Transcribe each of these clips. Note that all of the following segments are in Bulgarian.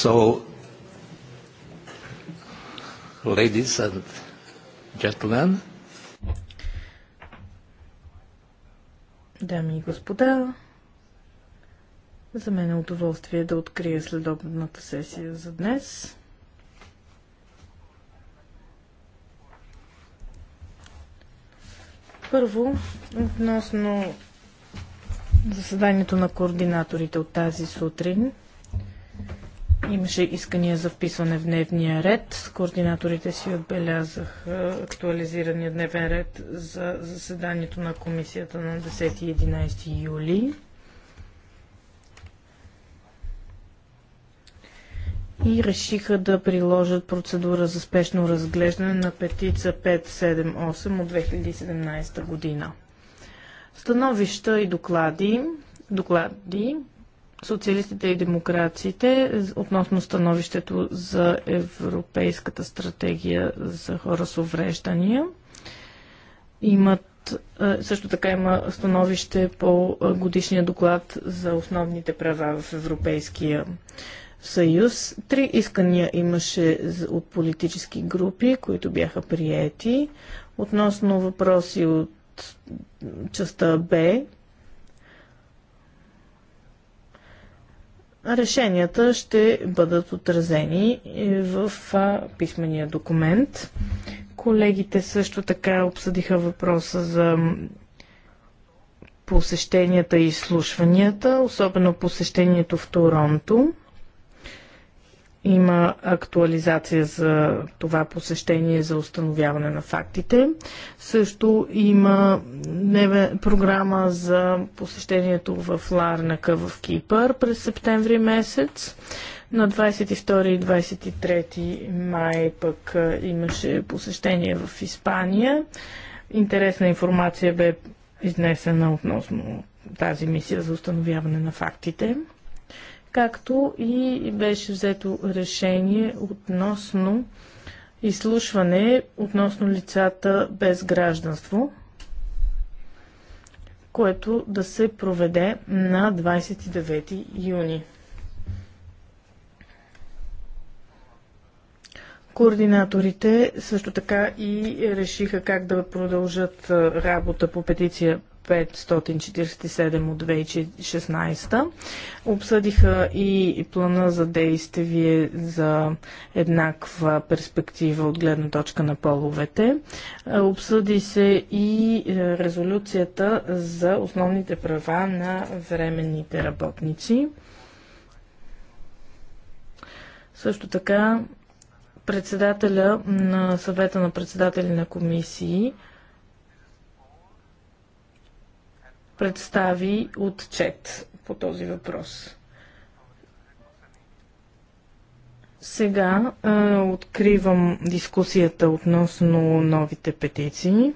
So, ladies and gentlemen. Дами и господа, за мен е удоволствие да открия следобната сесия за днес. Първо, относно заседанието на координаторите от тази сутрин – Имаше искания за вписване в дневния ред. Координаторите си отбелязах актуализирания дневен ред за заседанието на комисията на 10 и 11 юли. и решиха да приложат процедура за спешно разглеждане на петица 578 от 2017 година. Становища и доклади, доклади социалистите и демокрациите относно становището за Европейската стратегия за хора с увреждания. Имат, също така има становище по годишния доклад за основните права в Европейския съюз. Три искания имаше от политически групи, които бяха приети. Относно въпроси от частта Б, решенията ще бъдат отразени в писмения документ. Колегите също така обсъдиха въпроса за посещенията и изслушванията, особено посещението в Торонто. Има актуализация за това посещение за установяване на фактите. Също има програма за посещението в Ларнака в Кипър през септември месец. На 22 и 23 май пък имаше посещение в Испания. Интересна информация бе изнесена относно тази мисия за установяване на фактите както и беше взето решение относно изслушване относно лицата без гражданство, което да се проведе на 29 юни. Координаторите също така и решиха как да продължат работа по петиция 547 от 2016. Обсъдиха и плана за действие за еднаква перспектива от гледна точка на половете. Е, обсъди се и е, резолюцията за основните права на временните работници. Също така председателя на съвета на председатели на комисии представи отчет по този въпрос. Сега а, откривам дискусията относно новите петиции.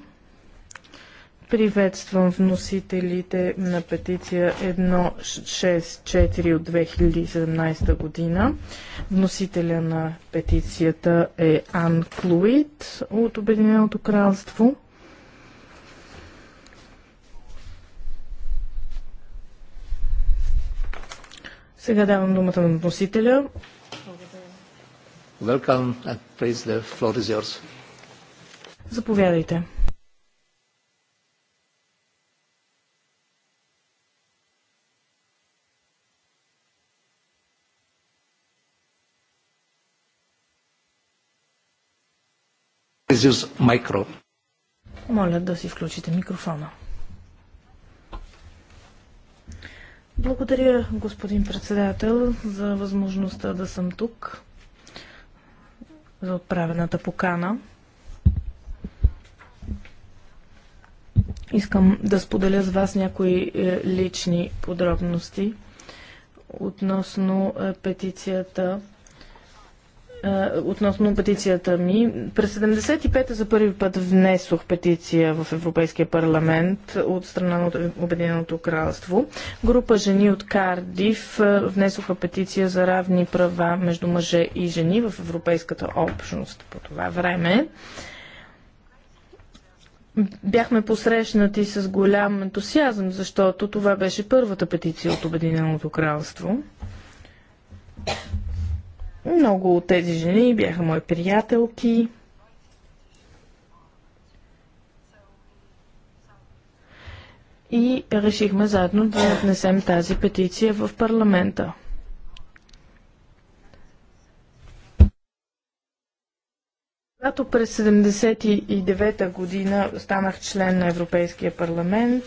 Приветствам вносителите на петиция 164 от 2017 година. Вносителя на петицията е Ан Клуид от Обединеното кралство. Сега давам думата на носителя. Welcome and please the floor is yours. Заповядайте. Моля да си включите микрофона. Благодаря, господин председател, за възможността да съм тук, за отправената покана. Искам да споделя с вас някои е, лични подробности относно е, петицията относно петицията ми. През 75-та за първи път внесох петиция в Европейския парламент от страна на Обединеното кралство. Група жени от Кардив внесоха петиция за равни права между мъже и жени в Европейската общност по това време. Бяхме посрещнати с голям ентусиазъм, защото това беше първата петиция от Обединеното кралство много от тези жени бяха мои приятелки. И решихме заедно да внесем тази петиция в парламента. Когато през 79-та година станах член на Европейския парламент,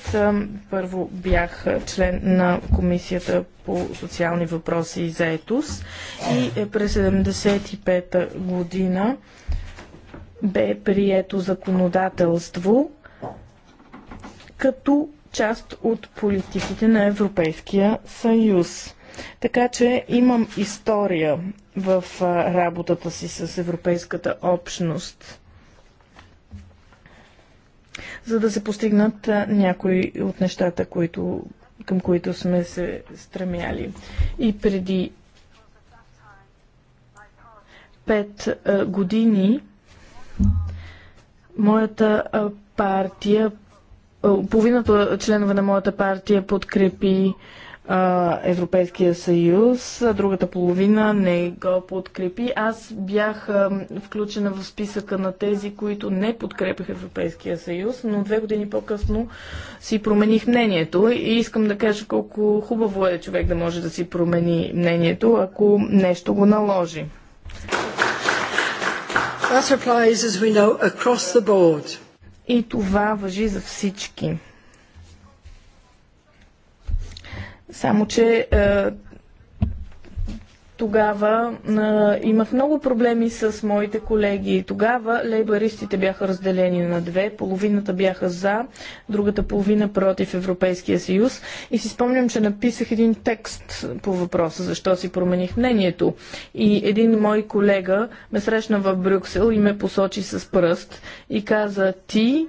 първо бях член на Комисията по социални въпроси и заетост и е, през 75-та година бе прието законодателство като част от политиките на Европейския съюз. Така че имам история в работата си с Европейската общност за да се постигнат някои от нещата, които, към които сме се стремяли. И преди пет години моята партия, половината членове на моята партия подкрепи Европейския съюз, другата половина не го подкрепи. Аз бях включена в списъка на тези, които не подкрепих Европейския съюз, но две години по-късно си промених мнението и искам да кажа колко хубаво е човек да може да си промени мнението, ако нещо го наложи. И това въжи за всички. Само, че е, тогава е, имах много проблеми с моите колеги. Тогава лейбаристите бяха разделени на две. Половината бяха за, другата половина против Европейския съюз. И си спомням, че написах един текст по въпроса, защо си промених мнението. И един мой колега ме срещна в Брюксел и ме посочи с пръст и каза, ти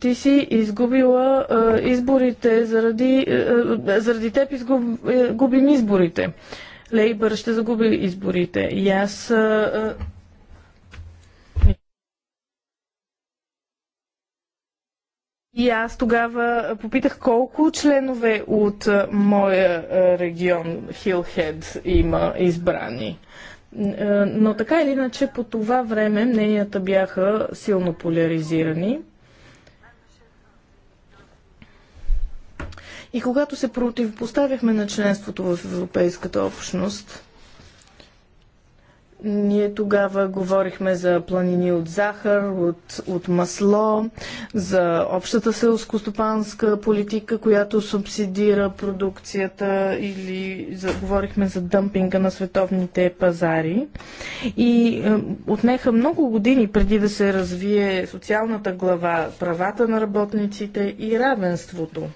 ти си изгубила а, изборите заради, а, заради теб изгуб, а, е, губим изборите. Лейбър ще загуби изборите. И аз а, И аз тогава попитах колко членове от моя регион Хилхед има избрани. Но така или иначе по това време мненията бяха силно поляризирани. И когато се противопоставяхме на членството в Европейската общност, ние тогава говорихме за планини от захар, от, от масло, за общата селско-стопанска политика, която субсидира продукцията или за, говорихме за дъмпинга на световните пазари. И е, отнеха много години преди да се развие социалната глава, правата на работниците и равенството.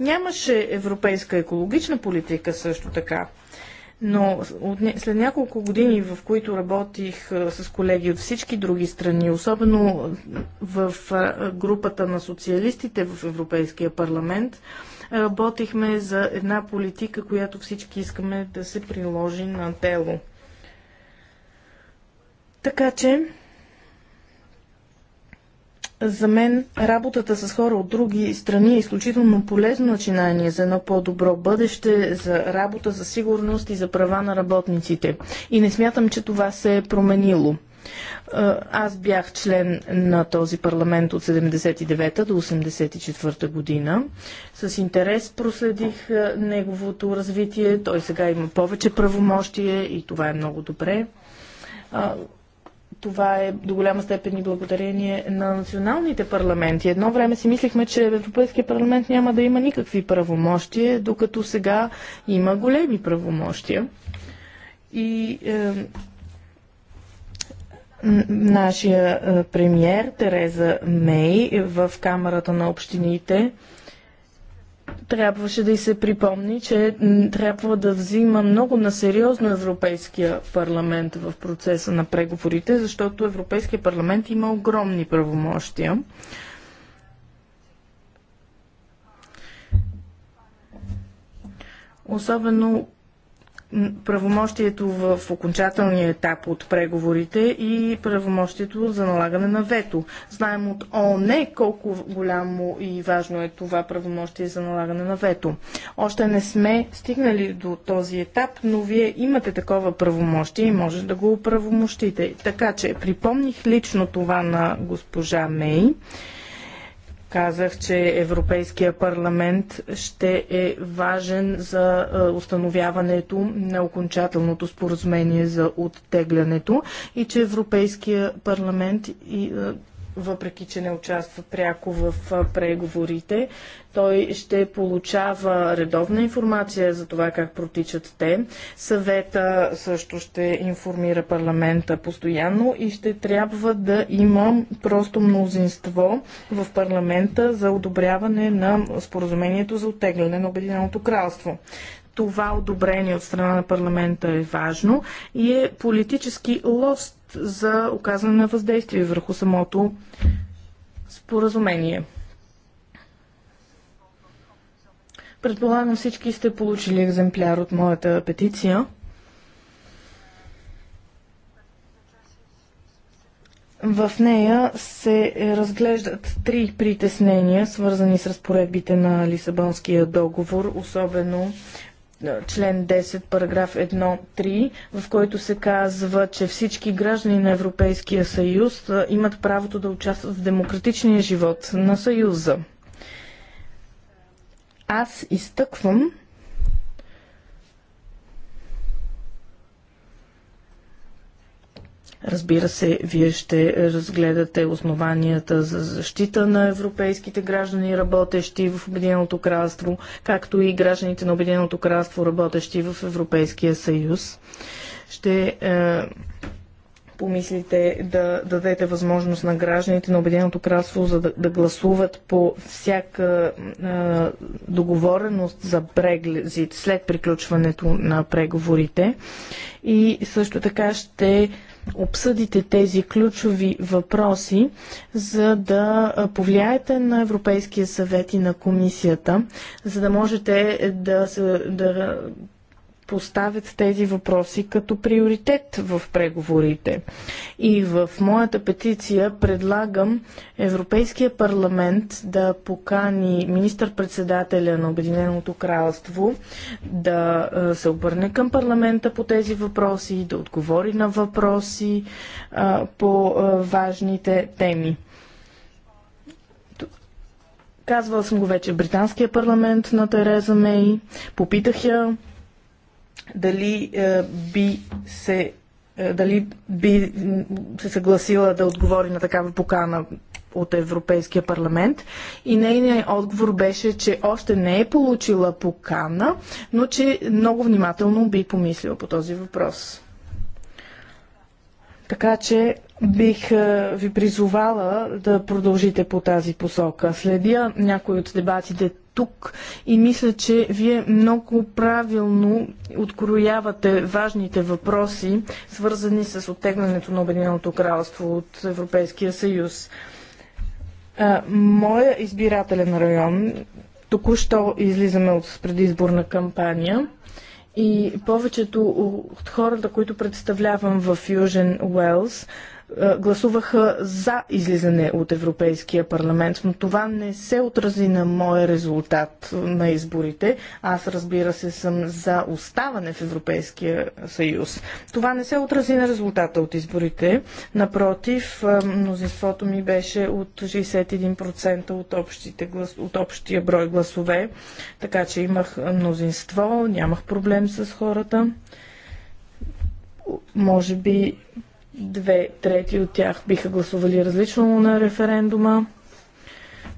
Нямаше европейска екологична политика също така. Но след няколко години, в които работих с колеги от всички други страни, особено в групата на социалистите в Европейския парламент, работихме за една политика, която всички искаме да се приложи на тело. Така че за мен работата с хора от други страни е изключително полезно начинание за едно по-добро бъдеще, за работа, за сигурност и за права на работниците. И не смятам, че това се е променило. Аз бях член на този парламент от 79 до 84 година. С интерес проследих неговото развитие. Той сега има повече правомощие и това е много добре това е до голяма степен и благодарение на националните парламенти. Едно време си мислихме, че Европейския парламент няма да има никакви правомощия, докато сега има големи правомощия. И е, нашия е, премьер Тереза Мей в Камерата на общините е, трябваше да й се припомни, че трябва да взима много на сериозно Европейския парламент в процеса на преговорите, защото Европейския парламент има огромни правомощия. Особено правомощието в окончателния етап от преговорите и правомощието за налагане на вето. Знаем от ООН колко голямо и важно е това правомощие за налагане на вето. Още не сме стигнали до този етап, но вие имате такова правомощие и може да го оправомощите. Така че припомних лично това на госпожа Мей казах, че Европейския парламент ще е важен за е, установяването на окончателното споразумение за оттеглянето и че Европейския парламент и е, въпреки че не участва пряко в преговорите. Той ще получава редовна информация за това как протичат те. Съвета също ще информира парламента постоянно и ще трябва да има просто мнозинство в парламента за одобряване на споразумението за оттегляне на Обединеното кралство това одобрение от страна на парламента е важно и е политически лост за оказване на въздействие върху самото споразумение. Предполагам всички сте получили екземпляр от моята петиция. В нея се разглеждат три притеснения, свързани с разпоредбите на Лисабонския договор, особено член 10, параграф 1.3, в който се казва, че всички граждани на Европейския съюз имат правото да участват в демократичния живот на съюза. Аз изтъквам, Разбира се, вие ще разгледате основанията за защита на европейските граждани, работещи в Обединеното кралство, както и гражданите на Обединеното кралство, работещи в Европейския съюз. Ще е, помислите да дадете възможност на гражданите на Обединеното кралство за да, да гласуват по всяка е, договореност за преглезит след приключването на преговорите. И също така ще обсъдите тези ключови въпроси, за да повлияете на Европейския съвет и на комисията, за да можете е, да, да поставят тези въпроси като приоритет в преговорите. И в моята петиция предлагам Европейския парламент да покани министър-председателя на Обединеното кралство да е, се обърне към парламента по тези въпроси, да отговори на въпроси е, по е, важните теми. Казвала съм го вече в британския парламент на Тереза Мей. Попитах я дали е, би се е, дали би се съгласила да отговори на такава покана от Европейския парламент и нейният отговор беше, че още не е получила покана, но че много внимателно би помислила по този въпрос. Така че бих е, ви призовала да продължите по тази посока. Следя някои от дебатите тук и мисля, че вие много правилно откроявате важните въпроси, свързани с оттеглянето на Обединеното кралство от Европейския съюз. Моя избирателен район, току-що излизаме от предизборна кампания, и повечето от хората, които представлявам в Южен Уелс, е, гласуваха за излизане от Европейския парламент, но това не се отрази на моя резултат на изборите. Аз разбира се съм за оставане в Европейския съюз. Това не се отрази на резултата от изборите. Напротив, е, мнозинството ми беше от 61% от, общите, от общия брой гласове, така че имах мнозинство, нямах проблем с хората. Може би Две трети от тях биха гласували различно на референдума,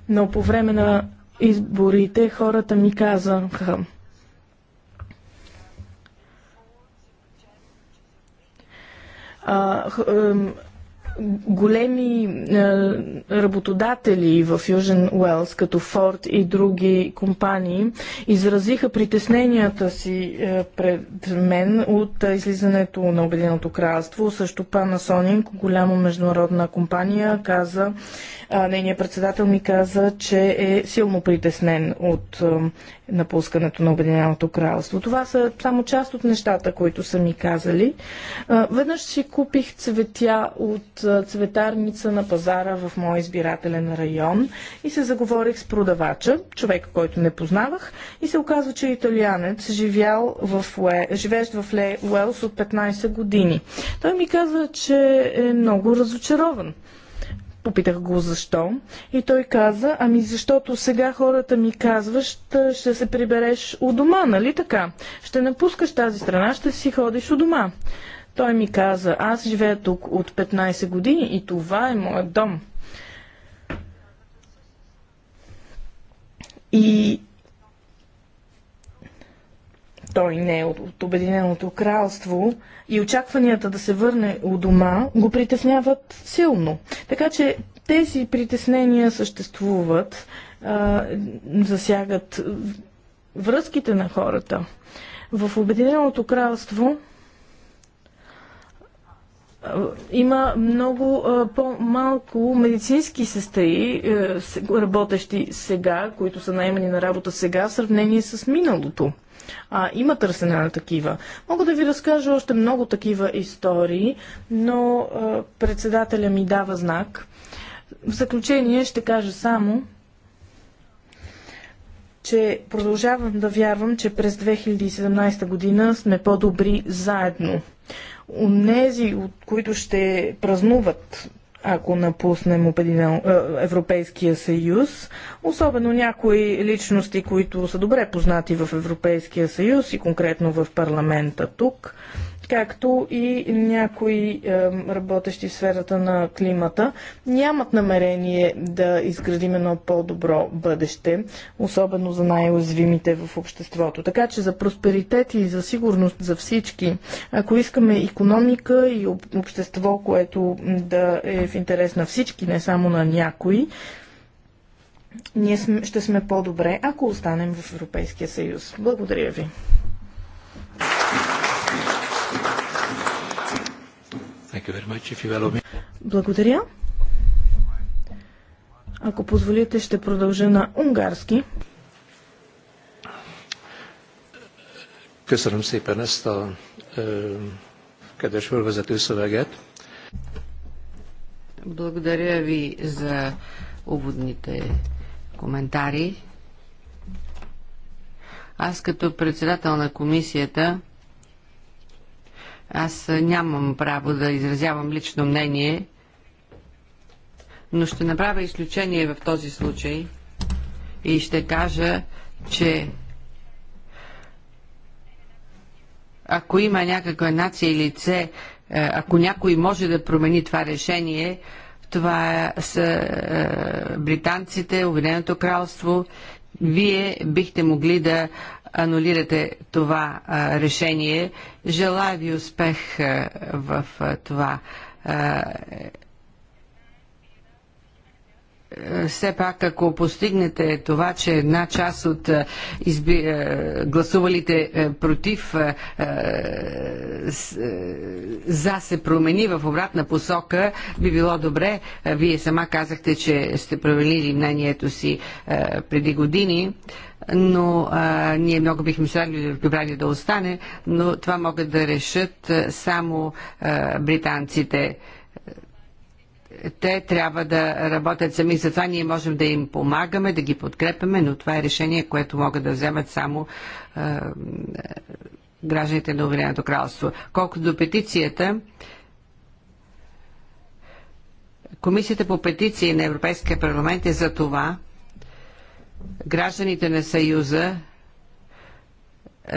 но по време на изборите хората ми казаха, големи е, работодатели в Южен Уелс, като Форд и други компании, изразиха притесненията си е, пред мен от е, излизането на Обединеното кралство. Също Panasonic, голяма международна компания, каза, е, нейният председател ми каза, че е силно притеснен от е, напускането на Обединеното кралство. Това са само част от нещата, които са ми казали. Веднъж си купих цветя от цветарница на пазара в мой избирателен район и се заговорих с продавача, човек, който не познавах, и се оказва, че е италианец, живял в Уе, живеещ в Ле, Уелс от 15 години. Той ми каза, че е много разочарован Попитах го защо. И той каза, ами защото сега хората ми казваш, ще се прибереш у дома, нали така? Ще напускаш тази страна, ще си ходиш у дома. Той ми каза, аз живея тук от 15 години и това е моят дом. И той не е от Обединеното кралство и очакванията да се върне у дома го притесняват силно. Така че тези притеснения съществуват, засягат връзките на хората. В Обединеното кралство има много по-малко медицински сестри, е, работещи сега, които са наймани на работа сега, в сравнение с миналото. А, има търсене на такива. Мога да ви разкажа още много такива истории, но а, председателя ми дава знак. В заключение ще кажа само, че продължавам да вярвам, че през 2017 година сме по-добри заедно. Унези, от които ще празнуват ако напуснем е, Европейския съюз, особено някои личности, които са добре познати в Европейския съюз и конкретно в парламента тук, както и някои работещи в сферата на климата, нямат намерение да изградим едно по-добро бъдеще, особено за най-уязвимите в обществото. Така че за просперитет и за сигурност за всички, ако искаме економика и общество, което да е в интерес на всички, не само на някои, ние ще сме по-добре, ако останем в Европейския съюз. Благодаря ви. Much, Благодаря. Ако позволите, ще продължа на унгарски. Köszönöm szépen ezt a ö, kedves fölvezető szöveget. Благодаря ви за уводните коментари. Аз като председател на комисията аз нямам право да изразявам лично мнение, но ще направя изключение в този случай и ще кажа, че ако има някаква нация и лице, е, ако някой може да промени това решение, това са е, британците, Обединеното кралство. Вие бихте могли да анулирате това а, решение. Желая ви успех а, в а, това все пак, ако постигнете това, че една част от е, изби... Е, гласувалите е, против за се промени в обратна посока, би било добре. Вие сама казахте, че сте променили мнението си преди години но ние много бихме се прибрали да остане, но това могат да решат само британците те трябва да работят сами. Затова ние можем да им помагаме, да ги подкрепяме, но това е решение, което могат да вземат само е, гражданите на Обединеното кралство. Колкото до петицията, Комисията по петиции на Европейския парламент е за това гражданите на Съюза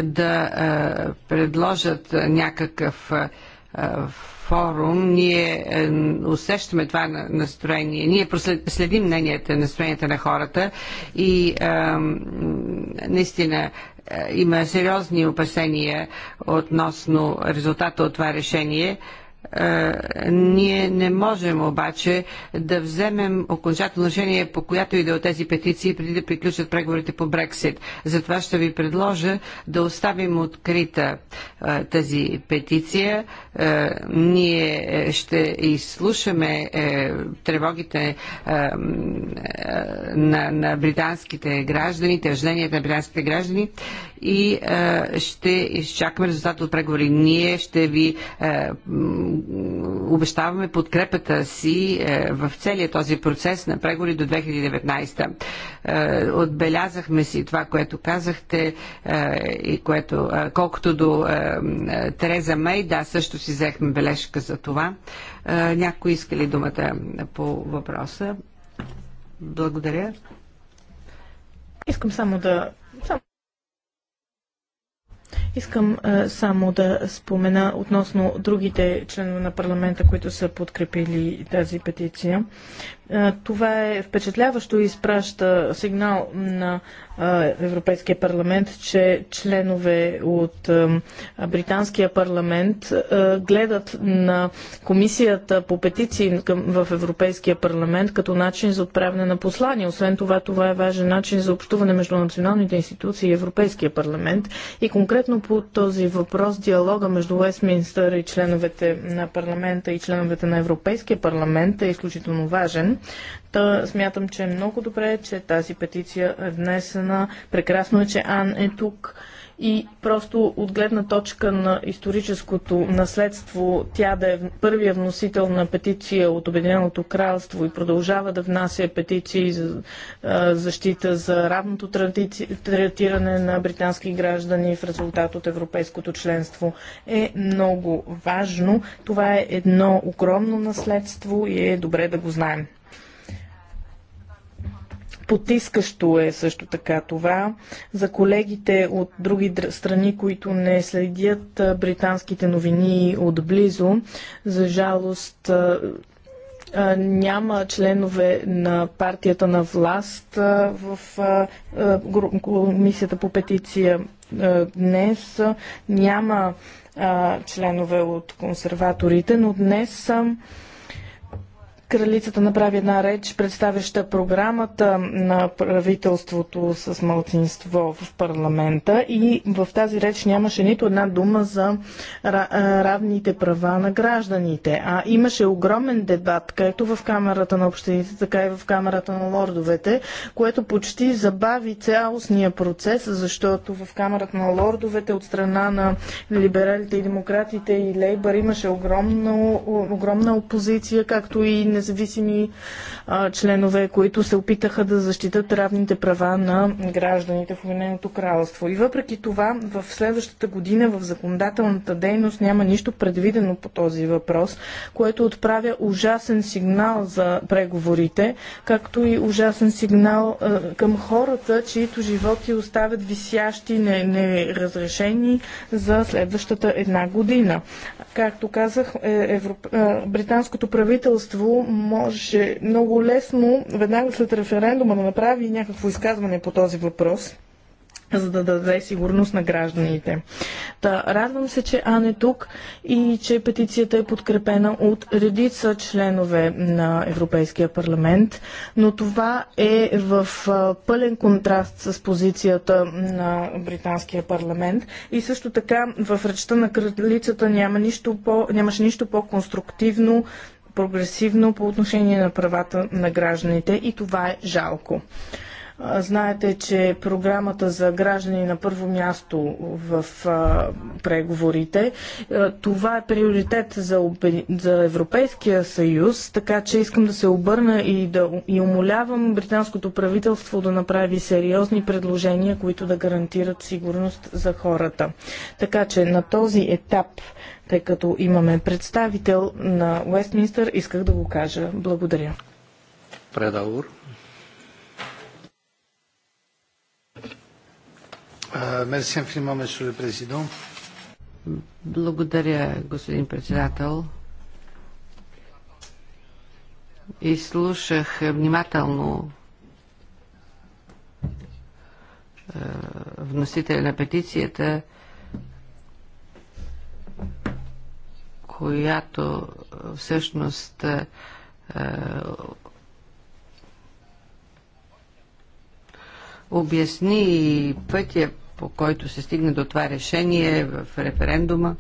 да е, предложат някакъв е, форум, ние е, усещаме това настроение, ние следим мненията, настроенията на хората и наистина е, има сериозни опасения относно резултата от това решение. Е, ние не можем обаче да вземем окончателно решение по която и да е от тези петиции преди да приключат преговорите по Брексит. Затова ще ви предложа да оставим открита е, тази петиция. Ние ще изслушаме тревогите на, на британските граждани, тъжденията на британските граждани и ще изчакаме резултат от преговори. Ние ще ви обещаваме подкрепата си е, в целия този процес на преговори до 2019. Е, отбелязахме си това, което казахте е, и което, колкото до Тереза Мей, да, също си взехме бележка за това. Някой иска ли думата по въпроса? Благодаря. Искам само да Искам а, е, само да спомена относно другите членове на парламента, които са подкрепили тази петиция. Е, това е впечатляващо и изпраща сигнал на е, Европейския парламент, че членове от е, Британския парламент гледат на комисията по петиции в Европейския парламент като начин за отправяне на послания. Освен това, това е важен начин за общуване между националните институции и Европейския парламент. И конкретно по този въпрос диалога между Уестминстър и членовете на парламента и членовете на Европейския парламент е изключително важен. Та смятам, че е много добре, че тази петиция е внесена. Прекрасно е, че Ан е тук. И просто от гледна точка на историческото наследство, тя да е първия вносител на петиция от Обединеното кралство и продължава да внася петиции за защита за равното третиране на британски граждани в резултат от европейското членство е много важно. Това е едно огромно наследство и е добре да го знаем. Потискащо е също така това. За колегите от други страни, които не следят британските новини отблизо, за жалост няма членове на партията на власт в комисията по петиция днес. Няма членове от консерваторите, но днес съм Кралицата направи една реч, представяща програмата на правителството с малцинство в парламента и в тази реч нямаше нито една дума за равните права на гражданите. А имаше огромен дебат, както в Камерата на общините, така и в Камерата на лордовете, което почти забави цялостния процес, защото в Камерата на лордовете от страна на либералите и демократите и лейбър имаше огромна опозиция, както и не независими а, членове, които се опитаха да защитат равните права на гражданите в Обединеното кралство. И въпреки това, в следващата година в законодателната дейност няма нищо предвидено по този въпрос, което отправя ужасен сигнал за преговорите, както и ужасен сигнал а, към хората, чието животи оставят висящи, неразрешени не за следващата една година. Както казах, е, Европ... британското правителство Можеше много лесно, веднага след референдума, да направи някакво изказване по този въпрос за да даде сигурност на гражданите. Та, радвам се, че Ан е тук и че петицията е подкрепена от редица членове на Европейския парламент, но това е в пълен контраст с позицията на Британския парламент и също така в речта на кралицата няма нищо по, нямаше нищо по-конструктивно прогресивно по отношение на правата на гражданите и това е жалко. Знаете, че програмата за граждани на първо място в преговорите, това е приоритет за, Европейския съюз, така че искам да се обърна и да и умолявам британското правителство да направи сериозни предложения, които да гарантират сигурност за хората. Така че на този етап тъй като имаме представител на Уестминстър, исках да го кажа. Благодаря. Предавор. Мерси euh, президент. Благодаря, господин председател. И слушах внимателно э, вносителя на петицията, която всъщност э, обясни пътя, по който се стигне до това решение в референдума.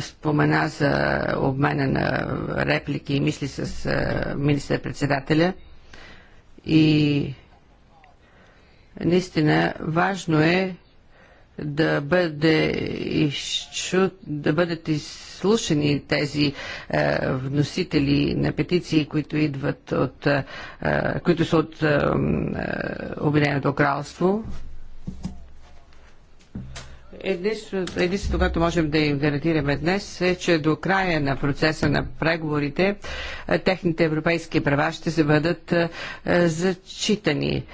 Спомена за обмена на реплики и мисли с министър-председателя. И наистина важно е да, бъде изчу... да бъдат изслушани тези е, вносители на петиции, които идват от, е, които са от е, Обединеното кралство. Единственото, единственото, което можем да им гарантираме днес е, че до края на процеса на преговорите е, техните европейски права ще се бъдат е, зачитани. Е,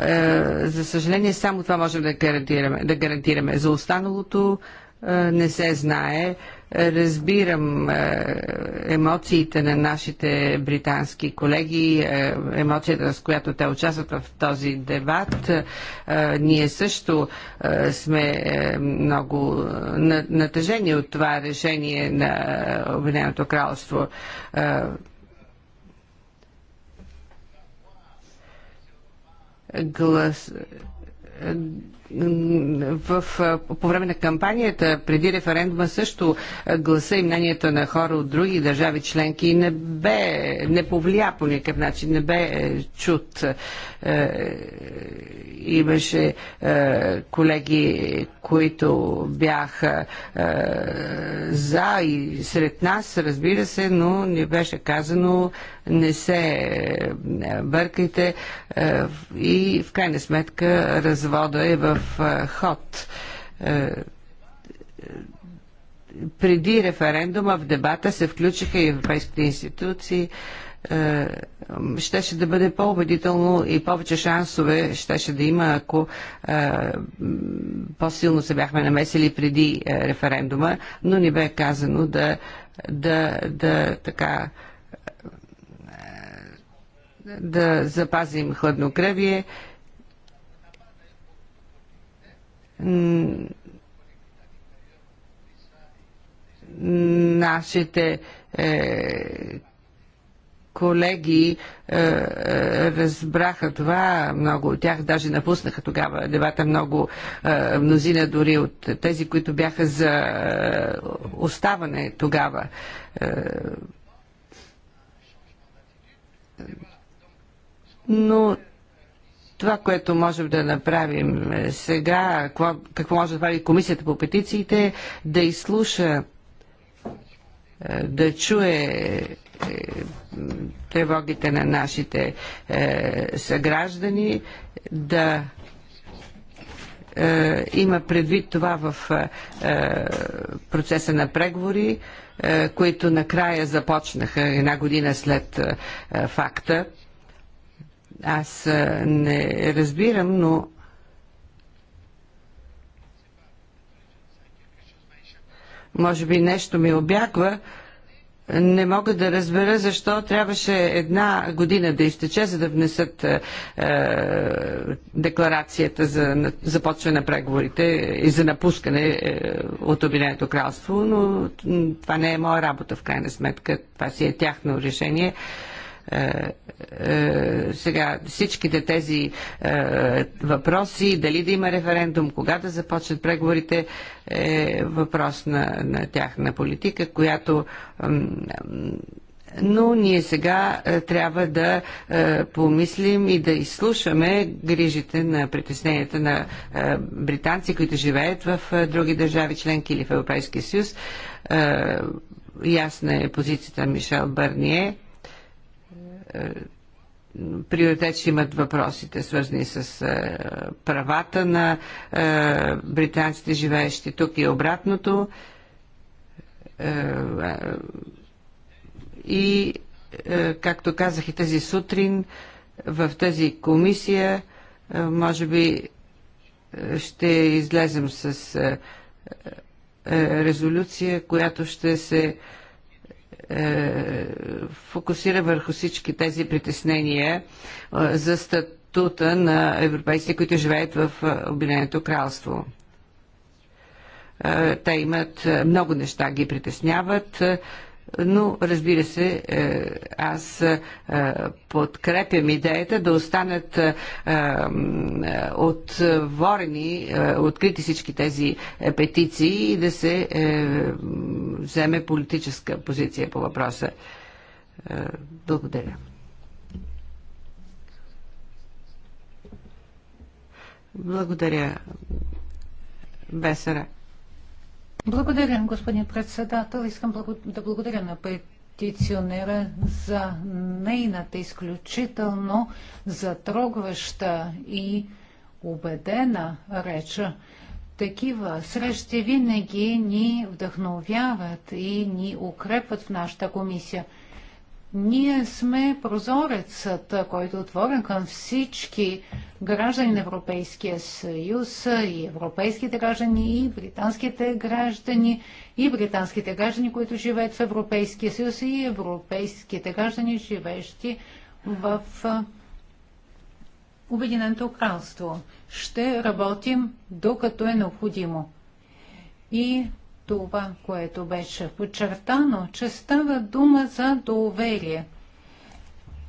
е, за съжаление, само това можем да гарантираме. Да гарантираме. За останалото е, не се знае. Разбирам е, емоциите на нашите британски колеги, емоцията, с която те участват в този дебат. Ние също сме много натъжени от това решение на Обединеното кралство. глас в, по време на кампанията преди референдума също гласа и мнението на хора от други държави членки не бе, не повлия по никакъв начин, не бе е, чут. Е, имаше е, колеги, които бяха за и сред нас, разбира се, но не беше казано не се е, бъркайте е, и в крайна сметка развода е в е, ход преди референдума в дебата се включиха и европейските институции. Щеше да бъде по-убедително и повече шансове щеше да има, ако по-силно се бяхме намесили преди референдума, но ни бе казано да, да, да така да запазим хладнокръвие. Нашите е, колеги е, разбраха това, много от тях даже напуснаха тогава дебата, много е, мнозина дори от тези, които бяха за е, оставане тогава. Е, но това, което можем да направим е, сега, какво, какво може да прави комисията по петициите, да изслуша, е, да чуе е, тревогите на нашите съграждани, да има предвид това в процеса на преговори, които накрая започнаха една година след факта аз не разбирам, но може би нещо ми обяква, не мога да разбера защо трябваше една година да изтече, за да внесат е, декларацията за започване на преговорите и за напускане е, от Обединеното кралство, но това не е моя работа в крайна сметка, това си е тяхно решение. Е, е, е, сега всичките тези е, въпроси, дали да има референдум, кога да започнат преговорите, е въпрос на, на тяхна политика, която но ние сега е, трябва да е, помислим и да изслушаме грижите на притесненията на е, британци, които живеят в други държави членки или в Европейския съюз. ясна е позицията на Мишел Бърние приоритет ще имат въпросите, свързани с е, правата на е, британците, живеещи тук и обратното. Е, е и, е, както казах и тази сутрин, в тази комисия, е, може би, ще излезем с резолюция, която ще се е, фокусира върху всички тези притеснения е, за статута на европейците, които живеят в е, Обединеното кралство те имат много неща ги притесняват но разбира се, е, аз е, подкрепям идеята да останат е, отворени, открити всички тези петиции и да се вземе политическа позиция по въпроса. Благодаря. Благодаря, Бесера. Благодаря, господин председател. Искам да благодаря на петиционера за нейната изключително затрогваща и убедена реча. Такива срещи винаги ни вдъхновяват и ни укрепват в нашата комисия – ние сме прозорецът, който е отворен към всички граждани на Европейския съюз и европейските граждани, и британските граждани, и британските граждани, които живеят в Европейския съюз, и европейските граждани, живеещи в Обединеното кралство. Ще работим докато е необходимо. И това, което беше подчертано, че става дума за доверие.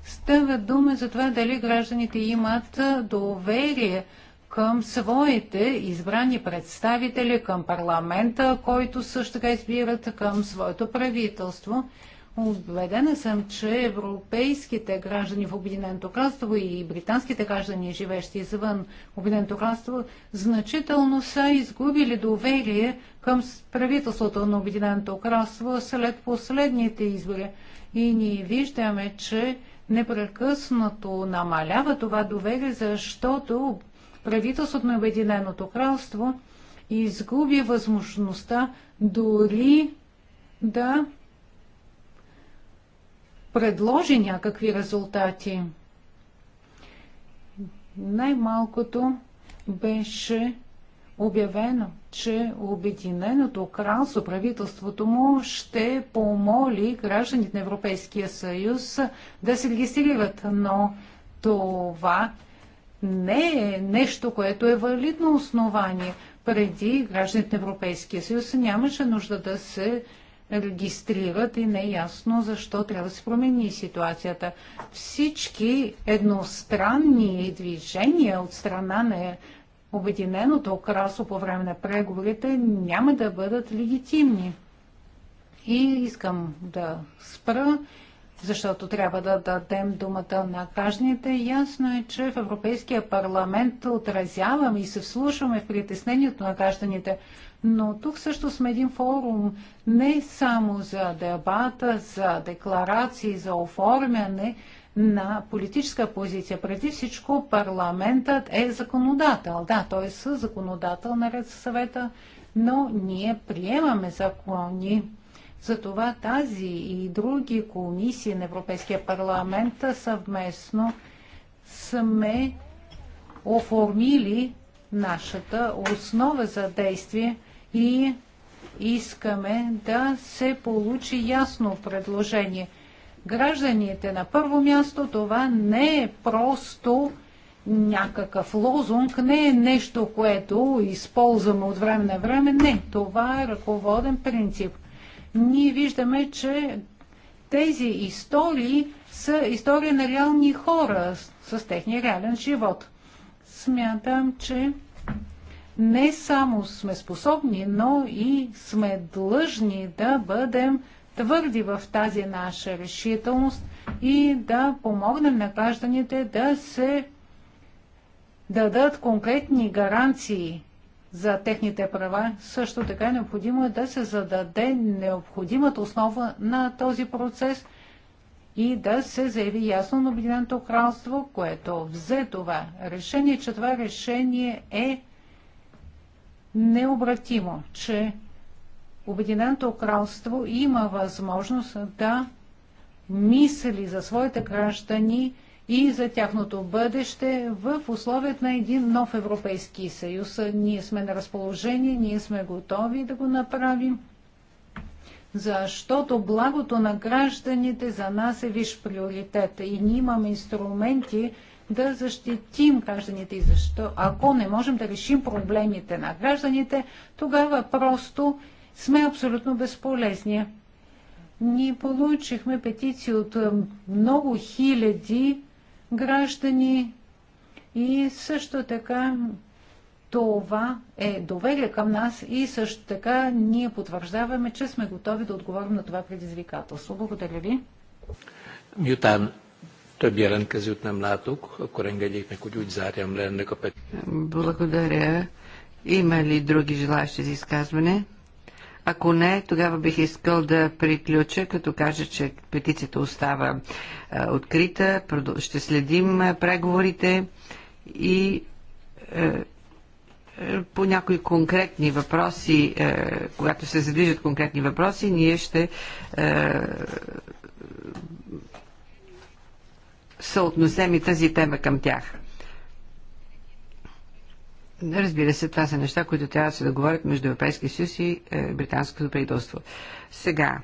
Става дума за това дали гражданите имат доверие към своите избрани представители, към парламента, който също така избират към своето правителство. Убедена съм, че европейските граждани в Обединеното кралство и британските граждани, живещи извън Обединеното кралство, значително са изгубили доверие към правителството на Обединеното кралство след последните избори. И ние виждаме, че непрекъснато намалява това доверие, защото правителството на Обединеното кралство изгуби възможността дори да предложи някакви резултати. Най-малкото беше обявено, че Обединеното кралство, правителството му ще помоли гражданите на Европейския съюз да се регистрират, но това не е нещо, което е валидно основание. Преди гражданите на Европейския съюз нямаше нужда да се регистрират и не е ясно защо трябва да се промени ситуацията. Всички едностранни движения от страна на Обединеното кралство по време на преговорите няма да бъдат легитимни. И искам да спра, защото трябва да дадем думата на гражданите. Ясно е, че в Европейския парламент отразяваме и се вслушваме в притеснението на гражданите. Но тук също сме един форум не само за дебата, за декларации, за оформяне на политическа позиция. Преди всичко парламентът е законодател. Да, той е законодател наред със съвета, но ние приемаме закони. Затова тази и други комисии на Европейския парламент съвместно сме оформили нашата основа за действие и искаме да се получи ясно предложение – гражданите. На първо място това не е просто някакъв лозунг, не е нещо, което използваме от време на време. Не, това е ръководен принцип. Ние виждаме, че тези истории са истории на реални хора с, с техния реален живот. Смятам, че не само сме способни, но и сме длъжни да бъдем твърди в тази наша решителност и да помогнем на гражданите да се дадат конкретни гаранции за техните права, също така е необходимо е да се зададе необходимата основа на този процес и да се заяви ясно на Обединеното кралство, което взе това решение, че това решение е необратимо, че Обединеното кралство има възможност да мисли за своите граждани и за тяхното бъдеще в условията на един нов Европейски съюз. Ние сме на разположение, ние сме готови да го направим, защото благото на гражданите за нас е виш приоритет и ние имаме инструменти да защитим гражданите и защо. Ако не можем да решим проблемите на гражданите, тогава просто сме абсолютно безполезни. Ние получихме петиции от много хиляди граждани и също така това е доверие към нас и също така ние потвърждаваме, че сме готови да отговорим на това предизвикателство. Благодаря ви. Мютан, több jelentkezőt nem látok, akkor engedjék meg, hogy úgy zárjam le ennek a Благодаря. Има ли други желащи за изказване? Ако не, тогава бих искал да приключа, като кажа, че петицията остава открита, ще следим преговорите и по някои конкретни въпроси, когато се задвижат конкретни въпроси, ние ще съотносем и тази тема към тях. Разбира се, това са неща, които трябва да се договорят между Европейския съюз и е, британското правителство. Сега,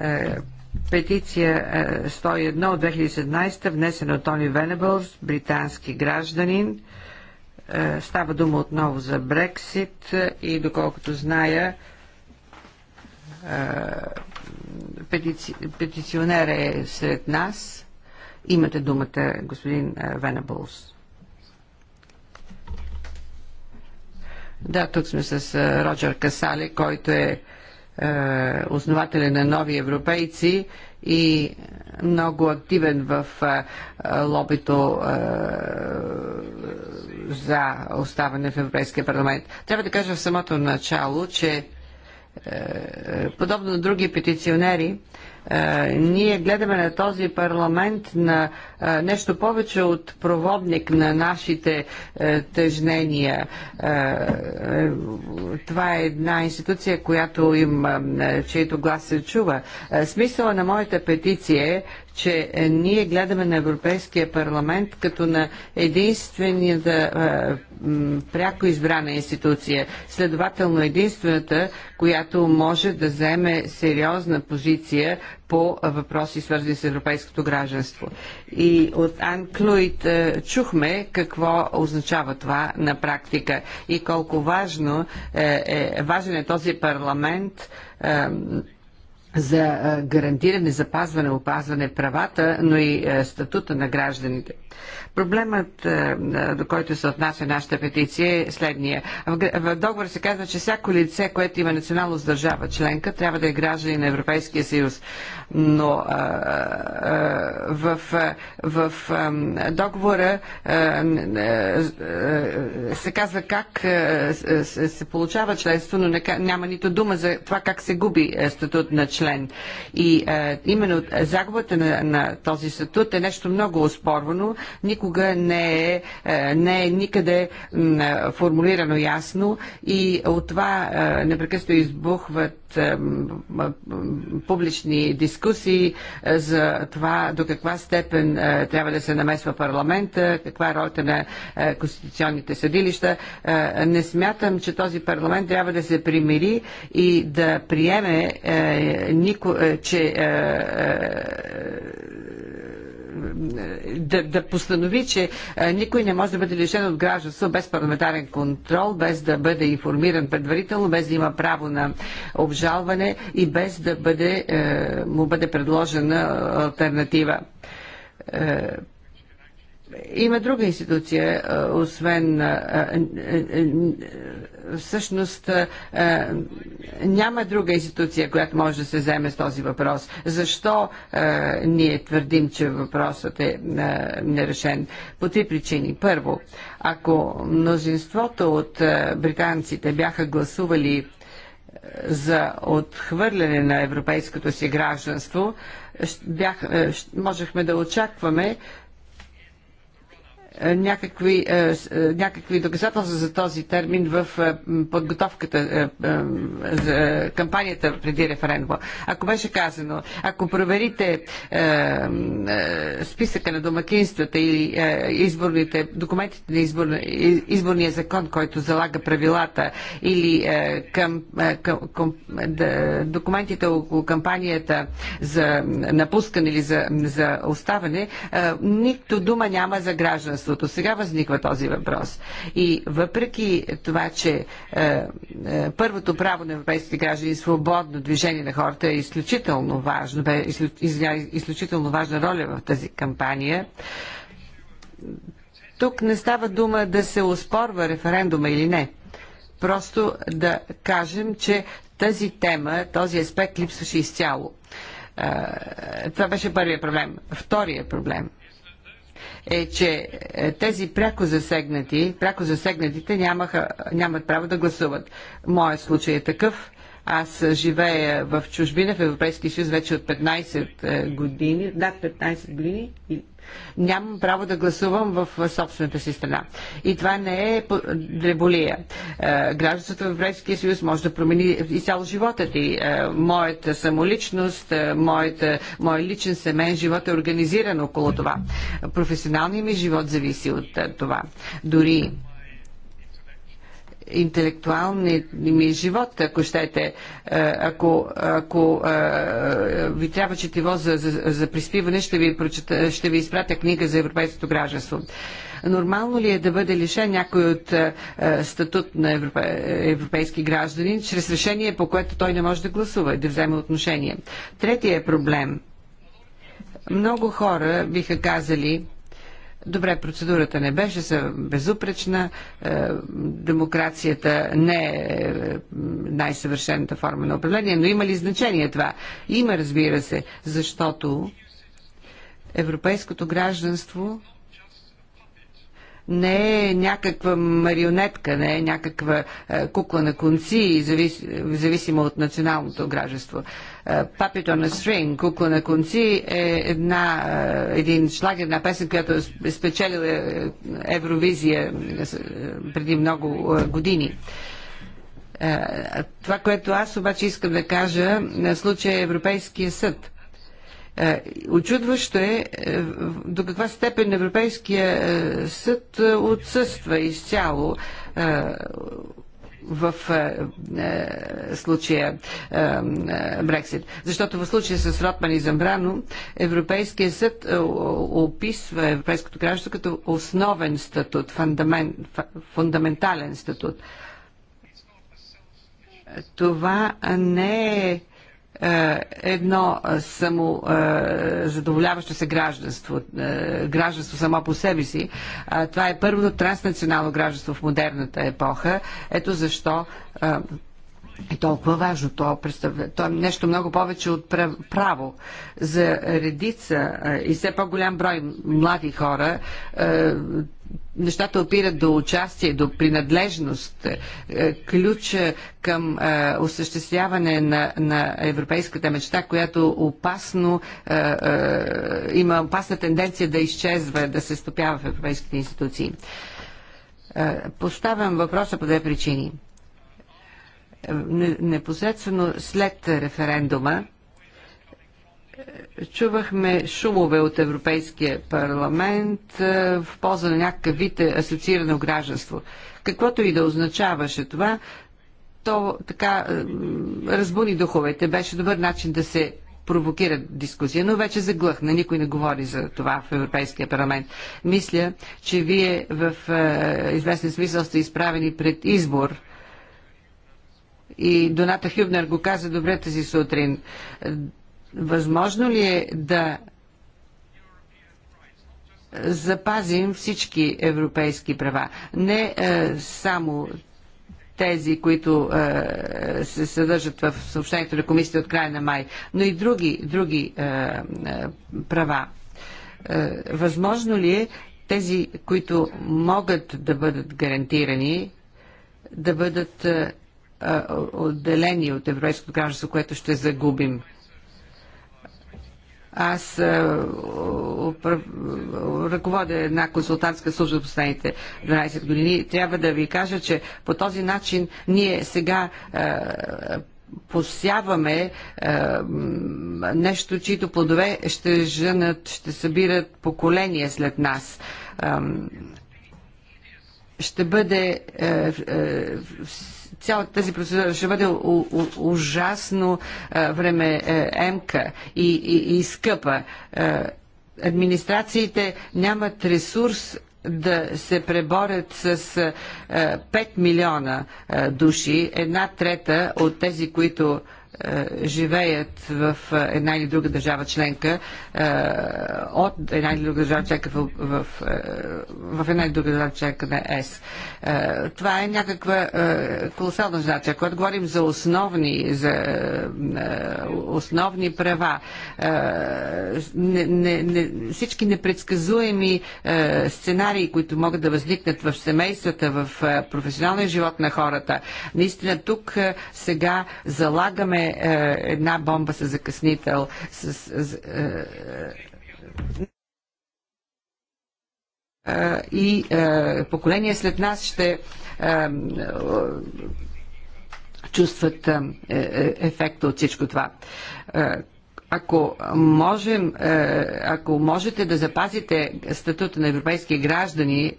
е, петиция е, 101 от 2017, внесена от Тони Венебълс, британски гражданин. Е, става дума отново за Брексит е, и доколкото зная, е, петици, петиционер е сред нас. Имате думата, господин е, Венебълс. Да, тук сме с Роджер Касале, който е основателя на нови европейци и много активен в лобито за оставане в Европейския парламент. Трябва да кажа в самото начало, че подобно на други петиционери, е, ние гледаме на този парламент на е, нещо повече от проводник на нашите е, тъжнения. Това е една институция, която им, чието глас се чува. Смисъла на моята петиция е че е, ние гледаме на Европейския парламент като на единствената е, пряко избрана институция, следователно единствената, която може да вземе сериозна позиция по въпроси, свързани с европейското гражданство. И от Ан Клуид е, чухме какво означава това на практика и колко важно е, е важен е този парламент е, за гарантиране, запазване, опазване правата, но и статута на гражданите. Проблемът, до който се отнася нашата петиция, е следния. В договор се казва, че всяко лице, което има националност държава членка, трябва да е гражданин на Европейския съюз. Но в, в договора се казва как се, получава членство, но няма нито дума за това как се губи статут на член член. И е, именно загубата на, на този статут е нещо много оспорвано, никога не е, е, не е никъде е, формулирано ясно и от това е, непрекъснато избухват е, е, публични дискусии е, за това до каква степен е, трябва да се намесва парламента, каква е ролята на е, конституционните съдилища. Е, не смятам, че този парламент трябва да се примири и да приеме е, нико, е, че е, е, да, да постанови, че никой не може да бъде лишен от гражданство без парламентарен контрол, без да бъде информиран предварително, без да има право на обжалване и без да бъде, му бъде предложена альтернатива има друга институция, освен всъщност няма друга институция, която може да се вземе с този въпрос. Защо ние твърдим, че въпросът е нерешен? По три причини. Първо, ако мнозинството от британците бяха гласували за отхвърляне на европейското си гражданство, бях, можехме да очакваме, е, някакви, е, е, някакви доказателства за този термин в подготовката за кампанията преди референдума. Ако беше казано, ако проверите списъка на домакинствата или изборните, документите на изборния, изборния закон, който залага правилата или към, към, към, документите около кампанията за напускане или за, за оставане, нито дума няма за гражданство правителството. Сега възниква този въпрос. И въпреки това, че е, е, първото право на европейските граждани, свободно движение на хората е изключително важно, бе, изля, изключително важна роля в тази кампания, тук не става дума да се оспорва референдума или не. Просто да кажем, че тази тема, този аспект липсваше изцяло. Е, това беше първият проблем. Вторият проблем – е, че е, тези пряко засегнати, пряко засегнатите нямаха, нямат право да гласуват. Моят случай е такъв. Аз живея в чужбина, в Европейския съюз вече от 15 е, години, над 15 години, Нямам право да гласувам в собствената си страна. И това не е дреболия. Е, гражданството в Европейския съюз може да промени и цяло живота ти. Е, моята самоличност, е, моята, мой личен семейен живот е организиран около това. Професионалният ми живот зависи от това. Дори интелектуалния ми живот, ако щете, е, ако, ако е, ви трябва четиво за, за, за приспиване, ще ви, прочета, ще ви изпратя книга за европейското гражданство. Нормално ли е да бъде лишен някой от е, статут на европейски гражданин чрез решение, по което той не може да гласува и да вземе отношение? Третия проблем. Много хора биха казали, Добре, процедурата не беше безупречна, е, демокрацията не е, е най-съвършената форма на управление, но има ли значение това? Има, разбира се, защото европейското гражданство не е някаква марионетка, не е някаква е, кукла на конци, зависимо от националното гражданство. Е, Puppet on a String, кукла на конци е една, е, един шлаг, една песен, която е спечелила Евровизия преди много години. Това, което аз обаче искам да кажа, на случая Европейския съд – е, очудващо е, е до каква степен Европейския е, съд отсъства изцяло в случая Брексит. Защото в случая с Ротман и Замбрано Европейския съд описва европейското гражданство като основен статут, фундаментален статут. Това не е е, едно е, само е, задоволяващо се гражданство, гражданство само по себе си. Това е първото транснационално гражданство в модерната епоха. Ето защо е толкова важно. То, то е нещо много повече от право. За редица и все по-голям брой млади хора нещата опират до участие, до принадлежност, е, ключа към осъществяване на, на европейската мечта, която опасно има опасна тенденция да изчезва, да се стопява в европейските институции. Поставям въпроса по две причини – непосредствено след референдума чувахме шумове от Европейския парламент е, в полза на някакъв вид асоциирано гражданство. Каквото и да означаваше това, то така е, разбуни духовете. Беше добър начин да се провокира дискусия, но вече заглъхна. Никой не говори за това в Европейския парламент. Мисля, че вие в е, известен смисъл сте изправени пред избор и Доната Хюбнер го каза добре тази сутрин. Възможно ли е да запазим всички европейски права? Не е, само тези, които е, се съдържат в съобщението на комисията от края на май, но и други, други е, е, права. Е, възможно ли е тези, които могат да бъдат гарантирани, да бъдат е, отделение от европейското гражданство, което ще загубим. Аз ръководя една консултантска служба в последните 12 години. Трябва да ви кажа, че по този начин ние сега посяваме нещо, чието плодове ще женат, ще събират поколения след нас. ще бъде цялата тази процедура ще бъде ужасно е, време е, емка и, и, и скъпа. Е, администрациите нямат ресурс да се преборят с 5 милиона души, една трета от тези, които е, живеят в е, една или друга държава членка, е, от една или друга държава членка в, в, в една или друга държава членка на ЕС. Това е някаква колосална задача. Когато говорим за основни, за основни права, не, не, не, всички непредсказуеми сценарии, които могат да възникнат в семействата, в професионалния живот на хората, наистина тук сега залагаме е, една бомба с закъснител, с, с е, е, и поколения след нас ще чувстват ефекта от всичко това. Ако, можем, ако можете да запазите статута на европейски граждани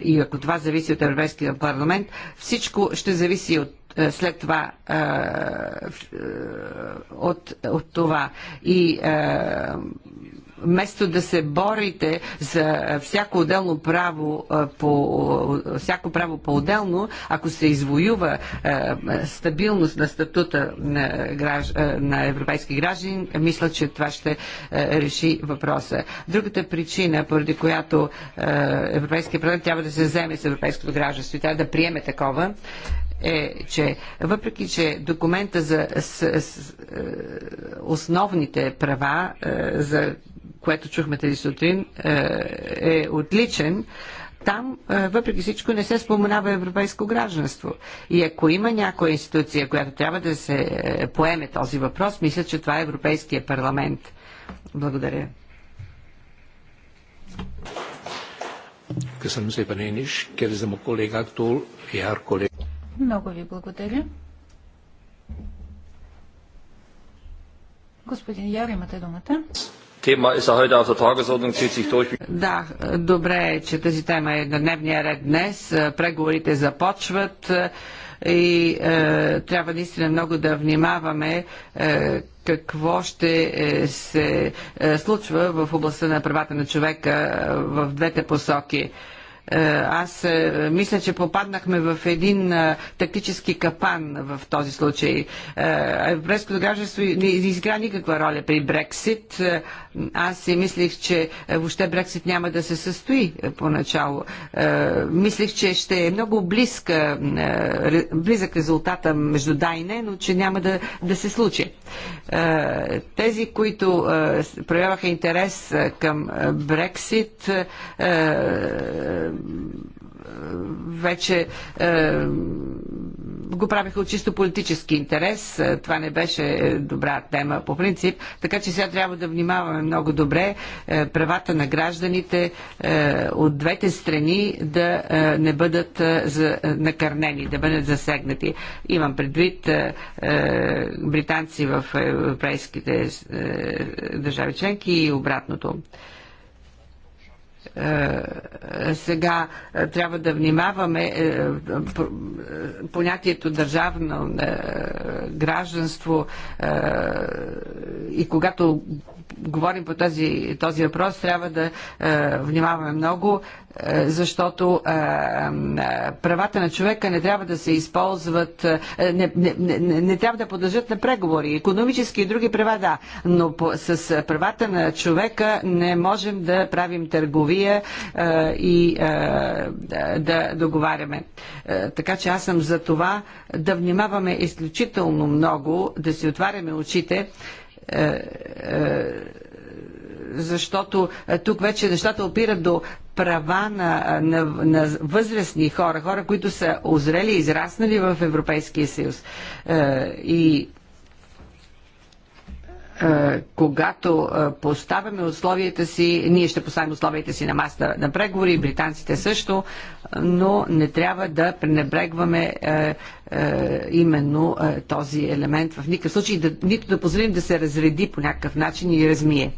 и ако това зависи от Европейския парламент, всичко ще зависи от е, след това е, е, от, от това. И вместо да се борите за всяко отделно право по, всяко право по-отделно, ако се извоюва стабилност на статута на, граж, на европейски граждани, мисля, че това ще реши въпроса. Другата причина, поради която Европейския правил трябва да се вземе с европейското гражданство и трябва да приеме такова, е, че въпреки, че документа за с, с, е, основните права, е, за което чухме тези сутрин, е, е отличен, там, е, въпреки всичко, не се споменава европейско гражданство. И ако има някоя институция, която трябва да се е, поеме този въпрос, мисля, че това е Европейския парламент. Благодаря. Köszönöm szépen én is. Kérdezem a kollégáktól, jár много ви благодаря. Господин Яр, имате думата. Е да, добре е, че тази тема е на дневния ред днес. Преговорите започват е, и е, трябва наистина много да внимаваме е, какво ще е, се случва в областта на правата на човека в двете посоки. Е, аз е, мисля, че попаднахме в един е, тактически капан в този случай. Европейското гражданство не изигра никаква роля при Брексит. Аз си мислих, че въобще Брексит няма да се състои поначало. Мислих, че ще е много близка, близък резултата между да и не, но че няма да, да се случи. Тези, които проявяваха интерес към Брексит, вече е, го правиха от чисто политически интерес. Е, това не беше е, добра тема по принцип. Така че сега трябва да внимаваме много добре е, правата на гражданите е, от двете страни да е, не бъдат е, за, е, накърнени, да бъдат засегнати. Имам предвид е, е, британци в европейските е, държави членки и обратното. Е, сега е, трябва да внимаваме е, понятието държавно гражданство и когато говорим по този, този въпрос, трябва да е, внимаваме много, е, защото е, е, правата на човека не трябва да се използват, е, не, не, не, не трябва да подлежат на преговори. Економически и други права, да, но по, с правата на човека не можем да правим търговия е, и е, да договаряме. Е, така че аз съм за това да внимаваме изключително много, да си отваряме очите е, е, защото е, тук вече нещата опират до права на, на, на възрастни хора, хора, които са озрели и израснали в Европейския съюз. И е, когато е, поставяме условията си, ние ще поставим условията си на маста на преговори, британците също, но не трябва да пренебрегваме е, именно този елемент в никакъв случай, да, нито да позволим да се разреди по някакъв начин и размие.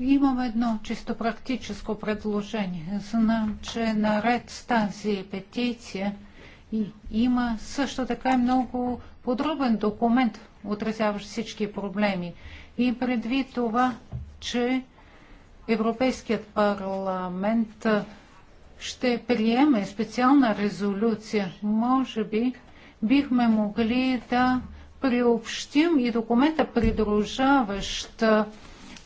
Имам едно чисто практическо предложение. Знам, че наред с тази петиция има също така много подробен документ, отразяващ всички проблеми. И предвид това, че Европейският парламент ще приеме специална резолюция, може би бихме могли да приобщим и документа, придружаващ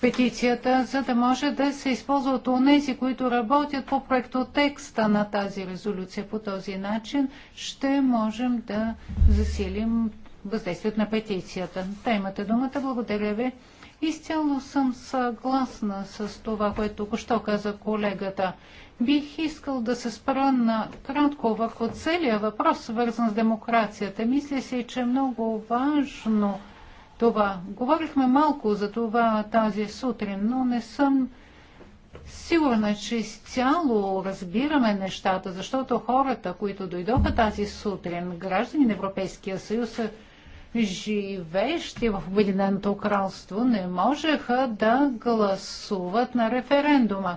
петицията, за да може да се използват онези, които работят по проекто текста на тази резолюция. По този начин ще можем да засилим въздействието на петицията. Та имате думата. Благодаря ви. Изцяло съм съгласна с това, което току-що каза колегата. Бих искал да се спра на кратко върху целият въпрос, свързан с демокрацията. Мисля си, че е много важно това. Говорихме малко за това тази сутрин, но не съм сигурна, че изцяло разбираме нещата, защото хората, които дойдоха тази сутрин, граждани на Европейския съюз, живеещи в Обединеното кралство, не можеха да гласуват на референдума.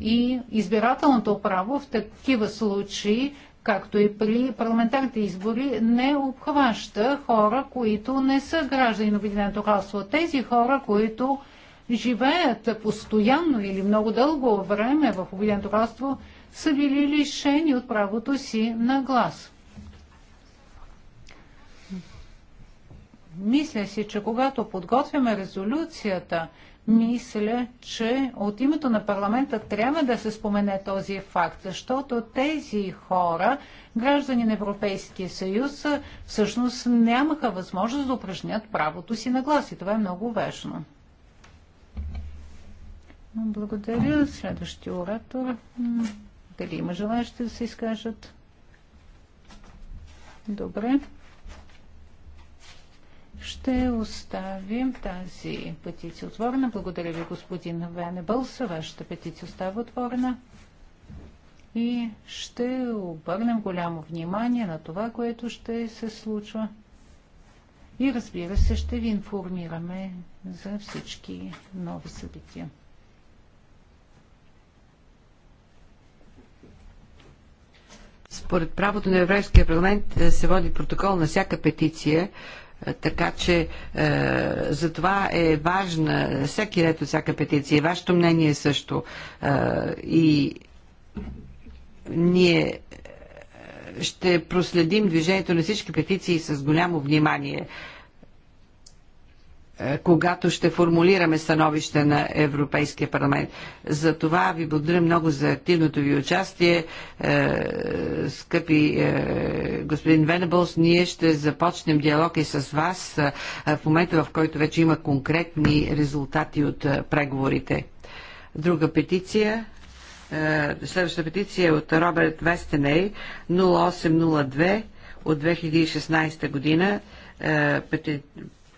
И избирателното право в такива случаи както и при парламентарните избори, не обхваща хора, които не са граждани на Обединеното кралство. Тези хора, които живеят постоянно или много дълго време в Обединеното кралство, са били лишени от правото си на глас. Мисля си, че когато подготвяме резолюцията, мисля, че от името на парламента трябва да се спомене този факт, защото тези хора, граждани на Европейския съюз, всъщност нямаха възможност да упражнят правото си на глас и това е много важно. Благодаря. Следващия оратор. Дали има желаящи да се изкажат? Добре. Ще оставим тази петиция отворена. Благодаря ви, господин Венебълс. Вашата петиция остава отворена. И ще обърнем голямо внимание на това, което ще се случва. И разбира се, ще ви информираме за всички нови събития. Според правото на Еврейския парламент е, се води протокол на всяка петиция, така че е, за това е важна всеки ред от всяка петиция. Вашето мнение е също. Е, и ние е, ще проследим движението на всички петиции с голямо внимание. Е, когато ще формулираме становище на Европейския парламент. За това ви благодаря много за активното ви участие. Е, скъпи е, господин Венебълс, ние ще започнем диалог и с вас в момента, в който вече има конкретни резултати от преговорите. Друга петиция. Следващата петиция е от Роберт Вестеней 0802 от 2016 година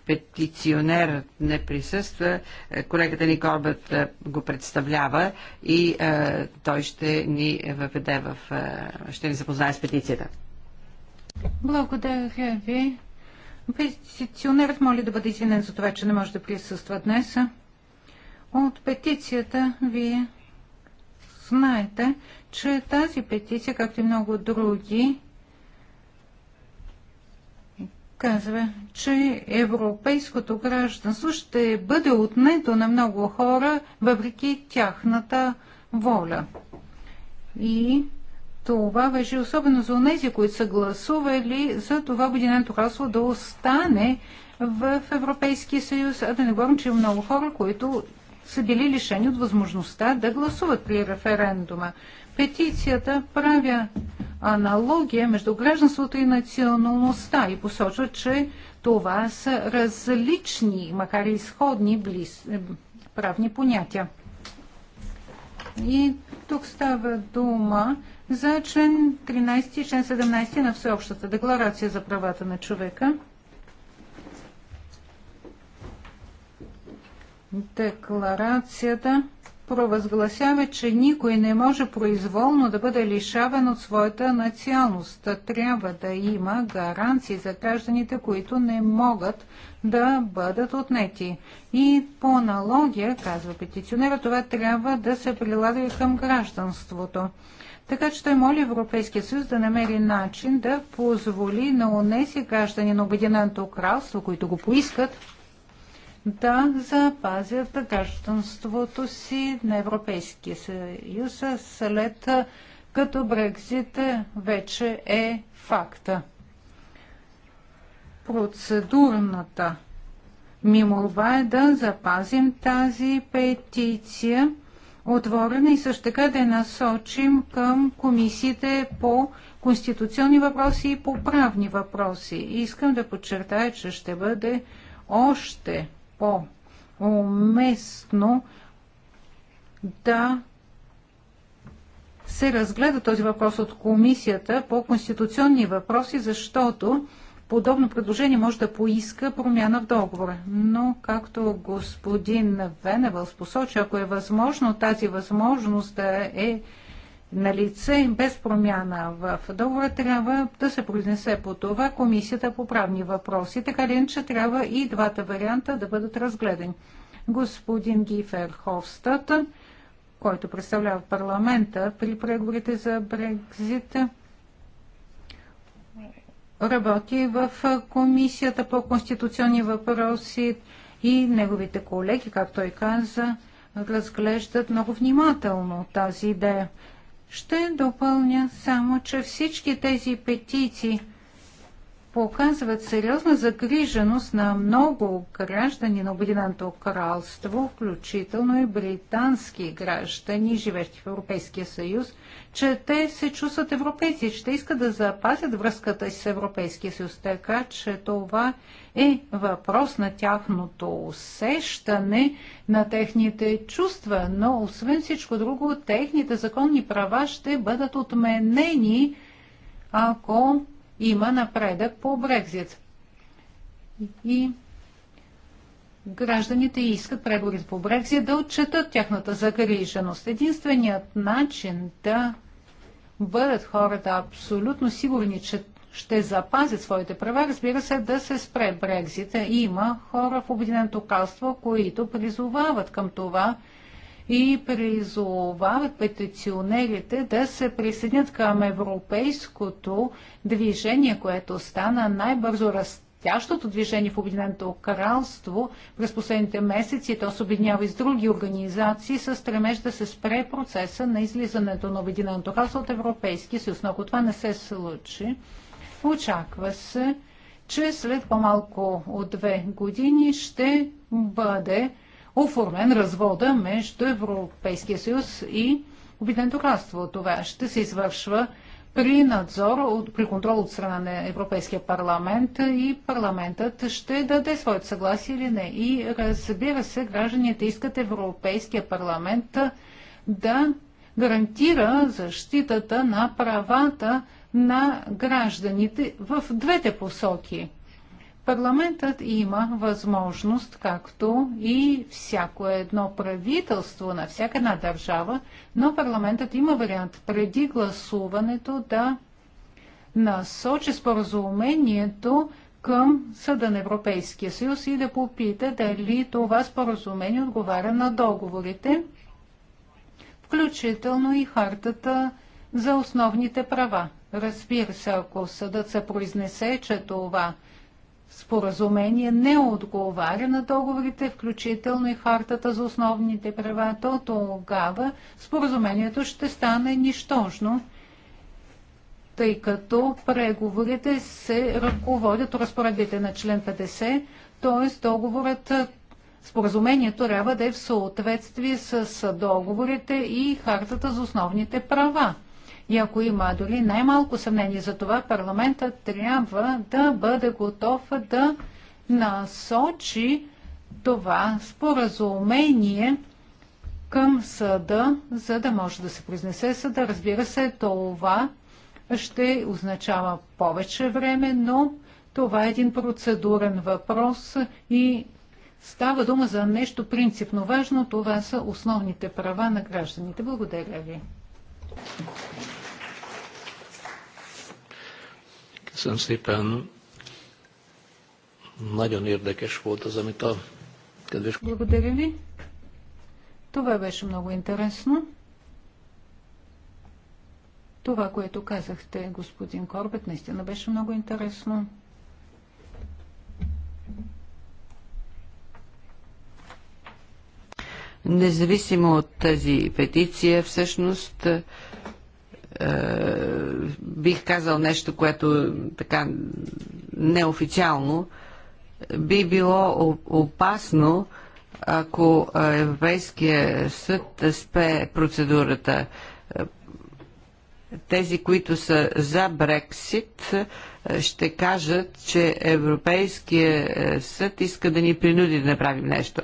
петиционерът не присъства, е, колегата ни Корбът е, го представлява и е, той ще ни въведе в... ще ни запознае с петицията. Благодаря ви. Петиционерът моли да бъде извинен за това, че не може да присъства днес. От петицията вие знаете, че тази петиция, както и много други, казва, че европейското гражданство ще бъде отнето на много хора, въпреки тяхната воля. И това вежи особено за тези, които са гласували за това Обединеното кралство да остане в Европейския съюз, а да не говорим, че има много хора, които са били лишени от възможността да гласуват при референдума. Петицията правя аналогия между гражданството и националността и посочва, че това са различни, макар и изходни близ, е, правни понятия. И тук става дума за член 13 и член 17 на Всеобщата декларация за правата на човека. Декларацията провъзгласява, че никой не може произволно да бъде лишаван от своята националност. Трябва да има гаранции за гражданите, които не могат да бъдат отнети. И по аналогия, казва петиционера, това трябва да се прилага и към гражданството. Така че той моли Европейския съюз да намери начин да позволи на унеси граждани на Обединеното кралство, които го поискат, да запазят гражданството си на Европейския съюз след като Брекзит вече е факта. Процедурната ми молба е да запазим тази петиция отворена и също така да я насочим към комисиите по конституционни въпроси и по правни въпроси. искам да подчертая, че ще бъде още по-уместно да се разгледа този въпрос от Комисията по конституционни въпроси, защото подобно предложение може да поиска промяна в договора. Но, както господин Веневелс посочи, ако е възможно тази възможност да е на лице без промяна в договора, трябва да се произнесе по това Комисията по правни въпроси. Така ли че трябва и двата варианта да бъдат разгледани. Господин Гифер Ховстат, който представлява парламента при преговорите за Брекзит, работи в Комисията по конституционни въпроси и неговите колеги, както той каза, разглеждат много внимателно тази идея. Ще допълня само, че всички тези петиции показват сериозна загриженост на много граждани на Обединеното кралство, включително и британски граждани, живещи в Европейския съюз, че те се чувстват европейци, че те искат да запазят връзката с Европейския съюз, така че това е въпрос на тяхното усещане, на техните чувства, но освен всичко друго, техните законни права ще бъдат отменени, ако има напредък по Брекзит. И гражданите искат преговорите по Брекзит да отчетат тяхната загриженост. Единственият начин да бъдат хората абсолютно сигурни, че ще запазят своите права, разбира се, да се спре Брекзита. Има хора в Обединеното кралство, които призовават към това и призовават петиционерите да се присъединят към европейското движение, което стана най-бързо растящото движение в Обединеното кралство през последните месеци. То се обединява и с други организации с стремеж да се спре процеса на излизането на Обединеното кралство от Европейския съюз. Но ако това не се случи, Очаква се, че след по-малко от две години ще бъде оформен развода между Европейския съюз и Обединеното кралство. Това ще се извършва при надзор, при контрол от страна на Европейския парламент и парламентът ще даде своето съгласие или не. И разбира се, гражданите искат Европейския парламент да гарантира защитата на правата на гражданите в двете посоки. Парламентът има възможност, както и всяко едно правителство на всяка една държава, но парламентът има вариант преди гласуването да насочи споразумението към Съда на Европейския съюз и да попита дали това споразумение отговаря на договорите, включително и хартата за основните права. Разбира се, ако съдът се произнесе, че това споразумение не отговаря на договорите, включително и хартата за основните права, то тогава споразумението ще стане нищожно, тъй като преговорите се ръководят разпоредбите на член 50, т.е. договорът Споразумението трябва да е в съответствие с договорите и хартата за основните права. И ако има дори най-малко съмнение за това, парламентът трябва да бъде готов да насочи това споразумение към съда, за да може да се произнесе съда. Разбира се, това ще означава повече време, но това е един процедурен въпрос и става дума за нещо принципно важно. Това са основните права на гражданите. Благодаря ви. Köszönöm szépen. Nagyon érdekes volt az, amit a kedves... Благодаря ви. Това беше много интересно. Това, което казахте, господин Корбет, наистина беше много интересно. Независимо от тази петиция, всъщност е, бих казал нещо, което така неофициално би било опасно, ако Европейския съд спе процедурата. Тези, които са за Брексит, ще кажат, че Европейския е, съд иска да ни принуди да направим нещо.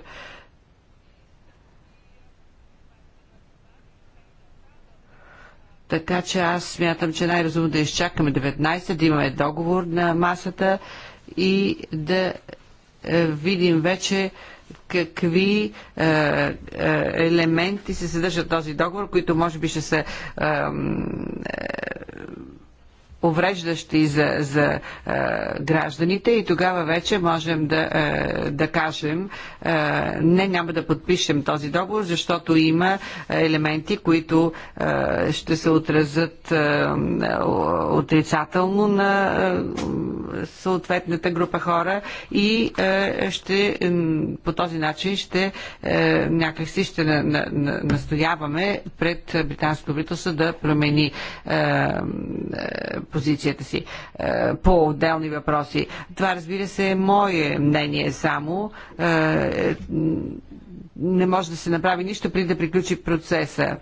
Така че аз смятам, че най-разумно да изчакаме 19, да имаме договор на масата и да е, видим вече какви е, е, елементи се съдържат този договор, които може би ще Е, е, увреждащи за, за е, гражданите и тогава вече можем да, е, да кажем е, не, няма да подпишем този договор, защото има елементи, които е, ще се отразят е, отрицателно на е, съответната група хора и е, ще е, по този начин ще е, някакси ще на, на, на, настояваме пред британското правителство да промени е, е позицията си е, по отделни въпроси. Това, разбира се, е мое мнение само. Е, е, не може да се направи нищо преди да приключи процеса.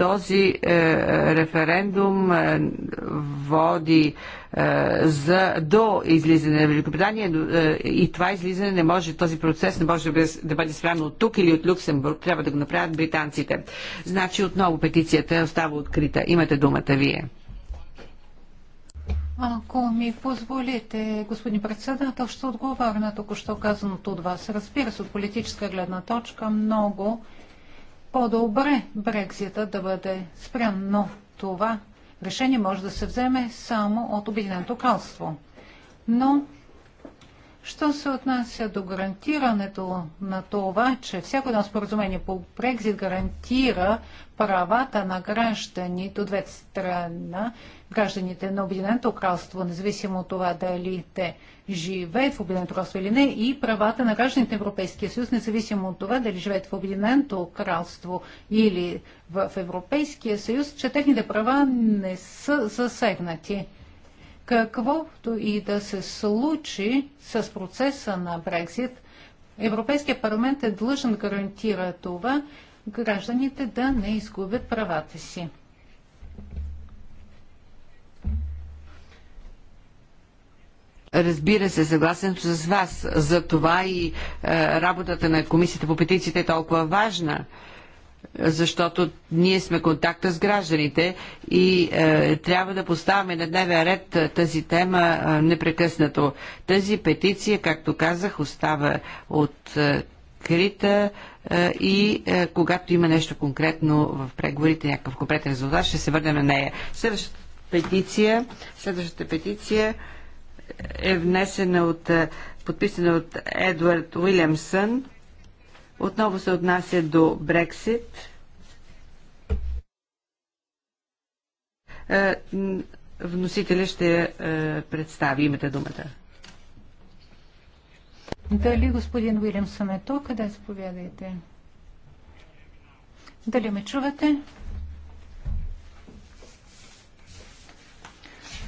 Този е, референдум е, води е, за, до излизане на Великобритания е, и това излизане не може, този процес не може да бъде, да бъде от тук или от Люксембург. Трябва да го направят британците. Значи отново петицията остава открита. Имате думата вие. Ако ми позволите, господин председател, ще отговоря на току-що казаното от вас. Разбира се, от политическа гледна точка много по-добре Брекзита да бъде спрян, но това решение може да се вземе само от Обединеното кралство. Но, що се отнася до гарантирането на това, че всяко едно споразумение по Брекзит гарантира правата на граждани до двете страна, гражданите на Обединеното кралство, независимо от това дали те живеят в Обединеното кралство или не, и правата на гражданите на Европейския съюз, независимо от това дали живеят в Обединеното кралство или в Европейския съюз, че техните права не са засегнати. Каквото и да се случи с процеса на Брекзит, Европейския парламент е длъжен да гарантира това, гражданите да не изгубят правата си. Разбира се, съгласен с вас. За това и е, работата на комисията по петициите е толкова важна защото ние сме контакта с гражданите и е, трябва да поставяме на дневен ред е, тази тема е, непрекъснато. Тази петиция, както казах, остава открита е, и е, когато има нещо конкретно в преговорите, някакъв конкретен резултат, ще се върнем на нея. Следващата петиция, следващата петиция е внесена от, е, подписана от Едвард Уилямсън. Отново се отнася до Брексит. Е, вносителя ще е, представи. Имате думата. Дали господин Уилямсън е тук? Къде заповядайте. Дали ме чувате?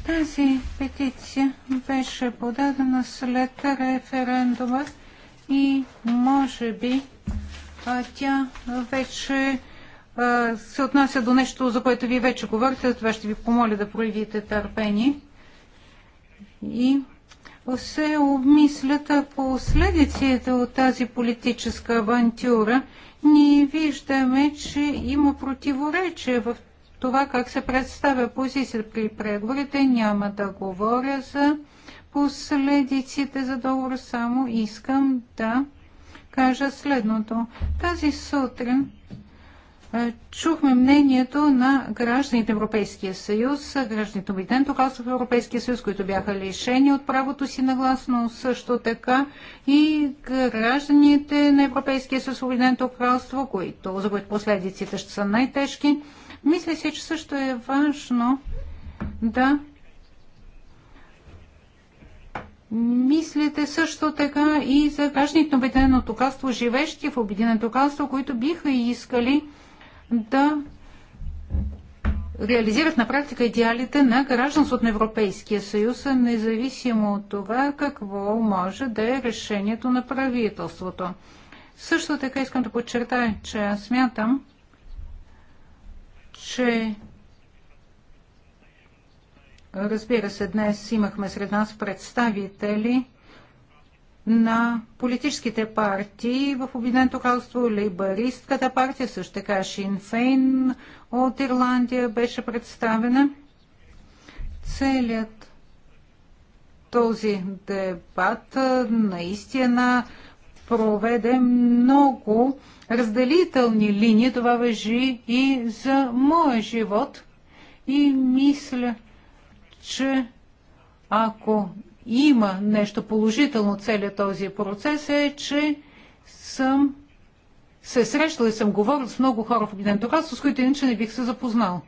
Тази петиция беше подадена след референдума и може би тя вече се отнася до нещо, за което ви вече говорите, това ще ви помоля да проявите търпение. И се обмислят последиците от тази политическа авантюра. Ние виждаме, че има противоречие в това как се представя позицията при преговорите. Няма да говоря за последиците за договор, само искам да кажа следното. Тази сутрин чухме мнението на гражданите Европейския съюз, гражданите Обединеното кралство в Европейския съюз, които бяха лишени от правото си на глас, но също така и гражданите на Европейския съюз, Обединеното кралство, които, за които последиците ще са най-тежки. Мисля си, че също е важно да Мислите също така и за гражданите на Обединеното кралство, живещи в Обединеното кралство, които биха искали да реализират на практика идеалите на гражданството на Европейския съюз, независимо от това какво може да е решението на правителството. Също така искам да подчертая, че аз смятам, че разбира се, днес имахме сред нас представители на политическите партии в Обединеното кралство, лейбаристката партия, също така Шинфейн от Ирландия беше представена. Целият този дебат наистина проведе много разделителни линии. Това въжи и за моя живот. И мисля, че ако има нещо положително целият този процес е, че съм се срещал и съм говорил с много хора в Обединеното кралство, с които иначе не бих се запознал.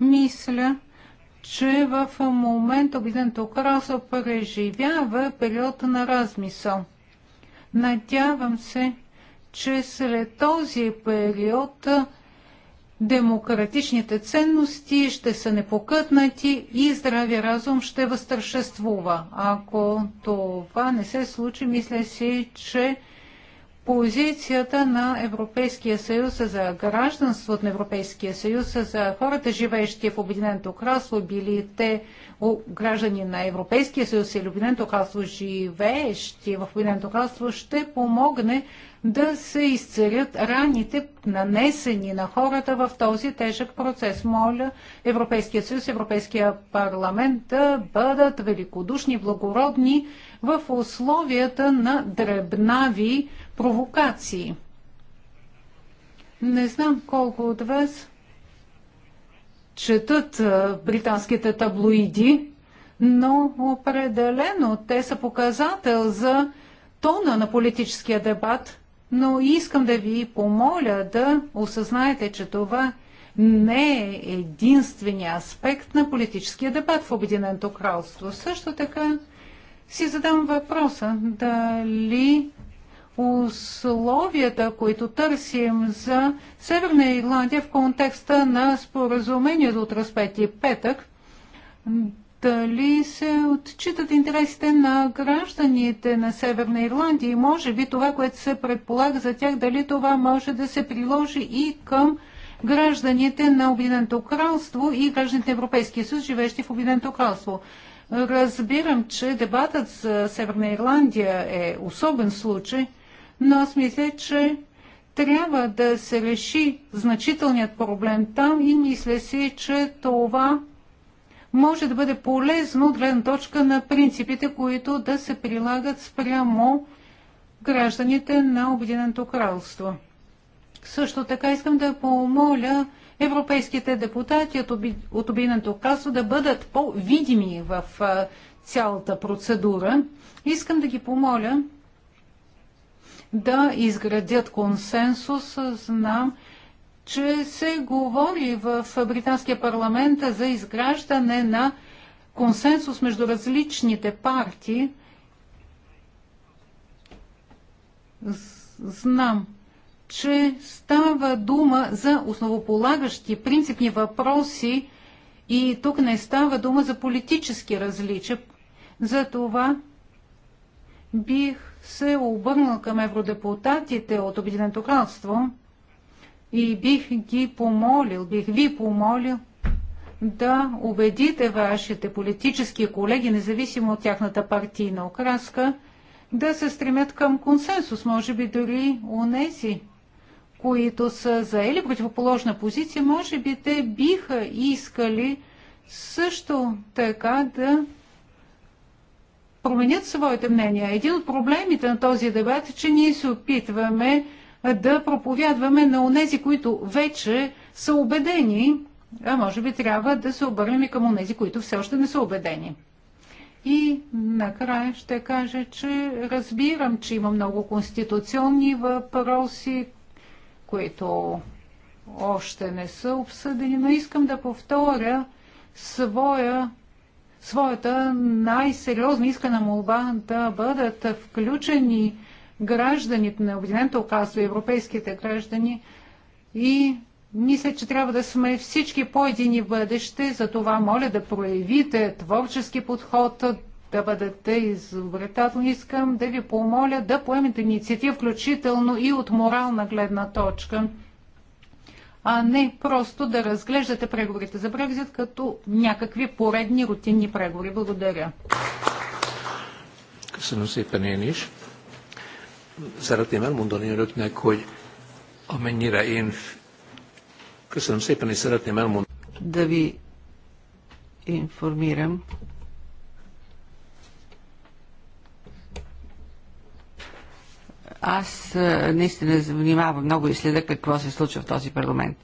Мисля, че в момента Обединеното кралство преживява период на размисъл – Надявам се, че след този период демократичните ценности ще са непокътнати и здрави разум ще възтържествува. Ако това не се случи, мисля си, че позицията на Европейския съюз за гражданството на Европейския съюз за хората, живеещи в Обединеното кралство, били те граждани на Европейския съюз или Обединеното кралство, живеещи в Обединеното кралство, ще помогне да се изцелят раните, нанесени на хората в този тежък процес. Моля Европейския съюз, Европейския парламент да бъдат великодушни, благородни в условията на дребнави провокации. Не знам колко от вас четат британските таблоиди, но определено те са показател за тона на политическия дебат, но искам да ви помоля да осъзнаете, че това не е единствения аспект на политическия дебат в Обединеното кралство. Също така си задам въпроса дали условията, които търсим за Северна Ирландия в контекста на споразумението от разпети петък, дали се отчитат интересите на гражданите на Северна Ирландия и може би това, което се предполага за тях, дали това може да се приложи и към гражданите на Обединеното кралство и гражданите на Европейския съюз, живещи в Обединеното кралство. Разбирам, че дебатът за Северна Ирландия е особен случай, но аз мисля, че трябва да се реши значителният проблем там и мисля си, че това може да бъде полезно от гледна точка на принципите, които да се прилагат спрямо гражданите на Обединеното кралство. Също така искам да помоля европейските депутати от обидното казва да бъдат по-видими в цялата процедура. Искам да ги помоля да изградят консенсус. Знам, че се говори в британския парламент за изграждане на консенсус между различните партии. Знам, че става дума за основополагащи принципни въпроси и тук не става дума за политически различия. Затова бих се обърнал към евродепутатите от Обединеното кралство и бих ги помолил, бих ви помолил да убедите вашите политически колеги, независимо от тяхната партийна окраска, да се стремят към консенсус, може би дори у нези, които са заели противоположна позиция, може би те биха искали също така да променят своите мнения. Един от проблемите на този дебат е, че ние се опитваме да проповядваме на онези, които вече са убедени, а може би трябва да се обърнем и към онези, които все още не са убедени. И накрая ще кажа, че разбирам, че има много конституционни въпроси, които още не са обсъдени, но искам да повторя своя, своята най-сериозна искана молба да бъдат включени гражданите на Обединеното казва европейските граждани и мисля, че трябва да сме всички по-едини бъдеще. За това моля да проявите творчески подход, да бъдат бъдете изобретателни. Искам да ви помоля да поемете инициатива, включително и от морална гледна точка, а не просто да разглеждате преговорите за Брекзит като някакви поредни рутинни преговори. Благодаря. Köszönöm szépen én is. Szeretném elmondani önöknek, hogy amennyire én... Köszönöm szépen, és szeretném elmondani... Да ви информирам, Аз наистина внимавам много и следа какво се случва в този парламент.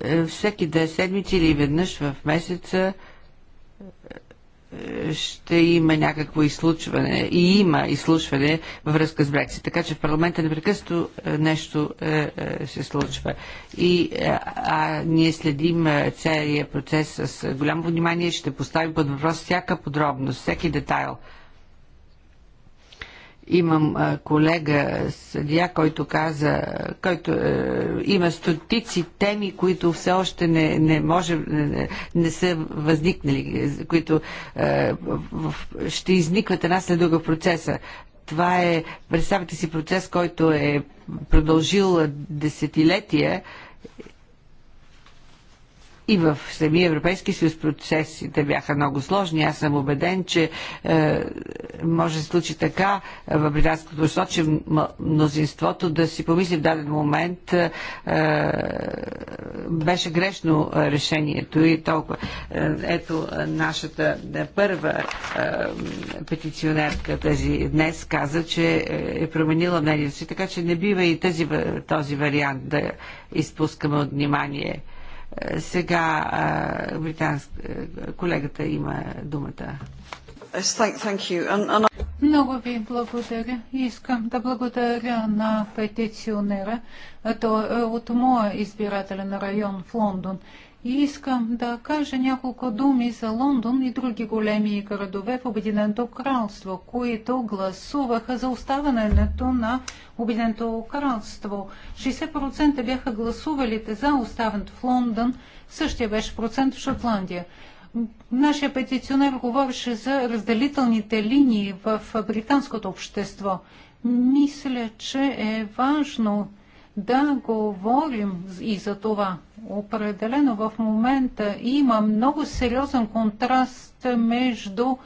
Е, всеки две седмици или веднъж в месеца е, ще има някакво изслучване и има изслушване във връзка с Брекси. Така че в парламента непрекъснато е, нещо се случва. И а, ние следим целият процес с голямо внимание, ще поставим под въпрос всяка подробност, всеки детайл. Имам колега съдия, който каза, който е, има стотици теми, които все още не, не може, не, не са възникнали, които е, в, ще изникват една след друга в процеса. Това е, представете си, процес, който е продължил десетилетия и в самия Европейски съюз процесите бяха много сложни. Аз съм убеден, че е, може да се случи така в британското общество, че мнозинството да си помисли в даден момент е, беше грешно решението и толкова. Е, ето е, нашата е, първа е, петиционерка тази днес каза, че е променила мнението си, така че не бива и тази, този вариант да изпускаме от внимание. Сега британск... колегата има думата. Много ви благодаря. Искам да благодаря на петиционера. Той е от моя избирателен район в Лондон. И искам да кажа няколко думи за Лондон и други големи градове в Обединеното кралство, които гласуваха за оставането на Обединеното кралство. 60% бяха гласувалите за оставането в Лондон, същия беше процент в Шотландия. Нашия петиционер говореше за разделителните линии в британското общество. Мисля, че е важно да говорим и за това. Определено в момента има много сериозен контраст между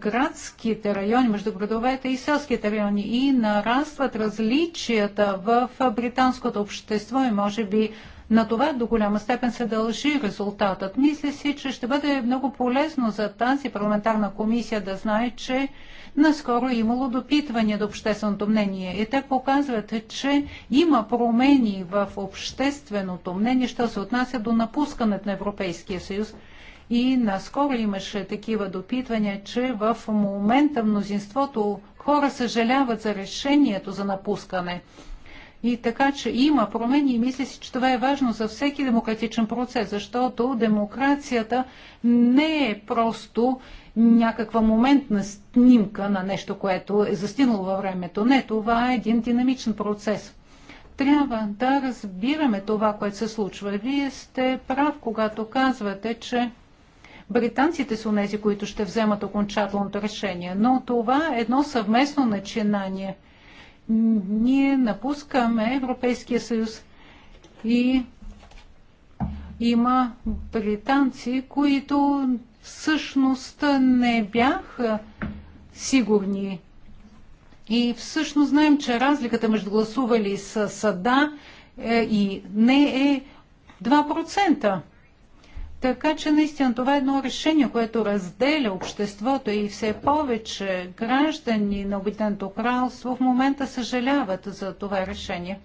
градските райони, между градовете и селските райони и нарастват различията в британското общество и може би на това до голяма степен се дължи резултатът. Мисля си, че ще бъде много полезно за тази парламентарна комисия да знае, че наскоро е имало допитване до общественото мнение. И те показват, че има промени в общественото мнение, що се отнася до напускането на Европейския съюз. И наскоро имаше такива допитвания, че в момента мнозинството хора съжаляват за решението за напускане. И така, че има промени и мисля си, че това е важно за всеки демократичен процес, защото демокрацията не е просто някаква моментна снимка на нещо, което е застинало във времето. Не, това е един динамичен процес. Трябва да разбираме това, което се случва. Вие сте прав, когато казвате, че британците са тези, които ще вземат окончателното решение. Но това е едно съвместно начинание. Ние напускаме Европейския съюз и има британци, които всъщност не бяха сигурни. И всъщност знаем, че разликата между гласували с съда е, и не е 2%. Така че наистина това е едно решение, което разделя обществото и все повече граждани на Обединеното кралство в момента съжаляват за това решение.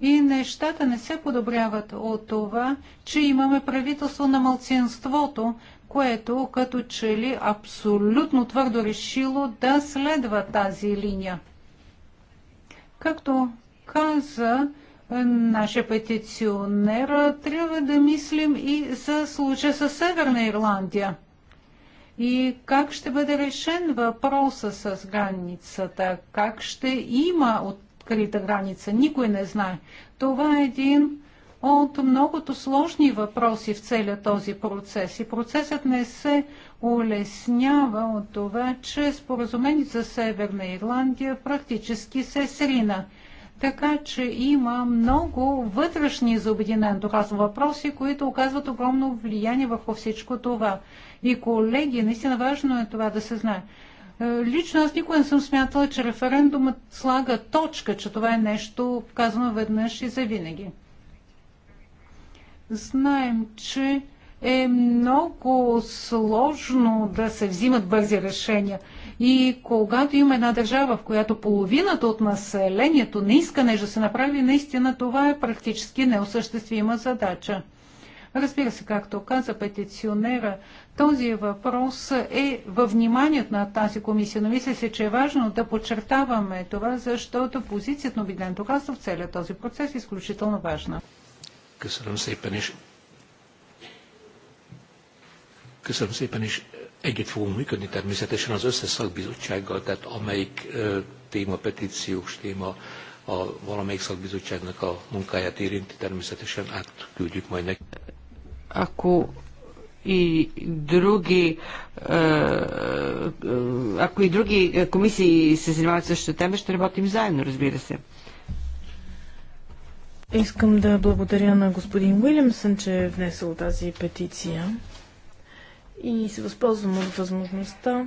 И нещата не се подобряват от това, че имаме правителство на мълцинството, което като че ли абсолютно твърдо решило да следва тази линия. Както каза е, нашия петиционер, трябва да мислим и за случая с Северна Ирландия. И как ще бъде решен въпроса с границата? Как ще има от открита граница. Никой не знае. Това е един от многото сложни въпроси в целия този процес. И процесът не се улеснява от това, че споразумението за Северна Ирландия практически се срина. Така че има много вътрешни за Обединеното кралство въпроси, които оказват огромно влияние върху всичко това. И колеги, наистина важно е това да се знае. Е, лично аз никога не съм смятала, че референдумът слага точка, че това е нещо казано веднъж и завинаги. Знаем, че е много сложно да се взимат бързи решения. И когато има една държава, в която половината от населението не иска нещо да се направи, наистина това е практически неосъществима задача. Разбира се, както каза петиционера, този въпрос е във вниманието на тази комисия, но мисля се, че е важно да подчертаваме това, защото позицията на Обединеното казва в целият този процес е изключително важна. се Köszönöm szépen, és együtt fogunk működni természetesen az összes szakbizottsággal, tehát amelyik ö, téma petíciós téma a valamelyik szakbizottságnak a munkáját érinti, természetesen átküldjük majd neki ако и други е, е, ако и други комисии се занимават същата тема, ще работим заедно, разбира се. Искам да благодаря на господин Уилямсън, че е внесъл тази петиция и се възползвам от възможността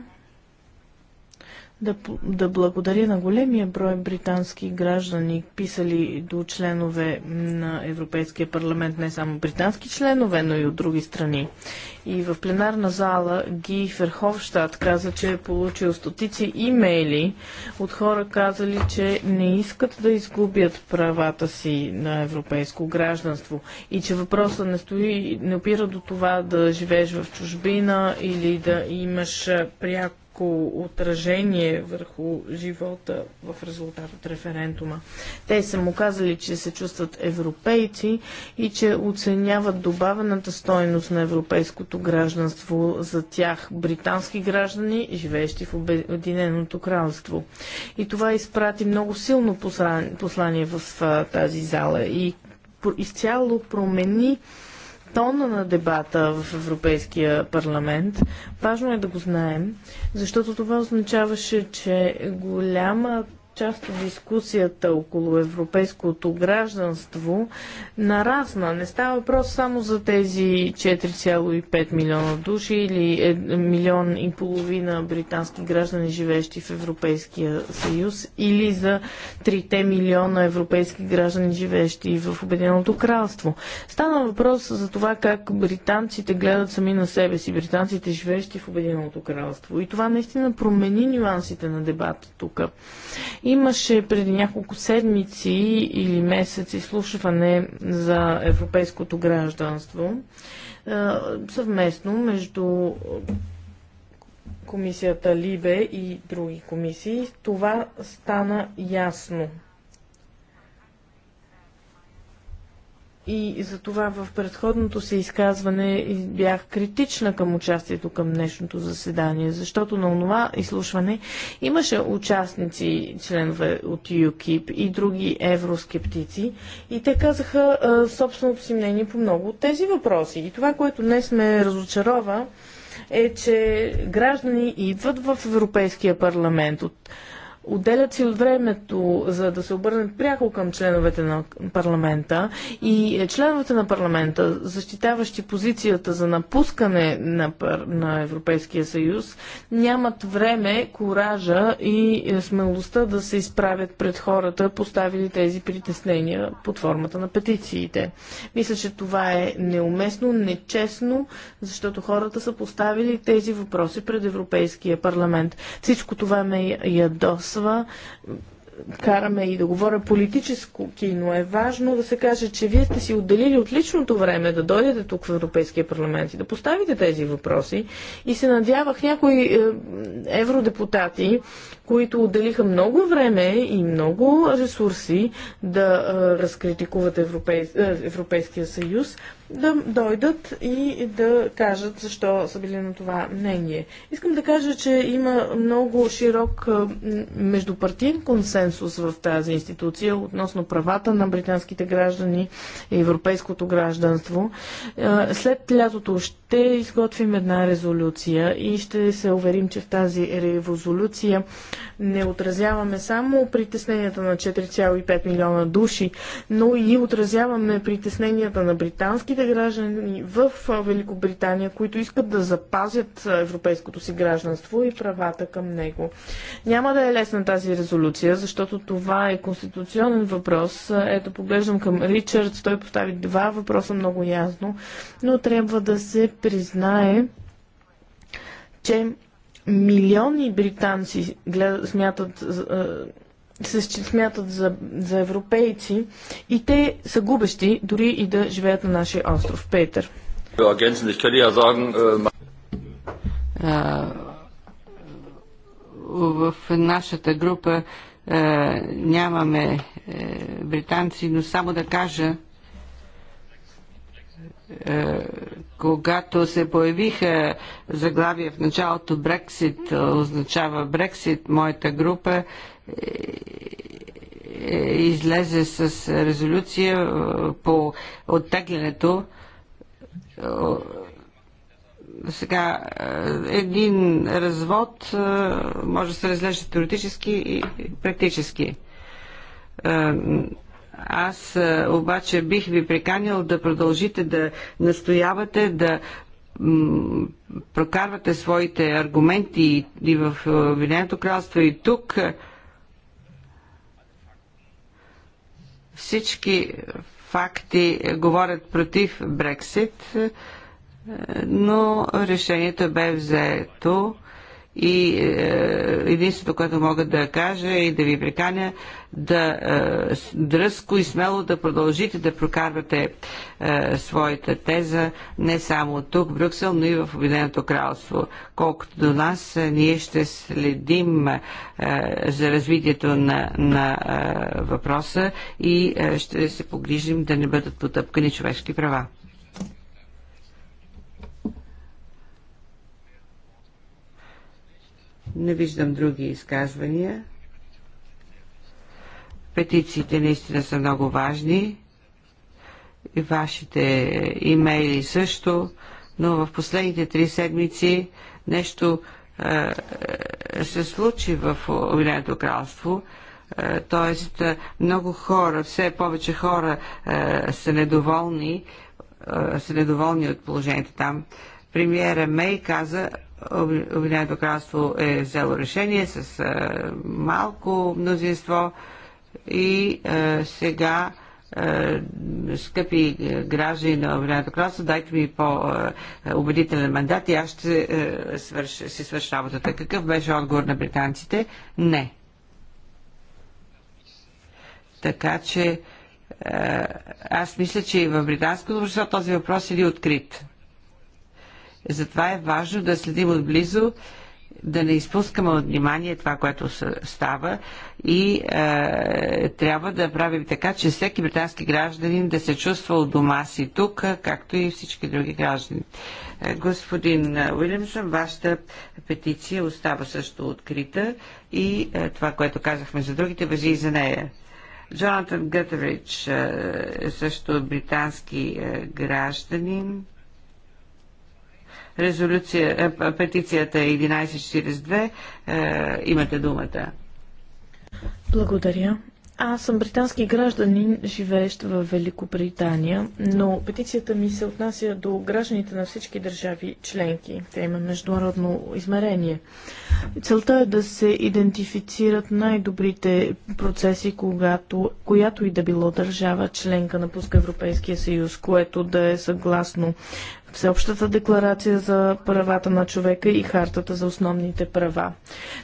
да, да благодаря на големия брой британски граждани, писали до членове на Европейския парламент, не само британски членове, но и от други страни. И в пленарна зала Ги Ферховщад каза, че е получил стотици имейли от хора казали, че не искат да изгубят правата си на европейско гражданство и че въпросът не стои, не опира до това да живееш в чужбина или да имаш пряко пряко отражение върху живота в резултат от референдума. Те са му казали, че се чувстват европейци и че оценяват добавената стойност на европейското гражданство за тях, британски граждани, живеещи в Обединеното кралство. И това изпрати много силно послание в тази зала и изцяло промени тона на дебата в Европейския парламент. Важно е да го знаем, защото това означаваше, че голяма част от дискусията около европейското гражданство нарасна. Не става въпрос само за тези 4,5 милиона души или милион и половина британски граждани, живеещи в Европейския съюз, или за 3 милиона европейски граждани, живеещи в Обединеното кралство. Стана въпрос за това как британците гледат сами на себе си, британците, живеещи в Обединеното кралство. И това наистина промени нюансите на дебата тук. Имаше преди няколко седмици или месец изслушване за европейското гражданство съвместно между комисията Либе и други комисии. Това стана ясно И за това в предходното си изказване бях критична към участието към днешното заседание, защото на онова изслушване имаше участници, членове от ЮКИП и други евроскептици, и те казаха а, собственото си мнение по много от тези въпроси. И това, което днес ме разочарова, е, че граждани идват в Европейския парламент от отделят си от времето, за да се обърнат пряко към членовете на парламента и е, членовете на парламента, защитаващи позицията за напускане на, на Европейския съюз, нямат време, коража и е, смелостта да се изправят пред хората, поставили тези притеснения под формата на петициите. Мисля, че това е неуместно, нечестно, защото хората са поставили тези въпроси пред Европейския парламент. Всичко това ме ядос липсва. Караме и да говоря политическо кино. Е важно да се каже, че вие сте си отделили от личното време да дойдете тук в Европейския парламент и да поставите тези въпроси. И се надявах някои е, евродепутати, които отделиха много време и много ресурси да е, разкритикуват е, Европейския съюз, да дойдат и да кажат защо са били на това мнение. Искам да кажа, че има много широк междупартиен консенсус в тази институция относно правата на британските граждани и европейското гражданство. След лятото ще ще изготвим една резолюция и ще се уверим, че в тази резолюция не отразяваме само притесненията на 4,5 милиона души, но и отразяваме притесненията на британските граждани в Великобритания, които искат да запазят европейското си гражданство и правата към него. Няма да е лесна тази резолюция, защото това е конституционен въпрос. Ето, поглеждам към Ричард, той постави два въпроса много ясно, но трябва да се признае, че милиони британци гледат, смятат, се смятат за, за европейци и те са губещи, дори и да живеят на нашия остров. Петър. В нашата група нямаме е, британци, но само да кажа, е, когато се появиха заглавия в началото Брексит, е, означава Брексит, моята група е, излезе с резолюция по оттеглянето. Сега, един развод може да се разглежда теоретически и практически аз е, обаче бих ви приканил да продължите да настоявате да прокарвате своите аргументи и в е, Обединеното кралство и тук. Всички факти говорят против Брексит, е, но решението бе взето и е, единството, което мога да кажа и да ви приканя да е, дръзко и смело да продължите да прокарвате е, своята теза не само тук в Брюксел, но и в Обединеното кралство. Колкото до нас, е, ние ще следим е, за развитието на, на е, въпроса и е, ще се погрижим да не бъдат потъпкани човешки права. Не виждам други изказвания. Петициите наистина са много важни. И вашите имейли също. Но в последните три седмици нещо е, се случи в Обединеното кралство. Е, тоест, е, много хора, все повече хора е, са недоволни, е, са недоволни от положението там. Премиера Мей каза, Обединеното кралство е взело решение с е, малко мнозинство и е, сега е, скъпи граждани на Обединеното кралство, дайте ми по-убедителен мандат и аз ще си свърша работата. Какъв беше отговор на британците? Не. Така че аз мисля, че и в британското общество този въпрос е ли открит. Затова е важно да следим отблизо, да не изпускаме от внимание това, което става и е, трябва да правим така, че всеки британски гражданин да се чувства от дома си тук, както и всички други граждани. Е, господин Уилямсън, вашата петиция остава също открита и е, това, което казахме за другите, въжи и за нея. Джонатан Гътерич, е, също британски е, гражданин, Резолюция, е, петицията 1142. Е е, имате думата. Благодаря. Аз съм британски гражданин, живеещ в Великобритания, но петицията ми се отнася до гражданите на всички държави членки. Те има международно измерение. Целта е да се идентифицират най-добрите процеси, когато, която и да било държава членка напуска Европейския съюз, което да е съгласно Всеобщата декларация за правата на човека и хартата за основните права.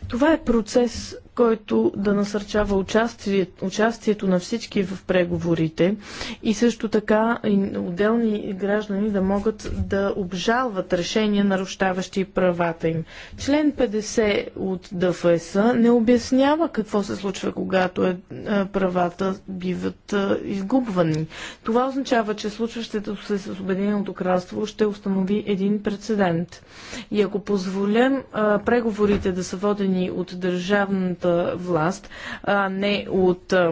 Това е процес, който да насърчава участие, участието на всички в преговорите и също така и отделни граждани да могат да обжалват решения, нарушаващи правата им. Член 50 от ДФС не обяснява какво се случва, когато е, е правата биват е, изгубвани. Това означава, че случващото се с Обединеното кралство ще установи един прецедент. И ако позволям е, преговорите да са водени от държавната съдебната власт, а не от е,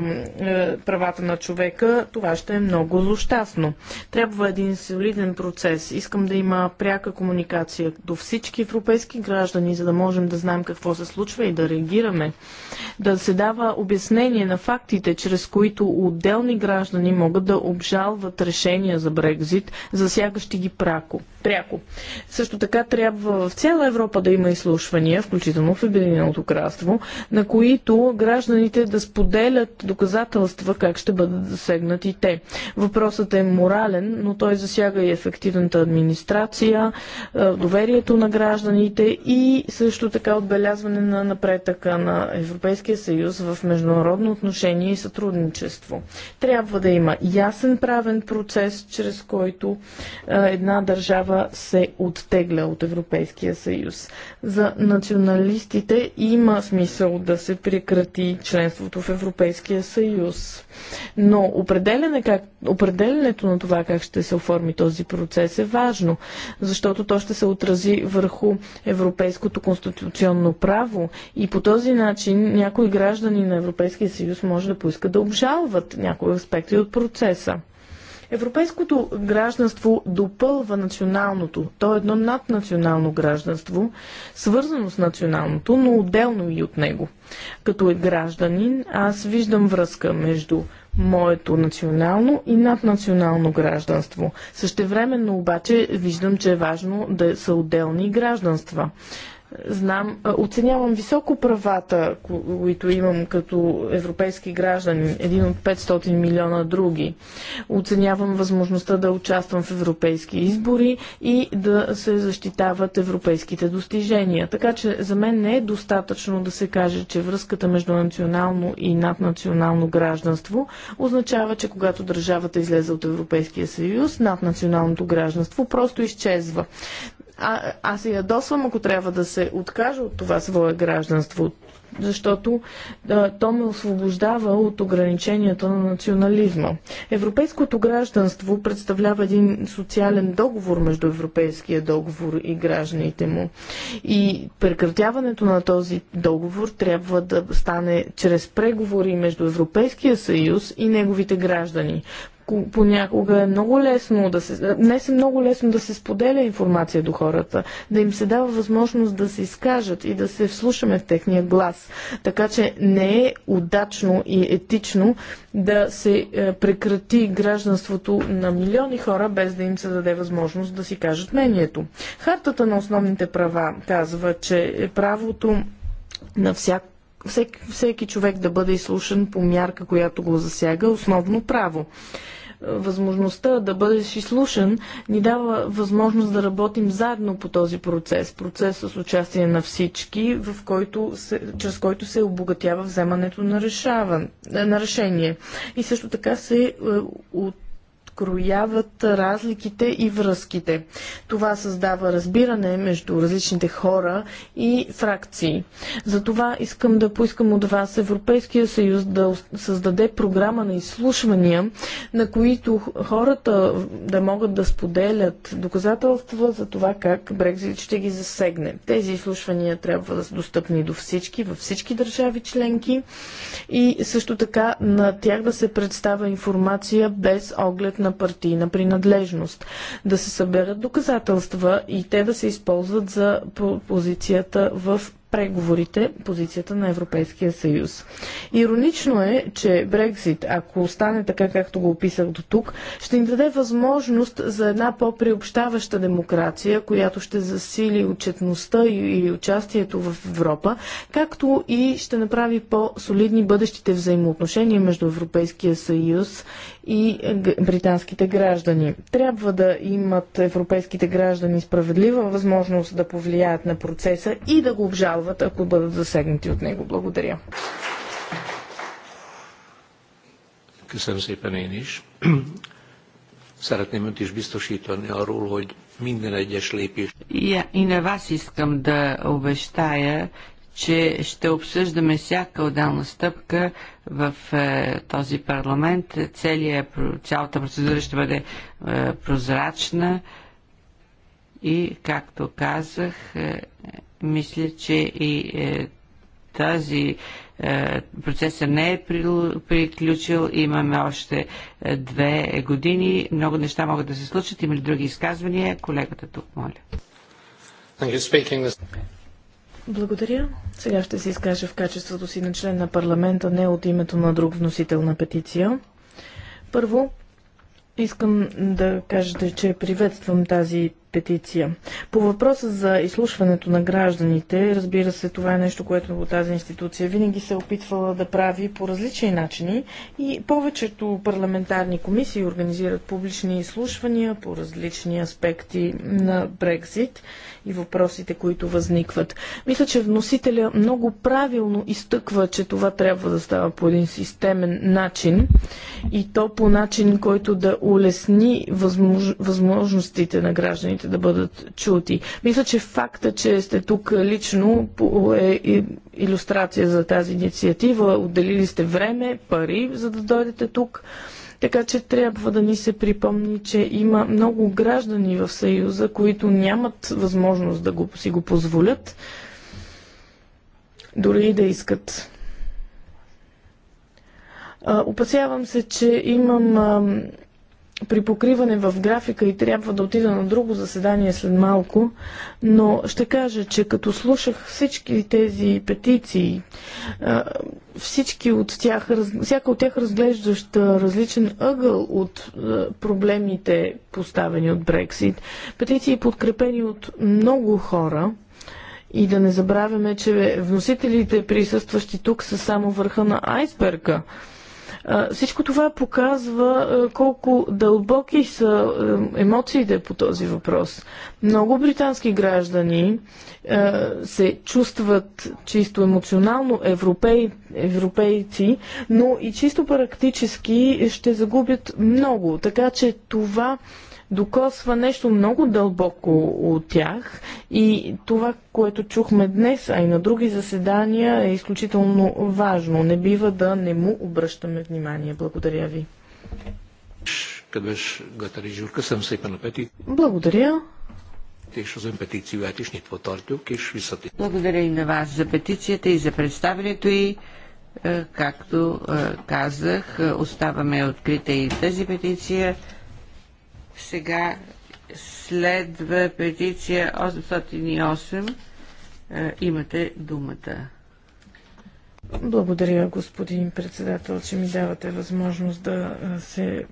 правата на човека, това ще е много злощастно. Трябва един солиден процес. Искам да има пряка комуникация до всички европейски граждани, за да можем да знаем какво се случва и да реагираме. Да се дава обяснение на фактите, чрез които отделни граждани могат да обжалват решения за Брекзит, засягащи ги прако, пряко. Също така трябва в цяла Европа да има изслушвания, включително в Обединеното кралство, на които гражданите да споделят доказателства как ще бъдат засегнати те. Въпросът е морален, но той засяга и ефективната администрация, е, доверието на гражданите и също така отбелязване на напретъка на Европейския съюз в международно отношение и сътрудничество. Трябва да има ясен правен процес, чрез който е, една държава се оттегля от Европейския съюз. За националистите има смисъл да да се прекрати членството в Европейския съюз. Но определене как, определенето на това как ще се оформи този процес е важно, защото то ще се отрази върху европейското конституционно право и по този начин някои граждани на Европейския съюз може да поискат да обжалват някои аспекти от процеса. Европейското гражданство допълва националното. То е едно наднационално гражданство, свързано с националното, но отделно и от него. Като е гражданин, аз виждам връзка между моето национално и наднационално гражданство. Същевременно обаче виждам, че е важно да са отделни гражданства. Знам, оценявам високо правата, които имам като европейски граждани, един от 500 милиона други. Оценявам възможността да участвам в европейски избори и да се защитават европейските достижения. Така че за мен не е достатъчно да се каже, че връзката между национално и наднационално гражданство означава, че когато държавата излезе от Европейския съюз, наднационалното гражданство просто изчезва а, аз се ядосвам, ако трябва да се откажа от това свое гражданство, защото а, то ме освобождава от ограниченията на национализма. Европейското гражданство представлява един социален договор между европейския договор и гражданите му. И прекратяването на този договор трябва да стане чрез преговори между Европейския съюз и неговите граждани понякога е много лесно да се... Не е много лесно да се споделя информация до хората, да им се дава възможност да се изкажат и да се вслушаме в техния глас. Така че не е удачно и етично да се е, прекрати гражданството на милиони хора, без да им се даде възможност да си кажат мнението. Хартата на основните права казва, че е правото на всяко всек, всеки човек да бъде изслушан по мярка, която го засяга, основно право. Възможността да бъдеш изслушан ни дава възможност да работим заедно по този процес, процес с участие на всички, в който се, чрез който се обогатява вземането на, решаван, на решение. И също така се е, от открояват разликите и връзките. Това създава разбиране между различните хора и фракции. Затова искам да поискам от вас Европейския съюз да създаде програма на изслушвания, на които хората да могат да споделят доказателства за това как Брекзит ще ги засегне. Тези изслушвания трябва да са достъпни до всички, във всички държави членки и също така на тях да се представя информация без оглед на на партийна принадлежност, да се съберат доказателства и те да се използват за позицията в преговорите позицията на Европейския съюз. Иронично е, че Брекзит, ако остане така, както го описах до тук, ще ни даде възможност за една по-приобщаваща демокрация, която ще засили отчетността и участието в Европа, както и ще направи по-солидни бъдещите взаимоотношения между Европейския съюз и британските граждани. Трябва да имат европейските граждани справедлива възможност да повлияят на процеса и да го обжават обжалват, ако бъдат засегнати от него. Благодаря. Köszönöm szépen én is. Szeretném önt is biztosítani arról, hogy minden egyes lépés. Я и на вас искам да обещая, че ще обсъждаме всяка отделна стъпка в е, този парламент. Целия, е цялата процедура ще бъде е, прозрачна и, както казах, е, мисля, че и е, тази е, процесът не е приключил. Имаме още е, две години. Много неща могат да се случат. Има ли други изказвания? Колегата тук, моля. Благодаря. Сега ще се изкажа в качеството си на член на парламента, не от името на друг вносител на петиция. Първо, Искам да кажете, че приветствам тази петиция. По въпроса за изслушването на гражданите, разбира се, това е нещо, което тази институция винаги се е опитвала да прави по различни начини и повечето парламентарни комисии организират публични изслушвания по различни аспекти на Брекзит и въпросите, които възникват. Мисля, че вносителя много правилно изтъква, че това трябва да става по един системен начин и то по начин, който да улесни възмож... възможностите на гражданите да бъдат чути. Мисля, че факта, че сте тук лично е, е иллюстрация за тази инициатива. Отделили сте време, пари, за да дойдете тук. Така че трябва да ни се припомни, че има много граждани в Съюза, които нямат възможност да го, си го позволят, дори и да искат. Опасявам се, че имам при покриване в графика и трябва да отида на друго заседание след малко, но ще кажа, че като слушах всички тези петиции, всички от тях, всяка от тях разглеждаща различен ъгъл от проблемите поставени от Брексит, петиции подкрепени от много хора, и да не забравяме, че вносителите присъстващи тук са само върха на айсберга. Всичко това показва колко дълбоки са емоциите по този въпрос. Много британски граждани се чувстват чисто емоционално европей, европейци, но и чисто практически ще загубят много. Така че това докосва нещо много дълбоко от тях и това, което чухме днес, а и на други заседания е изключително важно. Не бива да не му обръщаме внимание. Благодаря ви. Благодаря. Благодаря и на вас за петицията и за представенето и е, както е, казах, е, оставаме открита и тази петиция. Сега следва петиция 808. Е, имате думата. Благодаря, господин председател, че ми давате възможност да е, се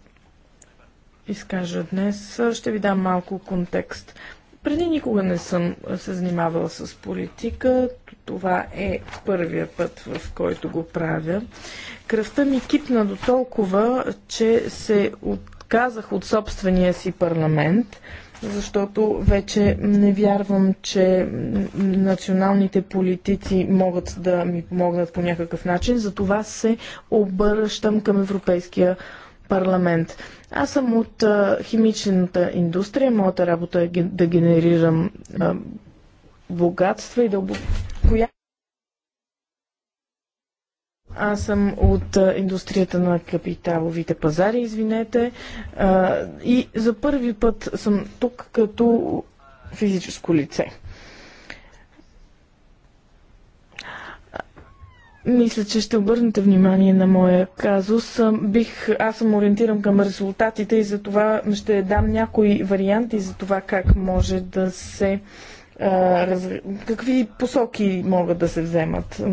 изкажа днес. Ще ви дам малко контекст. Преди никога не съм се занимавала с политика. Това е първия път, в който го правя. Кръвта ми кипна до толкова, че се от отказах от собствения си парламент, защото вече не вярвам, че националните политици могат да ми помогнат по някакъв начин. Затова се обръщам към Европейския парламент. Аз съм от а, химичната индустрия. Моята работа е да генерирам а, богатства и да облагодетелствам аз съм от индустрията на капиталовите пазари, извинете. И за първи път съм тук като физическо лице. Мисля, че ще обърнете внимание на моя казус. Бих, аз съм ориентиран към резултатите и за това ще дам някои варианти за това как може да се. Раз... Какви посоки могат да се вземат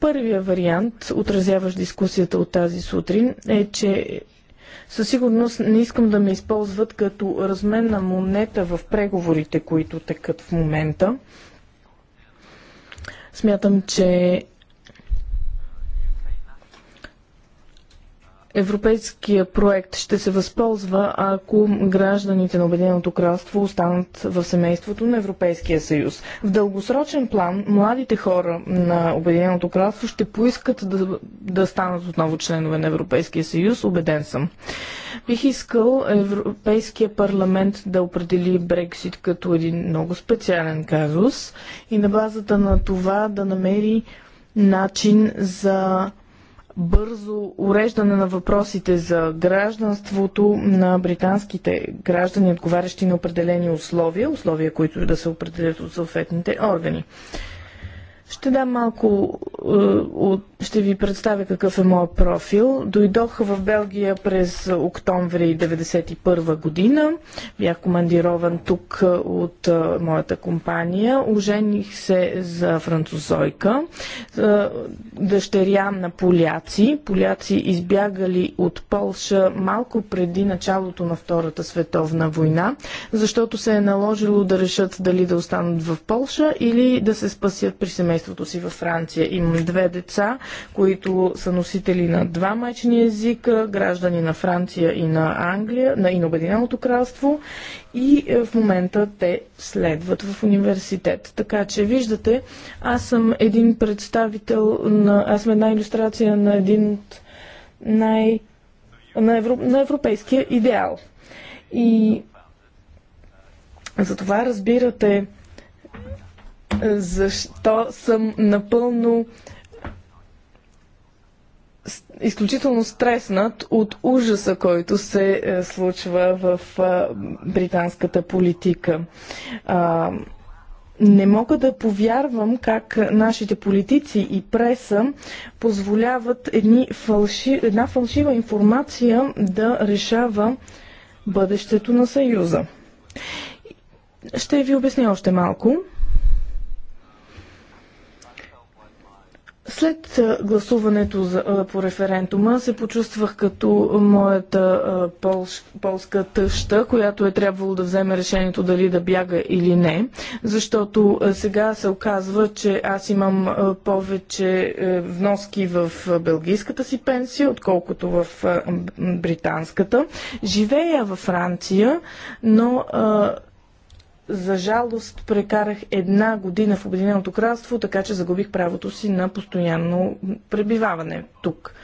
Първия вариант, отразяващ дискусията от тази сутрин, е, че със сигурност не искам да ме използват като разменна монета в преговорите, които текат в момента. Смятам, че европейския проект ще се възползва, ако гражданите на Обединеното кралство останат в семейството на Европейския съюз. В дългосрочен план младите хора на Обединеното кралство ще поискат да, да станат отново членове на Европейския съюз, убеден съм. Бих искал Европейския парламент да определи Брексит като един много специален казус и на базата на това да намери начин за бързо уреждане на въпросите за гражданството на британските граждани, отговарящи на определени условия, условия, които да се определят от съответните органи. Ще дам малко е, от ще ви представя какъв е моят профил. Дойдох в Белгия през октомври 1991 година. Бях командирован тук от моята компания. Ожених се за французойка, дъщеря на поляци. Поляци избягали от Полша малко преди началото на Втората световна война, защото се е наложило да решат дали да останат в Полша или да се спасят при семейството си във Франция. Имам две деца които са носители на два майчини езика, граждани на Франция и на Англия, на, и на Обединеното кралство и е, в момента те следват в университет. Така че виждате, аз съм един представител на, аз съм една иллюстрация на един от най... на, евро, на европейския идеал. И за това разбирате защо съм напълно изключително стреснат от ужаса, който се е, случва в е, британската политика. не мога да повярвам как нашите политици и преса позволяват едни фалши... една фалшива информация да решава бъдещето на Съюза. Ще ви обясня още малко. След гласуването за, по референдума се почувствах като моята полш, полска тъща, която е трябвало да вземе решението дали да бяга или не, защото сега се оказва, че аз имам повече е, вноски в белгийската си пенсия, отколкото в британската. Живея във Франция, но за жалост прекарах една година в Обединеното кралство, така че загубих правото си на постоянно пребиваване тук.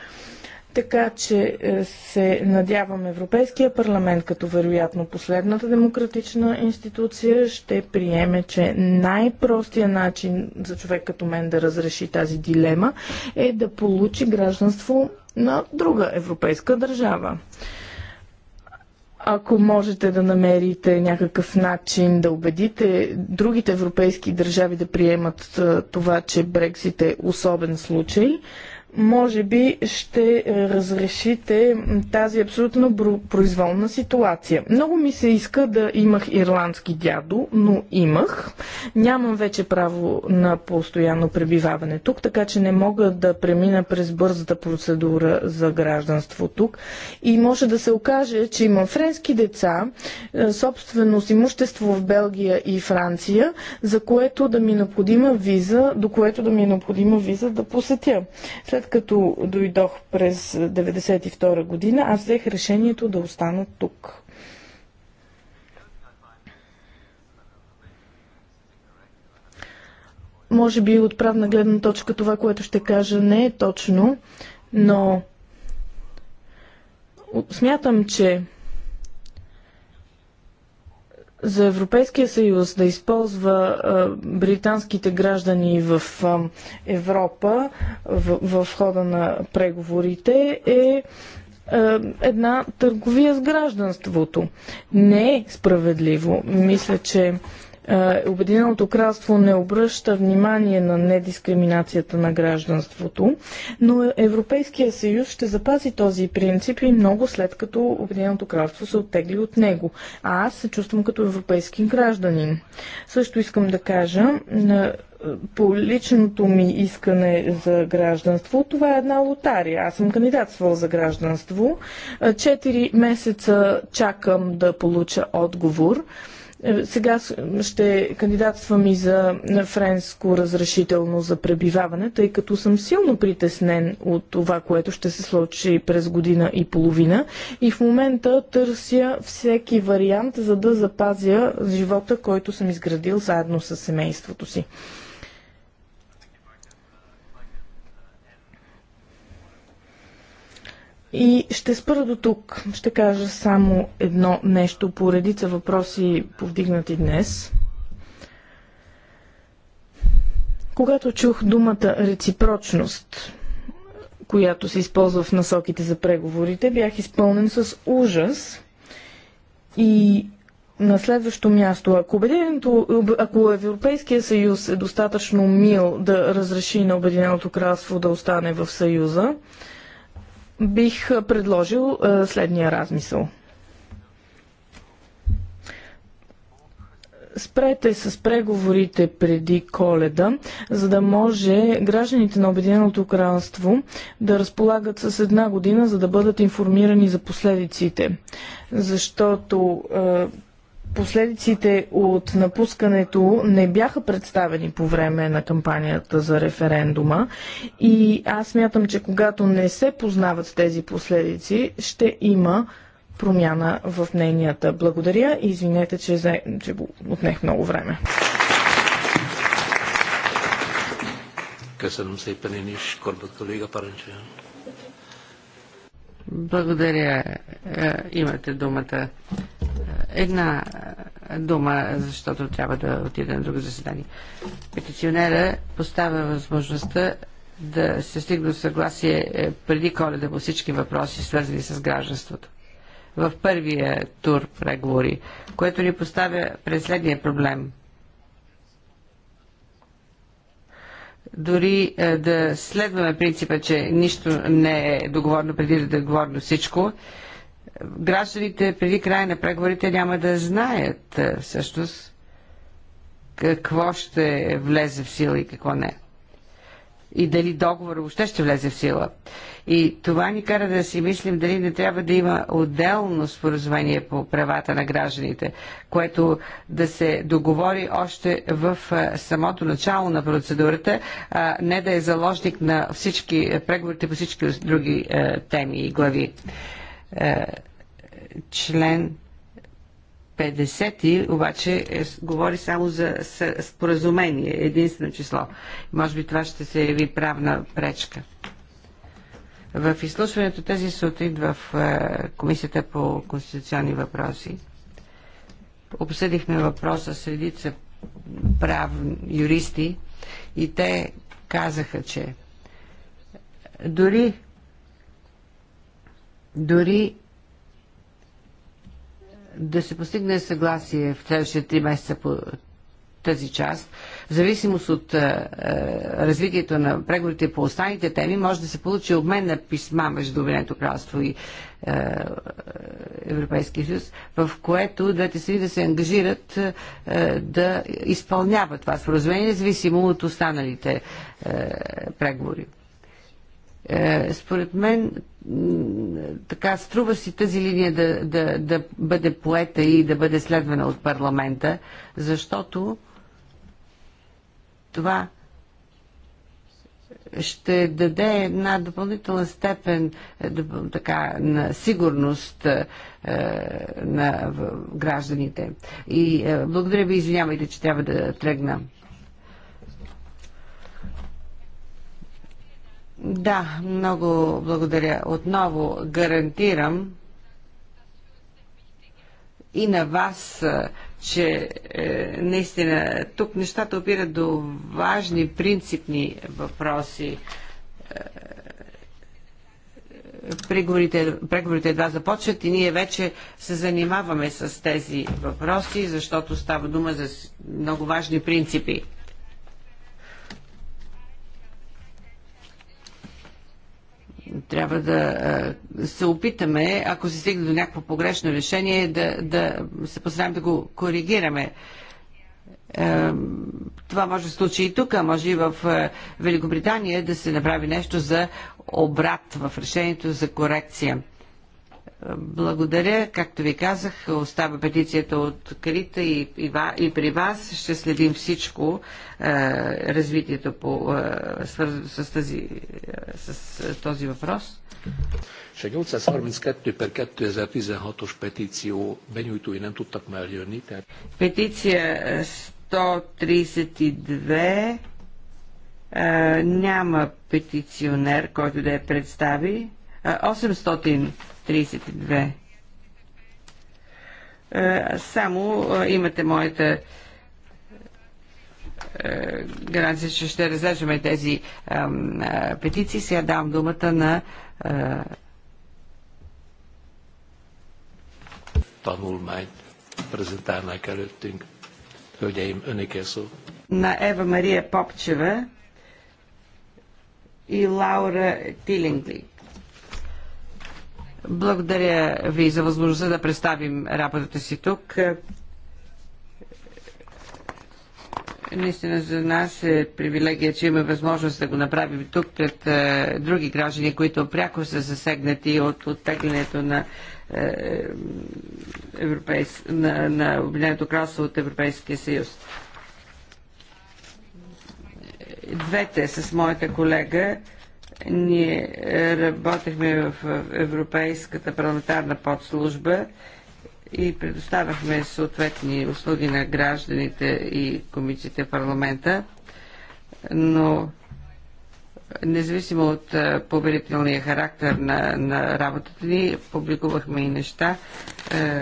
Така че е, се надявам Европейския парламент, като вероятно последната демократична институция, ще приеме, че най-простия начин за човек като мен да разреши тази дилема е да получи гражданство на друга европейска държава. Ако можете да намерите някакъв начин да убедите другите европейски държави да приемат това, че Брексит е особен случай, може би ще е, разрешите тази абсолютно произволна ситуация. Много ми се иска да имах ирландски дядо, но имах. Нямам вече право на постоянно пребиваване тук, така че не мога да премина през бързата процедура за гражданство тук. И може да се окаже, че имам френски деца, е, собственост, имущество в Белгия и Франция, за което да ми е необходима виза, до което да ми е необходима виза да посетя. След като дойдох през 1992 година, аз взех решението да остана тук. Може би от правна гледна точка това, което ще кажа, не е точно, но смятам, че за Европейския съюз да използва а, британските граждани в а, Европа в, в хода на преговорите е а, една търговия с гражданството. Не е справедливо. Мисля, че е, Обединеното кралство не обръща внимание на недискриминацията на гражданството, но Европейския съюз ще запази този принцип и много след като Обединеното кралство се оттегли от него. А аз се чувствам като европейски гражданин. Също искам да кажа, е, по личното ми искане за гражданство, това е една лотария. Аз съм кандидатствал за гражданство. Е, четири месеца чакам да получа отговор. Е, сега ще кандидатствам и за френско разрешително за пребиваване, тъй като съм силно притеснен от това, което ще се случи през година и половина. И в момента търся всеки вариант, за да запазя живота, който съм изградил заедно с семейството си. И ще спра до тук. Ще кажа само едно нещо по редица въпроси, повдигнати днес. Когато чух думата реципрочност, която се използва в насоките за преговорите, бях изпълнен с ужас и на следващо място, ако, ако Европейския съюз е достатъчно мил да разреши на Обединеното кралство да остане в съюза, бих предложил следния размисъл. спрете с преговорите преди коледа, за да може гражданите на Обединеното кралство да разполагат с една година, за да бъдат информирани за последиците. Защото последиците от напускането не бяха представени по време на кампанията за референдума и аз мятам, че когато не се познават тези последици, ще има промяна в мненията. Благодаря и извинете, че, за... че го отнех много време. Köszönöm szépen и is, Korbett kolléga parancsoljon. Благодаря. Е, имате думата. Една дума, защото трябва да отида на друго заседание. Петиционера поставя възможността да се стигне до съгласие е, преди коледа по всички въпроси, свързани с гражданството. В първия тур преговори, което ни поставя пред следния проблем – дори е, да следваме принципа, че нищо не е договорно, преди да е договорно всичко, гражданите преди края на преговорите няма да знаят е, всъщност какво ще влезе в сила и какво не и дали договор въобще ще влезе в сила. И това ни кара да си мислим дали не трябва да има отделно споразумение по правата на гражданите, което да се договори още в самото начало на процедурата, а не да е заложник на всички преговорите по всички други теми и глави. Член 50 обаче е, говори само за споразумение, единствено число. Може би това ще се яви правна пречка. В изслушването тези сутрин в е, Комисията по конституционни въпроси обсъдихме въпроса с редица прав юристи и те казаха, че дори дори да се постигне съгласие в следващите три месеца по тази част, в зависимост от е, е, развитието на преговорите по останалите теми, може да се получи обмен на писма между Обединеното кралство и е, Европейския съюз, в което двете страни да се ангажират е, да изпълняват това споразумение, независимо от останалите е, преговори. Е, според мен така струва си тази линия да, да, да бъде поета и да бъде следвана от парламента, защото това ще даде една допълнителна степен е, така, на сигурност е, на гражданите. И е, благодаря ви, извинявайте, че трябва да тръгна. Да, много благодаря. Отново гарантирам и на вас, че е, наистина тук нещата опират до важни принципни въпроси. Е, преговорите, преговорите едва започват и ние вече се занимаваме с тези въпроси, защото става дума за много важни принципи. трябва да се опитаме, ако се стигне до някакво погрешно решение, да, да се постараем да го коригираме. Това може да се случи и тук, а може и в Великобритания да се направи нещо за обрат в решението за корекция. Благодаря. Както ви казах, остава петицията открита и, и, и при вас. Ще следим всичко е, развитието по, е, свързано с, тази, е, с е, този въпрос. Петиция 132 е, е, няма петиционер, който да я представи. 800 е, 32. Е, само е, имате моята е, гаранция, че ще разглеждаме тези петиции. Сега дам думата на на Ева Мария Попчева и Лаура Тилинглик. Благодаря ви за възможността да представим работата си тук. Наистина за нас е привилегия, че имаме възможност да го направим тук пред е, други граждани, които пряко са засегнати от оттеглянето на, е, европейс... на, на Обединеното кралство от Европейския съюз. Двете с моята колега ние е, работехме в Европейската парламентарна подслужба и предоставяхме съответни услуги на гражданите и комисиите в парламента, но независимо от е, поверителния характер на, на работата ни, публикувахме и неща. Е,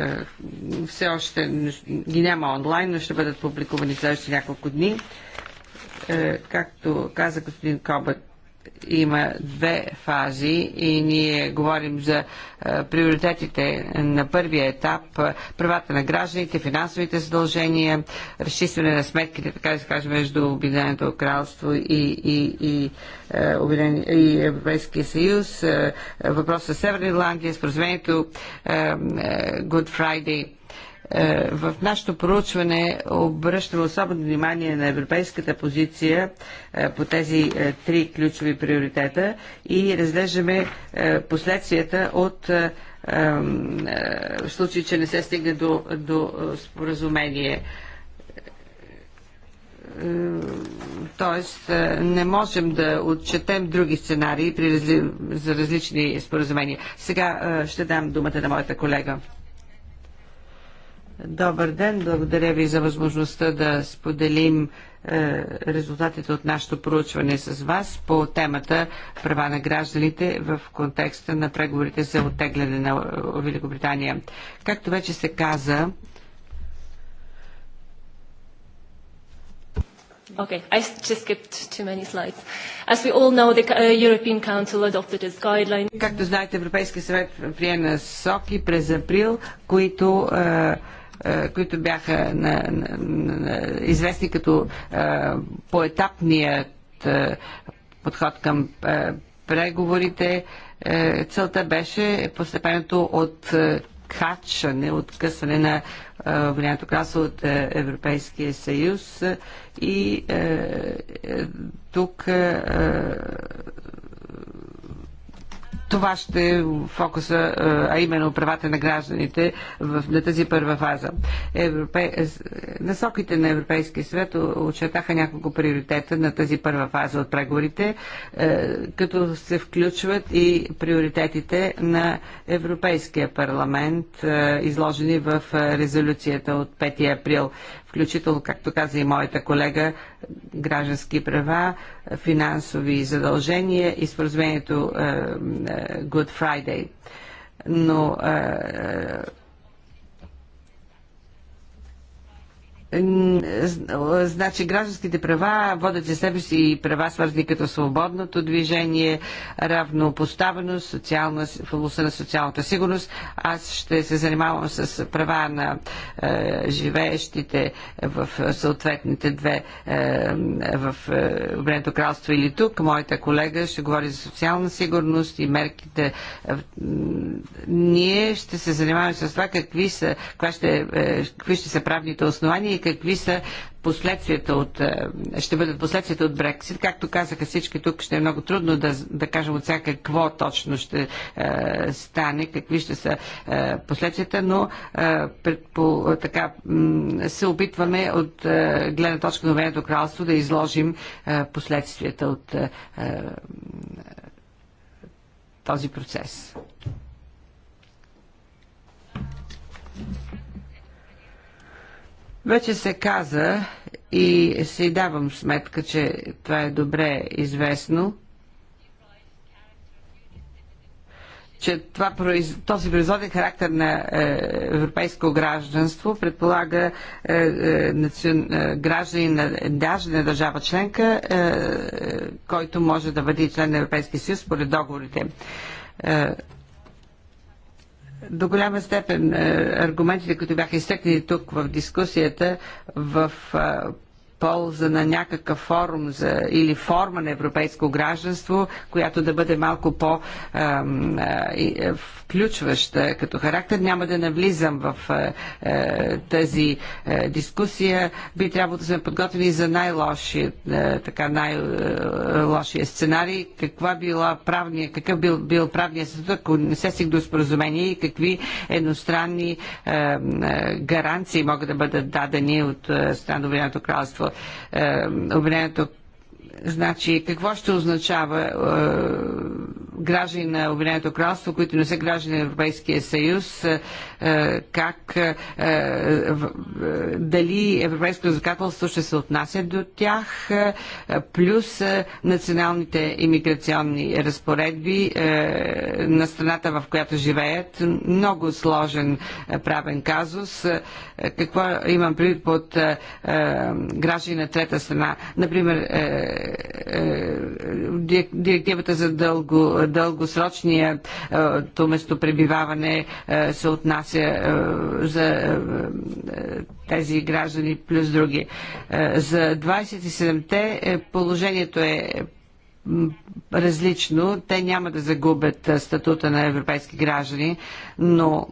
все още ги няма онлайн, но ще бъдат публикувани следващите няколко дни. Както каза господин Кобът, има две фази и ние говорим за е, приоритетите на първия етап, е, правата на гражданите, финансовите задължения, разчистване на сметките, така да се каже, между Обединеното кралство и, и, и, е, Обединен... и Европейския съюз, въпроса с Северна Ирландия, споразумението Good Friday – е, в нашето проучване обръщаме особено внимание на европейската позиция е, по тези е, три ключови приоритета и разглеждаме последствията от в случай, че не се стигне до, до споразумение. Тоест, не можем да отчетем други сценарии при, за различни споразумения. Сега ще дам думата на моята колега. Добър ден, благодаря ви за възможността да споделим е, резултатите от нашето проучване с вас по темата права на гражданите в контекста на преговорите за оттегляне на Великобритания. Както вече се каза, Okay, I just skipped too many slides. As we all know, the uh, European Council adopted its guidelines. Както знаете, Европейския съвет прие насоки през април, които uh, е, които бяха на, на, на, известни като е, поетапният е, подход към преговорите. Целта беше постепенното от качане, късване на Обединеното красо от Европейския съюз и а, тук а, това ще е фокуса, е, а именно правата на гражданите в, на тази първа фаза. Европе... Е, насоките на Европейския съвет очертаха няколко приоритета на тази първа фаза от преговорите, е, като се включват и приоритетите на Европейския парламент, изложени в резолюцията от 5 април включително, както каза и моята колега, граждански права, финансови задължения и споразумението е, е, Good Friday. Но е, Значи гражданските права водят за себе си и права свързани като свободното движение, равнопоставеност, социална, в областта на социалната сигурност. Аз ще се занимавам с права на е, живеещите в съответните две е, в е, Обединеното е, кралство или тук. Моята колега ще говори за социална сигурност и мерките. Е, ние ще се занимаваме с това какви, са, каква ще, е, какви ще са правните основания и какви са последствията от, е, ще бъдат последствията от Брексит. Както казаха всички тук, ще е много трудно да, да кажем от сега какво точно ще е, стане, какви ще са е, последствията, но е, по, така, се опитваме от е, гледна точка на Венето кралство да изложим е, последствията от е, е, този процес. Вече се каза и си давам сметка, че това е добре известно, че това, този производен е характер на е, европейско гражданство предполага е, граждани на даже на държава членка, който може да бъде член на Европейския съюз според договорите. До голяма степен е, аргументите, които бяха изтъкнати тук в дискусията, в е, полза на някакъв форум за, или форма на европейско гражданство, която да бъде малко по е, включваща като характер. Няма да навлизам в е, е, тази дискусия. Би трябвало да сме подготвени за най-лошия, така най-лошия сценарий. Каква била правния, какъв бил, бил правния съд, ако не се стиг до споразумение и какви едностранни гаранции могат да бъдат дадени от страна Обединеното кралство. Е, Обединеното Значи, какво ще означава е, граждани на Обединеното кралство, които не са граждани на Европейския съюз, е, е как, е, е, е дали европейското законодателство ще се отнася до тях, е, плюс е, националните иммиграционни разпоредби е, на страната, в която живеят. Много сложен е, правен казус. Е, какво имам предвид под е, е, граждани на трета страна? Например, е, е, е, директивата за дълго, дългосрочния е, то местопребиваване се отнася за тези граждани плюс други. За 27-те положението е различно. Те няма да загубят статута на европейски граждани, но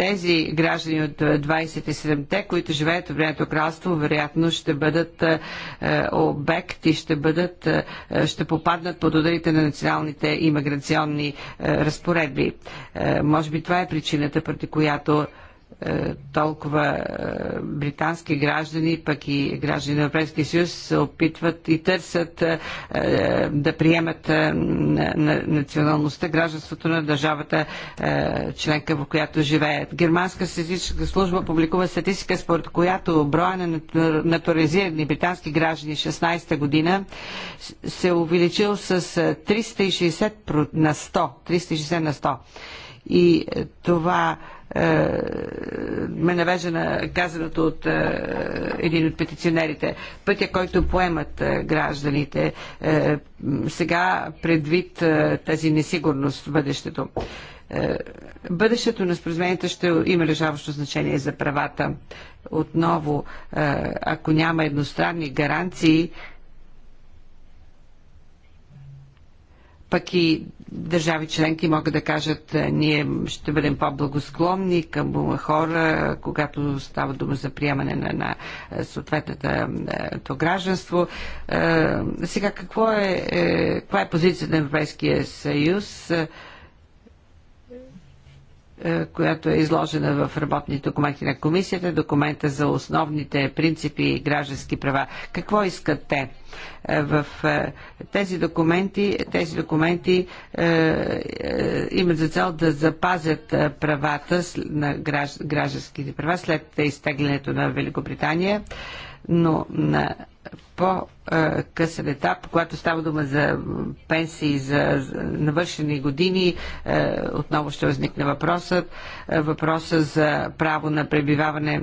тези граждани от 27-те, е, които живеят в Обединеното кралство, вероятно ще бъдат е, е, обект и ще, бъдат, ще попаднат под ударите на националните иммиграционни разпоредби. Може би това е причината, преди която е, толкова е, британски граждани, пък и граждани на Европейския съюз се опитват и търсят е, да приемат националността, гражданството на държавата членка, в която живеят. Германска статистическа служба публикува статистика, според която броя на натурализирани британски граждани 16-та година се е увеличил с 360 на 100. 360 на 100. И това е, ме навежа на казаното от е, един от петиционерите. Пътя, който поемат е, гражданите сега предвид тази несигурност в бъдещето. Бъдещето на споразумението ще има решаващо значение за правата. Отново, ако няма едностранни гаранции, пък и държави членки могат да кажат, е, ние ще бъдем по-благосклонни към хора, когато става дума за приемане на, на е, съответната е, то гражданство. Сега, какво е, каква е позицията на Европейския съюз? Е, която е изложена в работни документи на комисията, документа за основните принципи и граждански права. Какво искат те? Е, в е, тези документи, тези документи е, е, имат за цел да запазят правата на гражданските права след изтеглянето на Великобритания, но на по-късен етап, когато става дума за пенсии за навършени години, е, отново ще възникне въпросът. Е, въпроса за право на пребиваване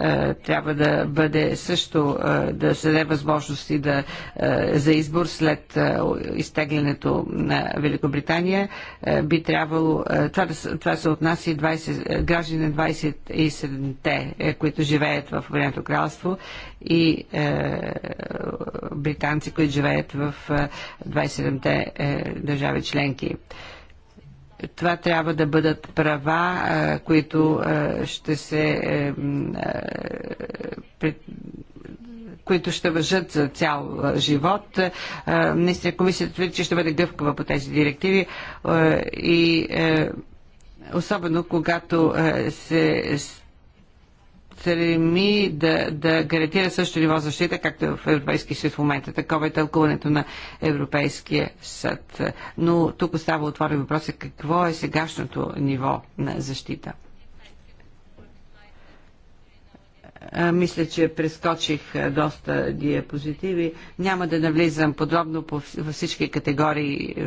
е, трябва да бъде също да се даде възможности да, за избор след изтеглянето на Великобритания. Би трябвало, това, да, това се отнася и 20, граждани 27-те, които живеят в Обединеното кралство и британци, които живеят в 27-те е, държави членки това трябва да бъдат права, които ще се е, които ще въжат за цял живот. Наистина комисията твърди, че ще бъде гъвкава по тези директиви и е, особено когато се стреми да, да гарантира също ниво защита, както е в Европейския съюз в момента. Такова е тълкуването на Европейския съд. Но тук остава отворен въпросът е какво е сегашното ниво на защита. мисля, че прескочих доста диапозитиви. Няма да навлизам подробно по всички категории е,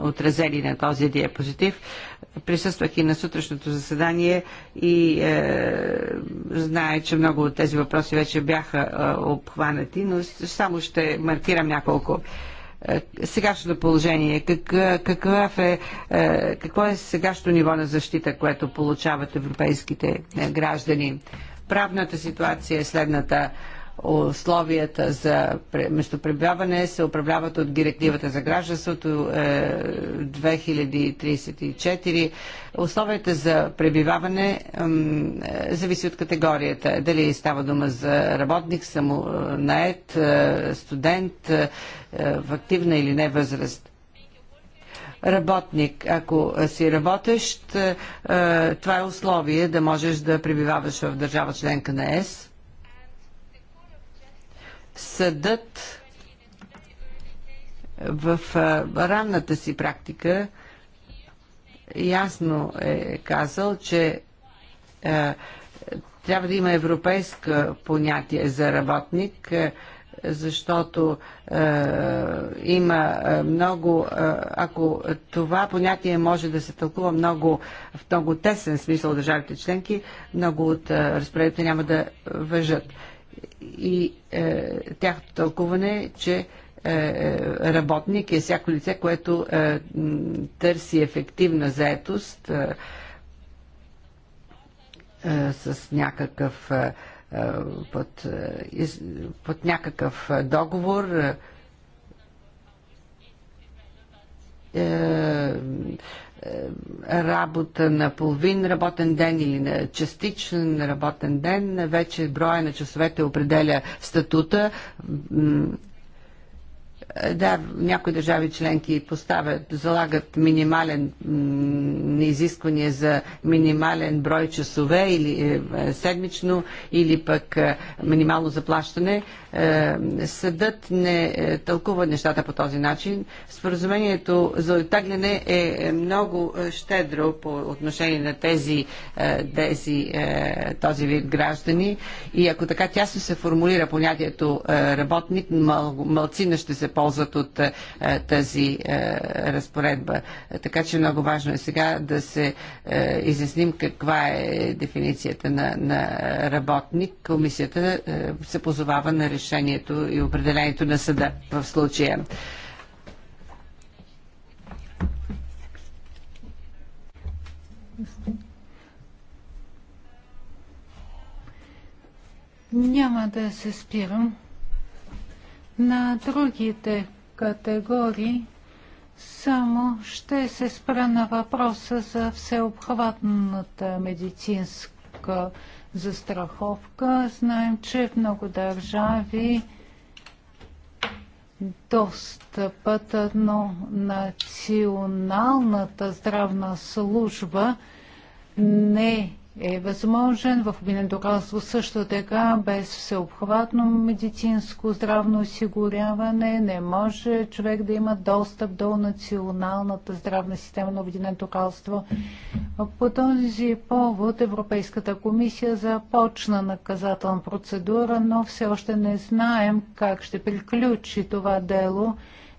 отразени на този диапозитив присъствах и на сутрешното заседание и е, знае, че много от тези въпроси вече бяха е, обхванати, но само ще маркирам няколко. Е, сегашното положение, как, какъв е, е, какво е сегашното ниво на защита, което получават европейските е, граждани? Правната ситуация е следната. Е, условията за местопребиваване се управляват от директивата за гражданството 2034. Е, условията за пребиваване е, зависи от категорията. Дали става дума за работник, самонает, е, студент, в активна или не възраст работник. Ако си работещ, това е условие да можеш да пребиваваш в държава членка на ЕС съдът в ранната си практика ясно е казал, че е, трябва да има европейска понятие за работник, защото е, има много, е, ако това понятие може да се тълкува много, в много тесен смисъл държавите членки, много от е, разпоредбите няма да въжат и е, тяхното тълкуване, че е, е, работник е всяко лице, което е, търси ефективна заетост е, е, с някакъв е, под, под някакъв договор е, работа на половин работен ден или на частичен работен ден, вече броя на часовете определя статута. Е, да, някои държави членки поставят, залагат минимален изисквания за минимален брой часове или е, е, седмично, или пък минимално заплащане. Съдът не тълкува нещата по този начин. Споразумението за оттагляне е много щедро по отношение на тези, тези, този вид граждани и ако така тясно се формулира понятието работник, мал, малцина ще се ползва ползват от е, тази е, разпоредба. Така че много важно е сега да се е, изясним каква е дефиницията на, на работник. Комисията се позовава на решението и определението на съда в случая. Няма да се спирам на другите категории само ще се спра на въпроса за всеобхватната медицинска застраховка. Знаем, че в много държави достъпът на националната здравна служба не е е възможен. В Обединеното казва също така без всеобхватно медицинско здравно осигуряване не може човек да има достъп до националната здравна система на Обединеното кралство. По този повод Европейската комисия започна наказателна процедура, но все още не знаем как ще приключи това дело.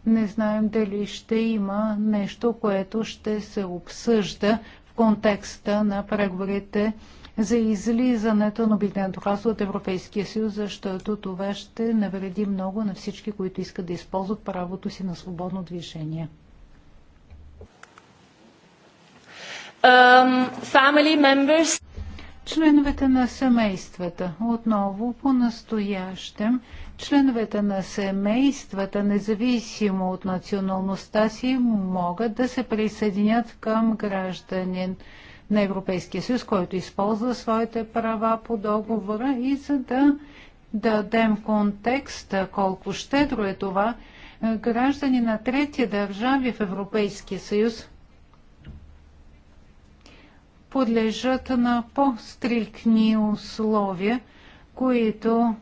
Не знаем дали ще има нещо, което ще се обсъжда контекста на преговорите за излизането на Обединеното кралство от Европейския съюз, защото това ще навреди много на всички, които искат да използват правото си на свободно движение. Um, членовете на семействата. Отново по-настоящем членовете на семействата, независимо от националността си, могат да се присъединят към гражданин на Европейския съюз, който използва своите права по договора и за да дадем контекст колко щедро е това, граждани на трети държави в Европейския съюз подлежат на по-стрикни условия, които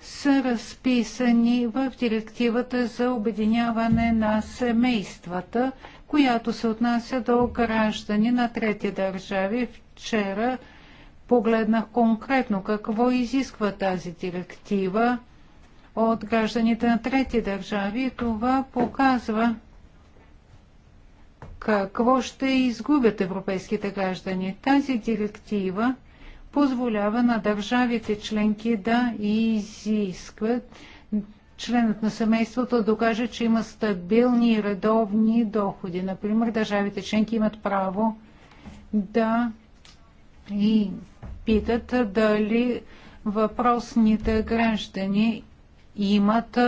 са разписани в директивата за обединяване на семействата, която се отнася до граждани на трети държави. Вчера погледнах конкретно какво изисква тази директива от гражданите на трети държави и това показва, какво ще изгубят европейските граждани. Тази директива позволява на държавите членки да изискват членът на семейството да докаже, че има стабилни и редовни доходи. Например, държавите членки имат право да и питат дали въпросните граждани имат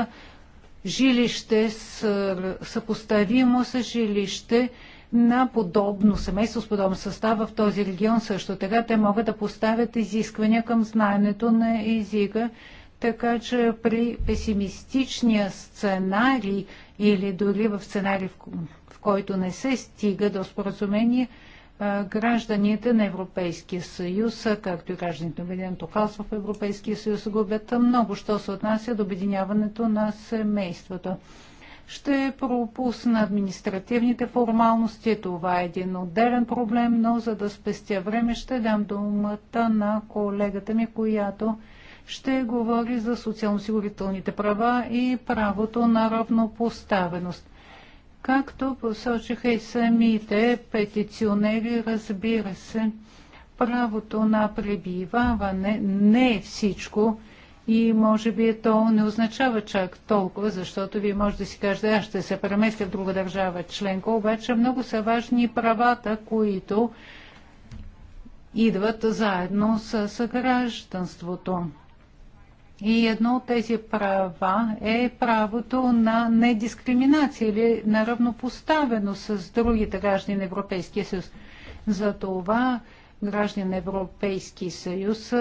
жилище с, съпоставимо с жилище на подобно семейство с подобен състав в този регион също. Така те могат да поставят изисквания към знаенето на езика, така че при песимистичния сценарий или дори в сценарий, в който не се стига до споразумение, гражданите на Европейския съюз, както и гражданите на Обединеното кралство в Европейския съюз, губят много, що се отнася до обединяването на семейството. Ще пропусна административните формалности. Това е един отделен проблем, но за да спестя време ще дам думата на колегата ми, която ще говори за социално-сигурителните права и правото на равнопоставеност. Както посочиха и самите петиционери, разбира се, правото на пребиваване не е всичко и може би то не означава чак толкова, защото вие може да си кажете, аз ще се преместя в друга държава членка, обаче много са важни правата, които идват заедно с гражданството. И едно от тези права е правото на недискриминация или на равнопоставеност с другите граждани на Европейския съюз. За това граждани на Европейския съюз,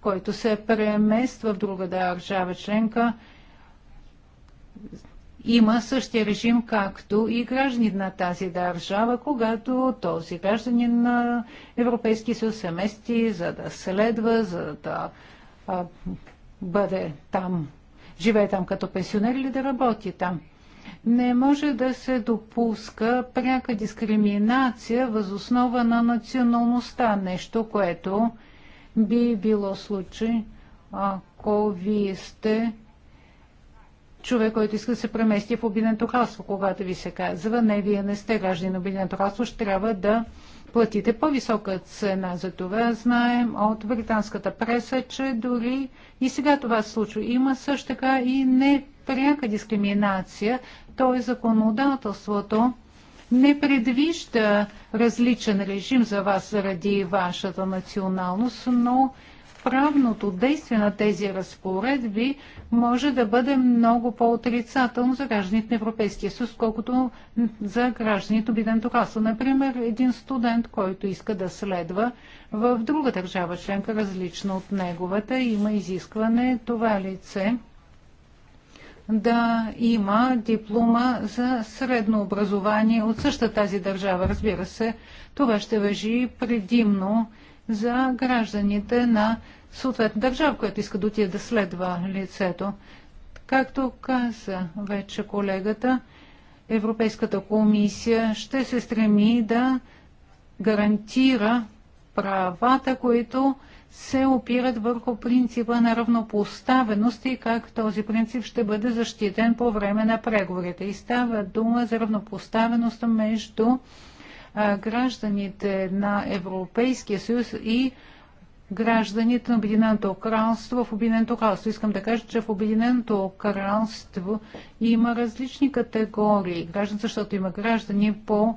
който се премества в друга държава членка, има същия режим, както и граждани на тази държава, когато този гражданин на Европейския съюз се мести, за да следва, за да бъде там, живее там като пенсионер или да работи там. Не може да се допуска пряка дискриминация възоснова на националността, нещо, което би било случай, ако вие сте човек, който иска да се премести в обиденото кралство, когато ви се казва, не, вие не сте граждани на обиденото кралство, ще трябва да платите по-висока цена. За това знаем от британската преса, че дори и сега това се случва. Има също така и непряка дискриминация, т.е. законодателството не предвижда различен режим за вас заради вашата националност, но правното действие на тези разпоредби може да бъде много по-отрицателно за гражданите на Европейския съюз, колкото за гражданите обиден дорасъл. Например, един студент, който иска да следва в друга държава членка, различна от неговата, има изискване това лице да има диплома за средно образование от същата тази държава. Разбира се, това ще въжи предимно за гражданите на съответна държава, която иска да отиде да следва лицето. Както каза вече колегата, Европейската комисия ще се стреми да гарантира правата, които се опират върху принципа на равнопоставеност и как този принцип ще бъде защитен по време на преговорите. И става дума за равнопоставеност между гражданите на Европейския съюз и гражданите на Обединеното кралство в Обединеното кралство. Искам да кажа, че в Обединеното кралство има различни категории граждани, защото има граждани по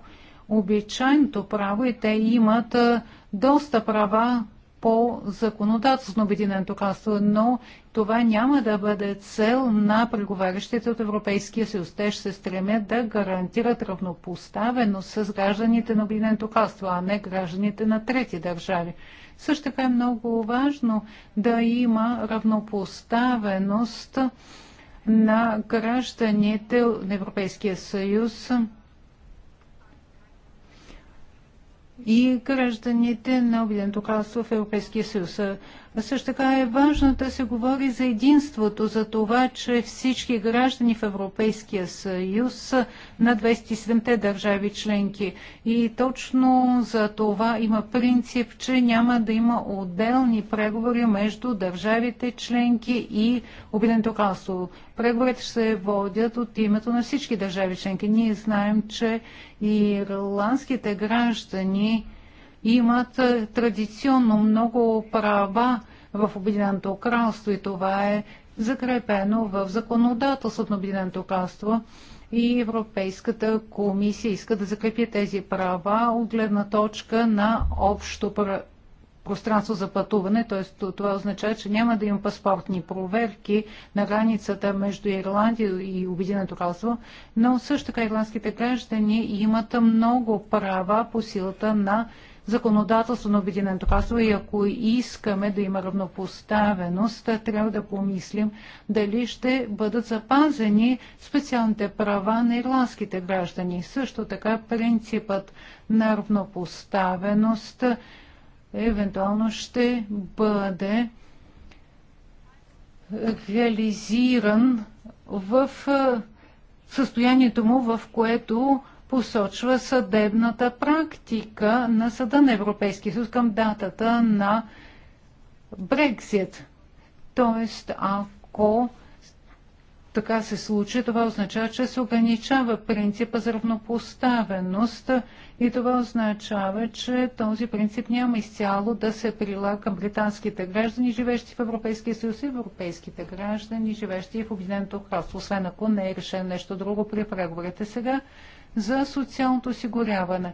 обичайното право и те имат доста права по законодателство на Обединеното кралство, но това няма да бъде цел на преговарящите от Европейския съюз. Те ще се стремят да гарантират равнопоставеност с гражданите на Обединеното кралство, а не гражданите на трети държави. Също така е много важно да има равнопоставеност на гражданите на Европейския съюз и гражданите на Обединеното кралство в Европейския съюз. Също така е важно да се говори за единството, за това, че всички граждани в Европейския съюз на 27-те държави членки. И точно за това има принцип, че няма да има отделни преговори между държавите членки и Обединеното кралство. Преговорите ще се водят от името на всички държави членки. Ние знаем, че ирландските граждани имат традиционно много права в Обединеното кралство и това е закрепено в законодателството на Обединеното кралство и Европейската комисия иска да закрепи тези права от гледна точка на общо пространство за пътуване, т.е. това означава, че няма да има паспортни проверки на границата между Ирландия и Обединеното кралство, но също така ирландските граждани имат много права по силата на законодателство на Обединеното кралство и ако искаме да има равнопоставеност, трябва да помислим дали ще бъдат запазени специалните права на ирландските граждани. Също така принципът на равнопоставеност евентуално ще бъде реализиран в състоянието му, в което посочва съдебната практика на Съда на Европейския съюз към датата на Брексит. Тоест, ако така се случи, това означава, че се ограничава принципа за равнопоставеност и това означава, че този принцип няма изцяло да се прилага към британските граждани, живещи в Европейския съюз и европейските граждани, живещи в Обединеното кралство, освен ако не е решено нещо друго при преговорите сега за социалното осигуряване.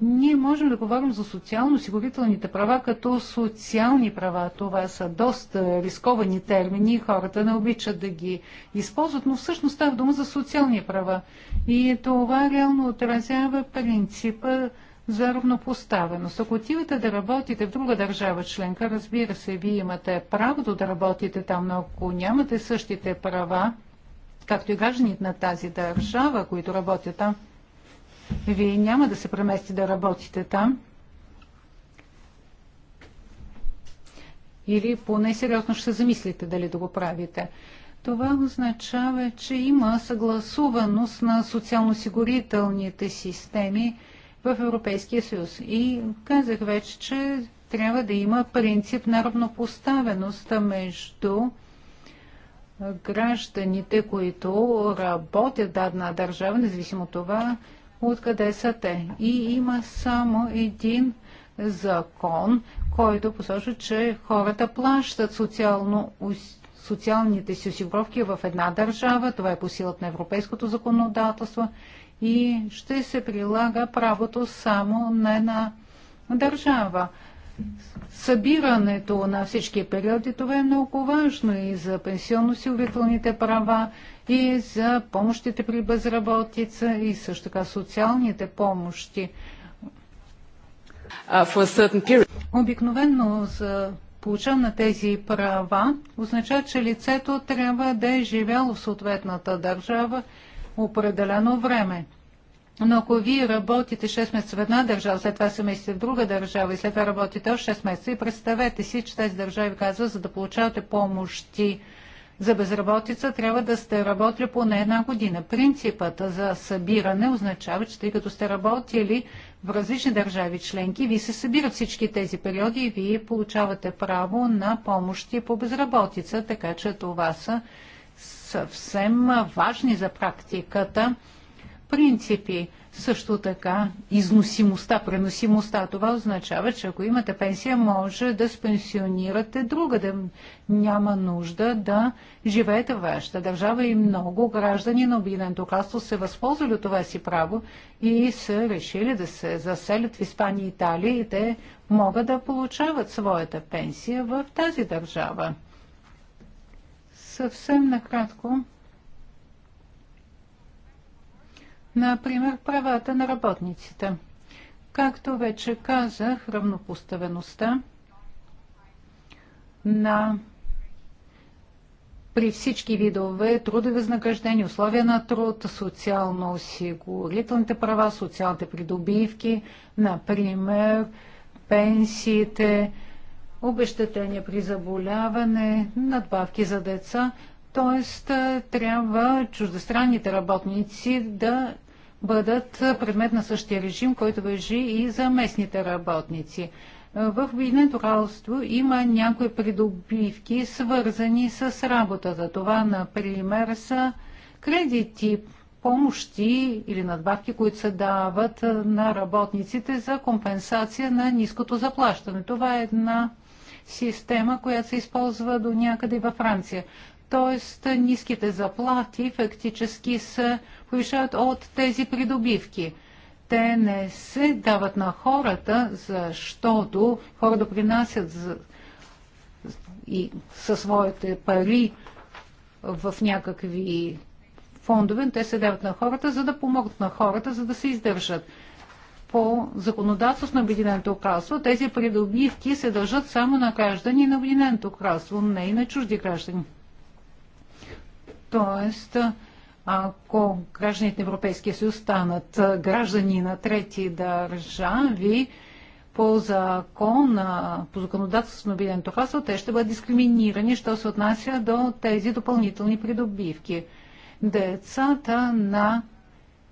Ние можем да говорим за социално-осигурителните права като социални права. Това са доста рисковани термини, хората не обичат да ги използват, но всъщност става дума за социални права. И това реално отразява принципа за равнопоставеност. Ако отивате да работите в друга държава членка, разбира се, вие имате правото да работите там, но ако нямате същите права, както и гражданите на тази държава, които работят там, вие няма да се премести да работите там. Или поне сериозно ще се замислите дали да го правите. Това означава, че има съгласуваност на социално-осигурителните системи в Европейския съюз. И казах вече, че трябва да има принцип на равнопоставеност между гражданите, които работят дадена държава, независимо от това откъде са те. И има само един закон, който посочва, че хората плащат социално социалните си осигуровки в една държава. Това е по силата на европейското законодателство и ще се прилага правото само на една държава. Събирането на всички периоди, това е много важно и за пенсионно-осигурителните права, и за помощите при безработица и също така социалните помощи. Uh, Обикновено за получаване на тези права означава, че лицето трябва да е живяло в съответната държава определено време. Но ако вие работите 6 месеца в една държава, след това се месеци в друга държава и след това работите още 6 месеца и представете си, че тези държави казват, за да получавате помощи за безработица трябва да сте работили поне една година. Принципът за събиране означава, че тъй като сте работили в различни държави членки, вие се събират всички тези периоди и вие получавате право на помощи по безработица, така че това са съвсем важни за практиката принципи. Също така износимостта, преносимостта. Това означава, че ако имате пенсия, може да спенсионирате друга, да няма нужда да живеете в вашата държава и много граждани на Обединеното кралство се възползвали от това си право и са решили да се заселят в Испания и Италия и те могат да получават своята пенсия в тази държава. Съвсем накратко Например, правата на работниците. Както вече казах, равнопоставеността на при всички видове трудови възнаграждения, условия на труд, социално-осигурителните права, социалните придобивки, например, пенсиите, обещетения при заболяване, надбавки за деца. Т.е. трябва чуждестранните работници да бъдат предмет на същия режим, който въжи и за местните работници. В Обединеното кралство има някои придобивки, свързани с работата. Това, например, са кредити, помощи или надбавки, които се дават на работниците за компенсация на ниското заплащане. Това е една система, която се използва до някъде във Франция. Т.е. ниските заплати фактически се повишават от тези придобивки. Те не се дават на хората, защото хората принасят за... и със своите пари в някакви фондове, те се дават на хората, за да помогнат на хората, за да се издържат. По законодателство на Обединеното кралство тези придобивки се дължат само на граждани на Обединеното кралство, не и на чужди граждани. Тоест, ако гражданите на Европейския съюз станат граждани на трети държави, по закон по законодателството на Обединеното кралство, те ще бъдат дискриминирани, що се отнася до тези допълнителни придобивки. Децата на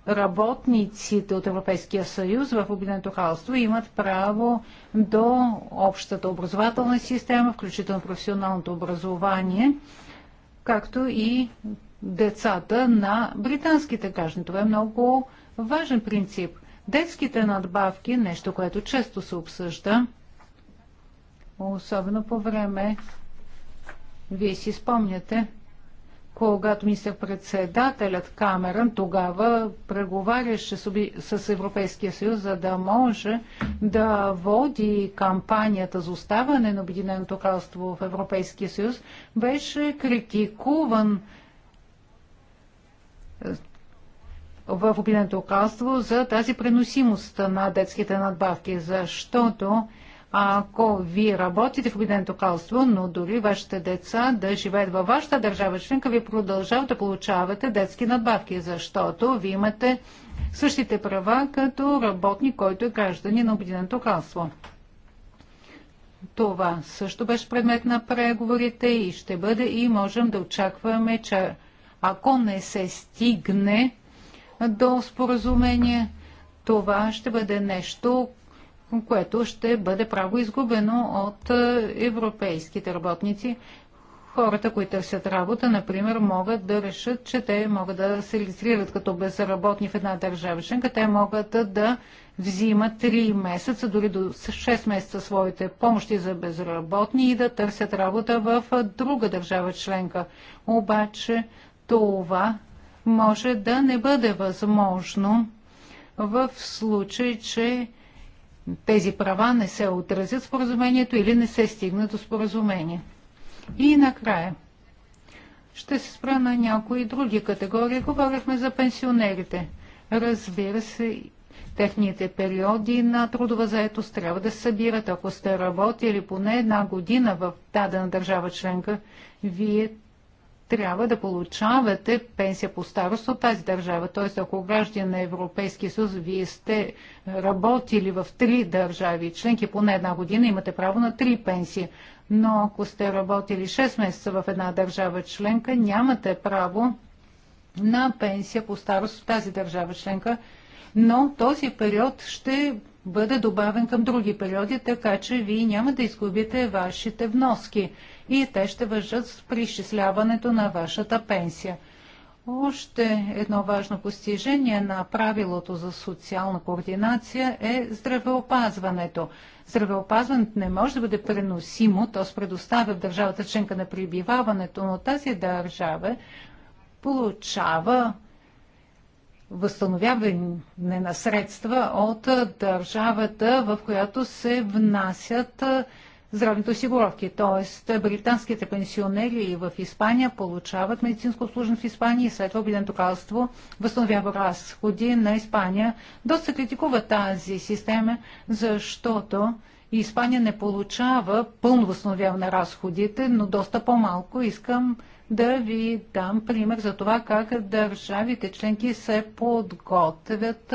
работниците от Европейския съюз в Обединеното кралство имат право до общата образователна система, включително професионалното образование както и децата на британските граждани. Това е много важен принцип. Детските надбавки, нещо, което често се обсъжда, особено по време, вие си спомняте, когато министър-председателят Камерън тогава преговаряше с Европейския съюз, за да може да води кампанията за оставане на Обединеното кралство в Европейския съюз, беше критикуван е, в Обединеното кралство за тази преносимост на детските надбавки, защото ако ви работите в Обединеното кралство, но дори вашите деца да живеят във вашата държава членка, ви продължават да получавате детски надбавки, защото ви имате същите права като работник, който е граждани на Обединеното кралство. Това също беше предмет на преговорите и ще бъде и можем да очакваме, че ако не се стигне до споразумение, това ще бъде нещо, което ще бъде право изгубено от е, европейските работници. Хората, които търсят работа, например, могат да решат, че те могат да се регистрират като безработни в една държава членка. Те могат да взимат 3 месеца, дори до 6 месеца своите помощи за безработни и да търсят работа в е, друга държава членка. Обаче това може да не бъде възможно в случай, че тези права не се отразят в споразумението или не се стигна до споразумение. И накрая. Ще се спра на някои други категории. Говорихме за пенсионерите. Разбира се, техните периоди на трудова заетост трябва да се събират. Ако сте работили поне една година в дадена държава членка, вие трябва да получавате пенсия по старост от тази държава. Тоест, ако граждани на Европейския съюз, вие сте работили в три държави, членки поне една година, имате право на три пенсии. Но ако сте работили 6 месеца в една държава членка, нямате право на пенсия по старост в тази държава членка, но този период ще бъде добавен към други периоди, така че вие няма да изгубите вашите вноски и те ще въжат с изчисляването на вашата пенсия. Още едно важно постижение на правилото за социална координация е здравеопазването. Здравеопазването не може да бъде преносимо, то се предоставя в държавата членка на прибиваването, но тази държава получава възстановяване на средства от държавата, в която се внасят здравните осигуровки. Т.е. британските пенсионери в Испания получават медицинско обслужване в Испания и след това Обединеното кралство възстановява разходи на Испания. Доста се критикува тази система, защото Испания не получава пълно възстановяване на разходите, но доста по-малко. Искам да ви дам пример за това как държавите членки се подготвят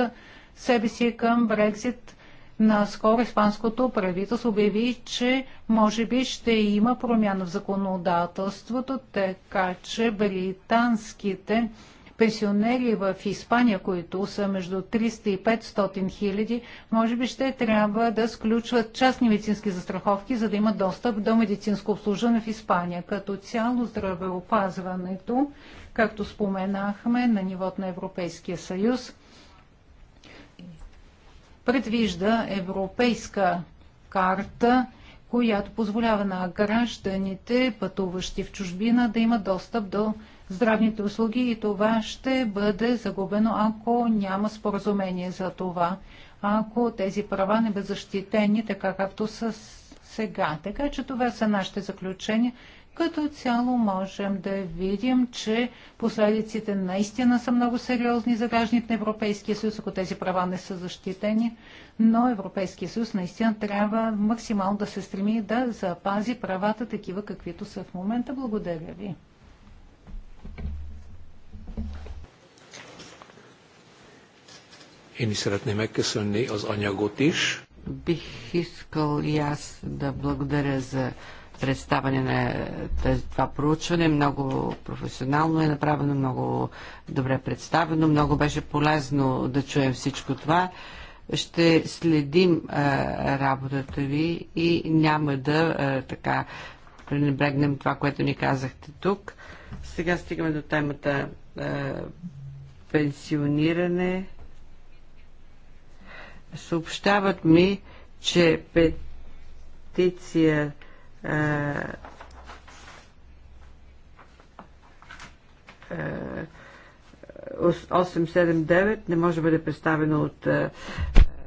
себе си към Брекзит Наскоро испанското правителство обяви, че може би ще има промяна в законодателството, така че британските пенсионери в Испания, които са между 300 и 500 хиляди, може би ще трябва да сключват частни медицински застраховки, за да имат достъп до медицинско обслужване в Испания. Като цяло здравеопазването, както споменахме, на нивото на Европейския съюз – предвижда европейска карта, която позволява на гражданите, пътуващи в чужбина, да имат достъп до здравните услуги и това ще бъде загубено, ако няма споразумение за това, ако тези права не бъдат защитени така, както са сега. Така че това са нашите заключения. Като цяло можем да видим, че последиците наистина са много сериозни за гражданите на Европейския съюз, ако тези права не са защитени, но Европейския съюз наистина трябва максимално да се стреми да запази правата такива, каквито са в момента. Благодаря ви. Бих искал и аз да благодаря за представане на тази, това проучване. Много професионално е направено, много добре представено, много беше полезно да чуем всичко това. Ще следим а, работата ви и няма да а, така пренебрегнем това, което ни казахте тук. Сега стигаме до темата а, пенсиониране. Съобщават ми, че петиция 879 е, е, не може да бъде представено от е,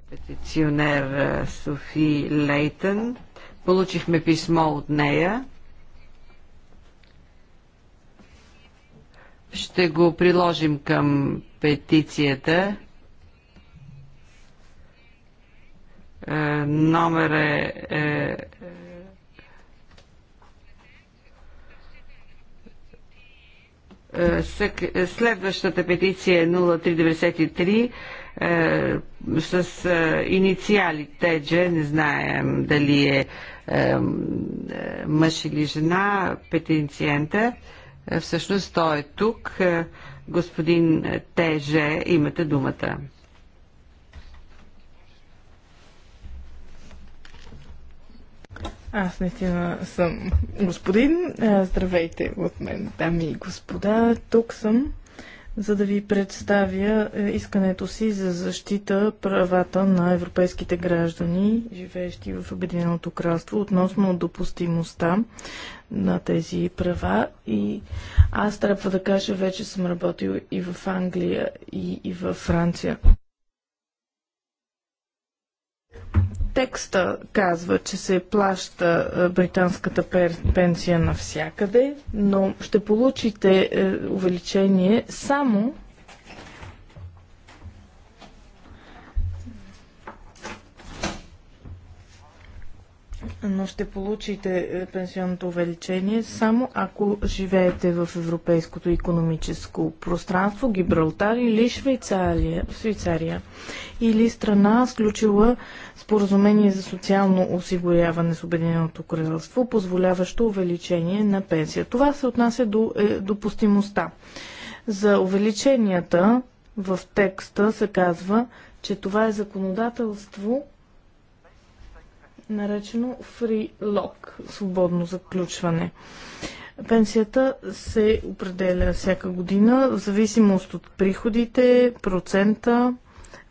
петиционер Софи Лейтън. Получихме писмо от нея. Ще го приложим към петицията. Номер е, е Е, е, следващата петиция е 0393 е, с инициали ТЕДЖ, не знаем дали е мъж или жена, петициента. Всъщност той е тук. Господин Теже, имате думата. Аз наистина съм господин. Е, здравейте от мен, дами и господа. Тук съм, за да ви представя е, искането си за защита правата на европейските граждани, живеещи в Обединеното кралство, относно допустимостта на тези права. И аз трябва да кажа, вече съм работил и в Англия, и, и в Франция. Текста казва, че се плаща е, британската пенсия навсякъде, но ще получите е, увеличение само но ще получите е, пенсионното увеличение само ако живеете в Европейското економическо пространство, Гибралтар или Швейцария, Швейцария или страна сключила споразумение за социално осигуряване с Обединеното кралство, позволяващо увеличение на пенсия. Това се отнася до е, допустимостта. За увеличенията в текста се казва, че това е законодателство, наречено free lock, свободно заключване. Пенсията се определя всяка година в зависимост от приходите, процента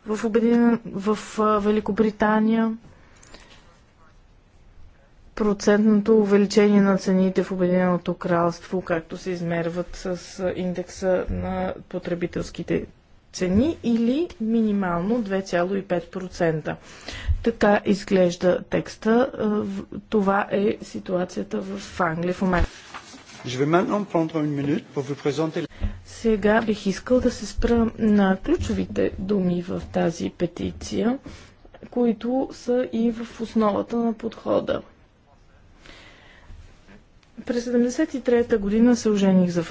в, обедина, в Великобритания, процентното увеличение на цените в Обединеното кралство, както се измерват с индекса на потребителските цени или минимално 2,5%. Така изглежда текста. Е, това е ситуацията в Англия в момента. Сега бих искал да се спра на ключовите думи в тази петиция, които са и в основата на подхода. През 73 година се ожених за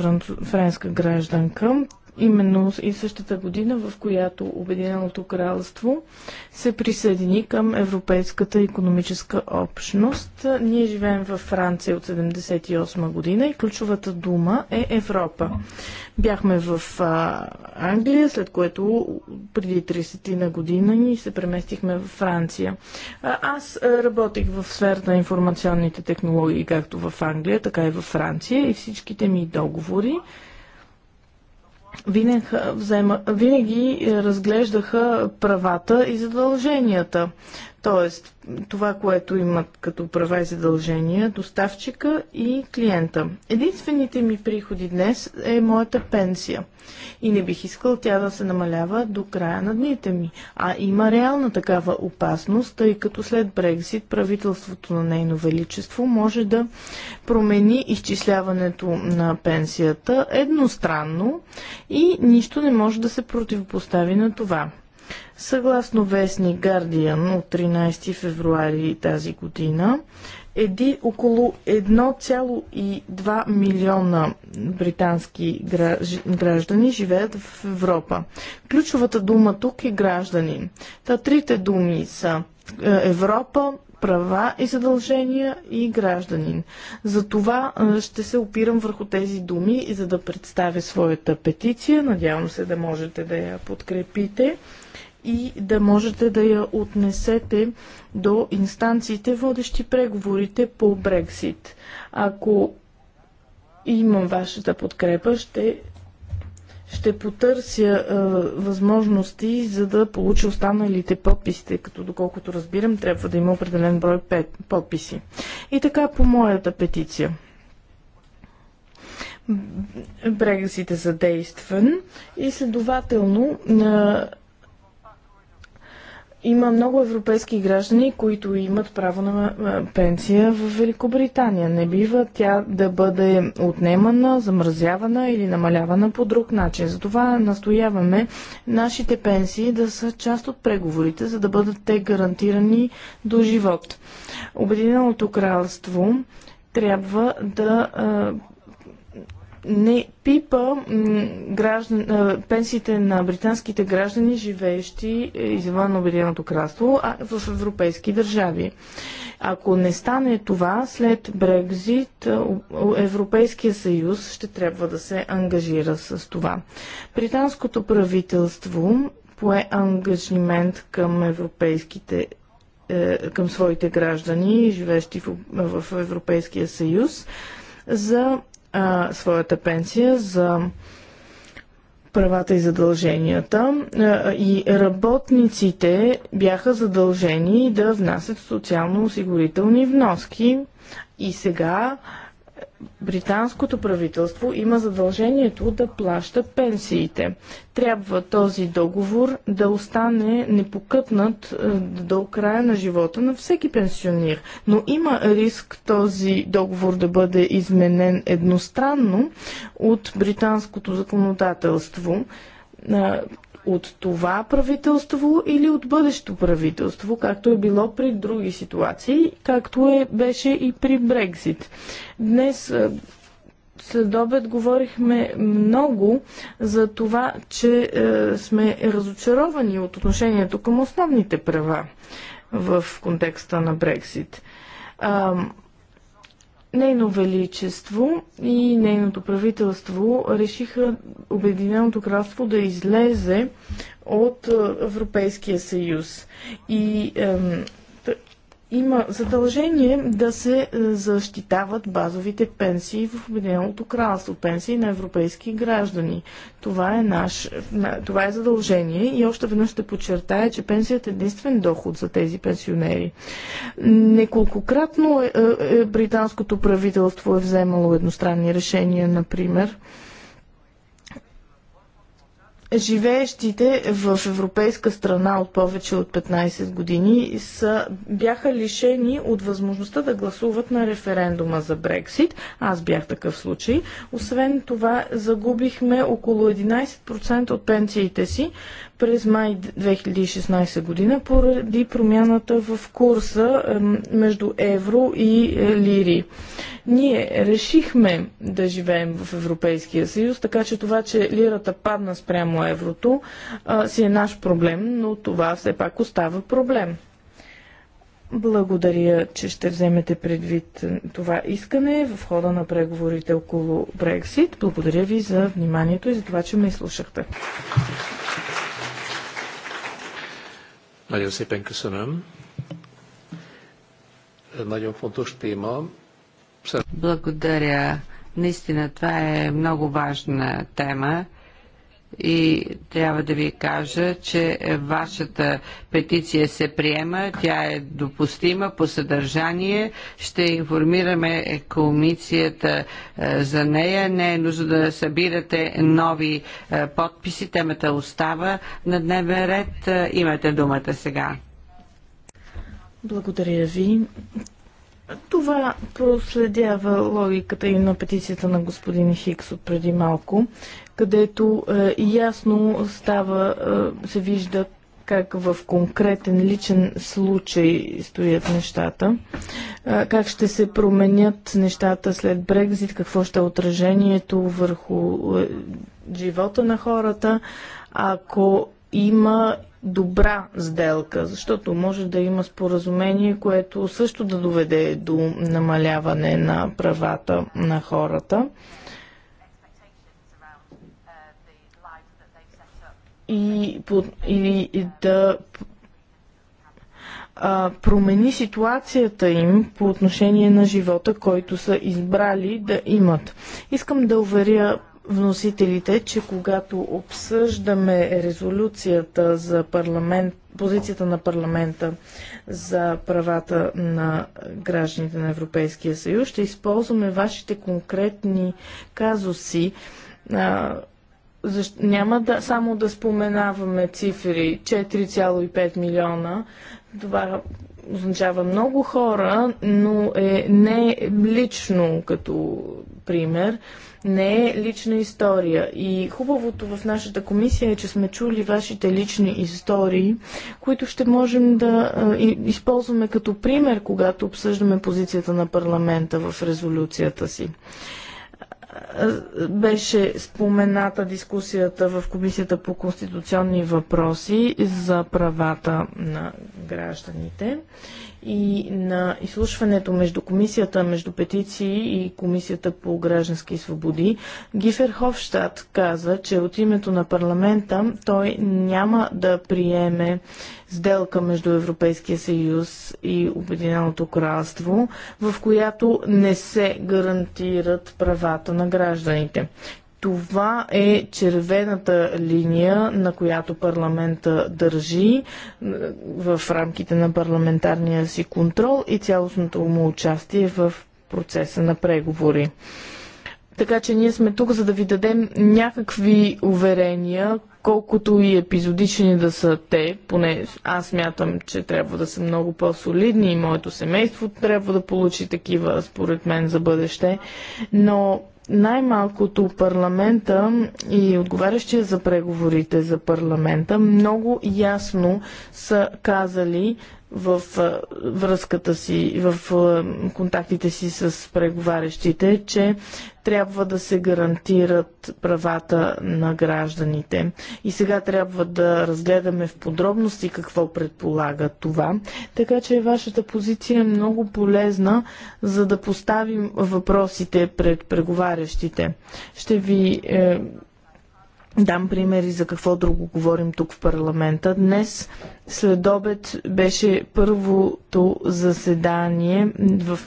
френска гражданка именно и същата година, в която Обединеното кралство се присъедини към Европейската економическа общност. Ние живеем във Франция от 1978 година и ключовата дума е Европа. Бяхме в Англия, след което преди 30 на година ни се преместихме в Франция. аз работих в сферата на информационните технологии, както в Англия, така и в Франция и всичките ми договори винаги, взема, винаги е, разглеждаха правата и задълженията. Тоест, това, което имат като права и задължения доставчика и клиента. Единствените ми приходи днес е моята пенсия. И не бих искал тя да се намалява до края на дните ми. А има реална такава опасност, тъй като след Брекзит правителството на нейно величество може да промени изчисляването на пенсията едностранно и нищо не може да се противопостави на това. Съгласно вестник Guardian от 13 февруари тази година, еди около 1,2 милиона британски граждани живеят в Европа. Ключовата дума тук е граждани. Та трите думи са е, Европа, права и задължения и гражданин. За това е, ще се опирам върху тези думи, за да представя своята петиция. Надявам се да можете да я подкрепите и да можете да я отнесете до инстанциите, водещи преговорите по Брексит. Ако имам вашата подкрепа, ще ще потърся е, възможности, за да получа останалите подписите, като доколкото разбирам, трябва да има определен брой пет, подписи. И така по моята петиция. Брексит е задействан и следователно е, има много европейски граждани, които имат право на пенсия в Великобритания. Не бива тя да бъде отнемана, замразявана или намалявана по друг начин. Затова настояваме нашите пенсии да са част от преговорите, за да бъдат те гарантирани до живот. Обединеното кралство трябва да не пипа граждан, пенсиите на британските граждани, живеещи е, извън Обединеното кралство, а в европейски държави. Ако не стане това, след Брекзит, Европейския съюз ще трябва да се ангажира с това. Британското правителство пое ангажимент към европейските е, към своите граждани, живещи в Европейския съюз, за а, своята пенсия за правата и задълженията и работниците бяха задължени да внасят социално-осигурителни вноски. И сега британското правителство има задължението да плаща пенсиите. Трябва този договор да остане непокътнат е, до края на живота на всеки пенсионер. Но има риск този договор да бъде изменен едностранно от британското законодателство е, от това правителство или от бъдещо правителство, както е било при други ситуации, както е, беше и при Брекзит. Днес е, след обед говорихме много за това, че е, сме разочаровани от отношението към основните права в контекста на Брексит. Нейно величество и нейното правителство решиха Обединеното кралство да излезе от е, Европейския съюз. И ем, има задължение да се е, защитават базовите пенсии в Обединеното кралство, пенсии на европейски граждани. Това е, наш, това е задължение и още веднъж ще подчертая, че пенсията е единствен доход за тези пенсионери. Неколкократно е, е, британското правителство е вземало едностранни решения, например, живеещите в европейска страна от повече от 15 години са, бяха лишени от възможността да гласуват на референдума за Брексит. Аз бях такъв случай. Освен това, загубихме около 11% от пенсиите си през май 2016 година поради промяната в курса между евро и е, лири. Ние решихме да живеем в Европейския съюз, така че това, че лирата падна спрямо еврото, си е наш проблем, но това все пак остава проблем. Благодаря, че ще вземете предвид е, това искане в хода на преговорите около Брексит. Благодаря ви за вниманието и за това, че ме изслушахте. Nagyon szépen köszönöm. Nagyon fontos téma. Благодаря. Наистина това е много важна тема и трябва да ви кажа, че вашата петиция се приема, тя е допустима по съдържание. Ще информираме комисията е, за нея. Не е нужно да събирате нови е, подписи. Темата остава на дневен ред. Е, имате думата сега. Благодаря ви. Това проследява логиката и на петицията на господин Хикс от преди малко където е, ясно става, е, се вижда как в конкретен личен случай стоят нещата, е, как ще се променят нещата след Брекзит, какво ще е отражението върху живота на хората, ако има добра сделка, защото може да има споразумение, което също да доведе до намаляване на правата на хората. и, и, и да а, промени ситуацията им по отношение на живота, който са избрали да имат. Искам да уверя вносителите, че когато обсъждаме резолюцията за парламент, позицията на парламента за правата на гражданите на Европейския съюз, ще използваме вашите конкретни казуси защо, няма да, само да споменаваме цифри 4,5 милиона. Това означава много хора, но е не лично като пример, не е лична история. И хубавото в нашата комисия е, че сме чули вашите лични истории, които ще можем да използваме като пример, когато обсъждаме позицията на парламента в резолюцията си беше спомената дискусията в Комисията по конституционни въпроси за правата на гражданите и на изслушването между комисията между петиции и комисията по граждански свободи, Гифер Хофштад каза, че от името на парламента той няма да приеме сделка между Европейския съюз и Обединеното кралство, в която не се гарантират правата на гражданите. Това е червената линия, на която парламента държи в рамките на парламентарния си контрол и цялостното му участие в процеса на преговори. Така че ние сме тук, за да ви дадем някакви уверения, колкото и епизодични да са те, поне аз мятам, че трябва да са много по-солидни и моето семейство трябва да получи такива, според мен, за бъдеще, но най-малкото парламента и отговарящия за преговорите за парламента много ясно са казали в връзката си, в контактите си с преговарящите, че трябва да се гарантират правата на гражданите. И сега трябва да разгледаме в подробности какво предполага това. Така че вашата позиция е много полезна, за да поставим въпросите пред преговарящите. Ще ви е, дам примери за какво друго говорим тук в парламента. Днес след обед беше първото заседание в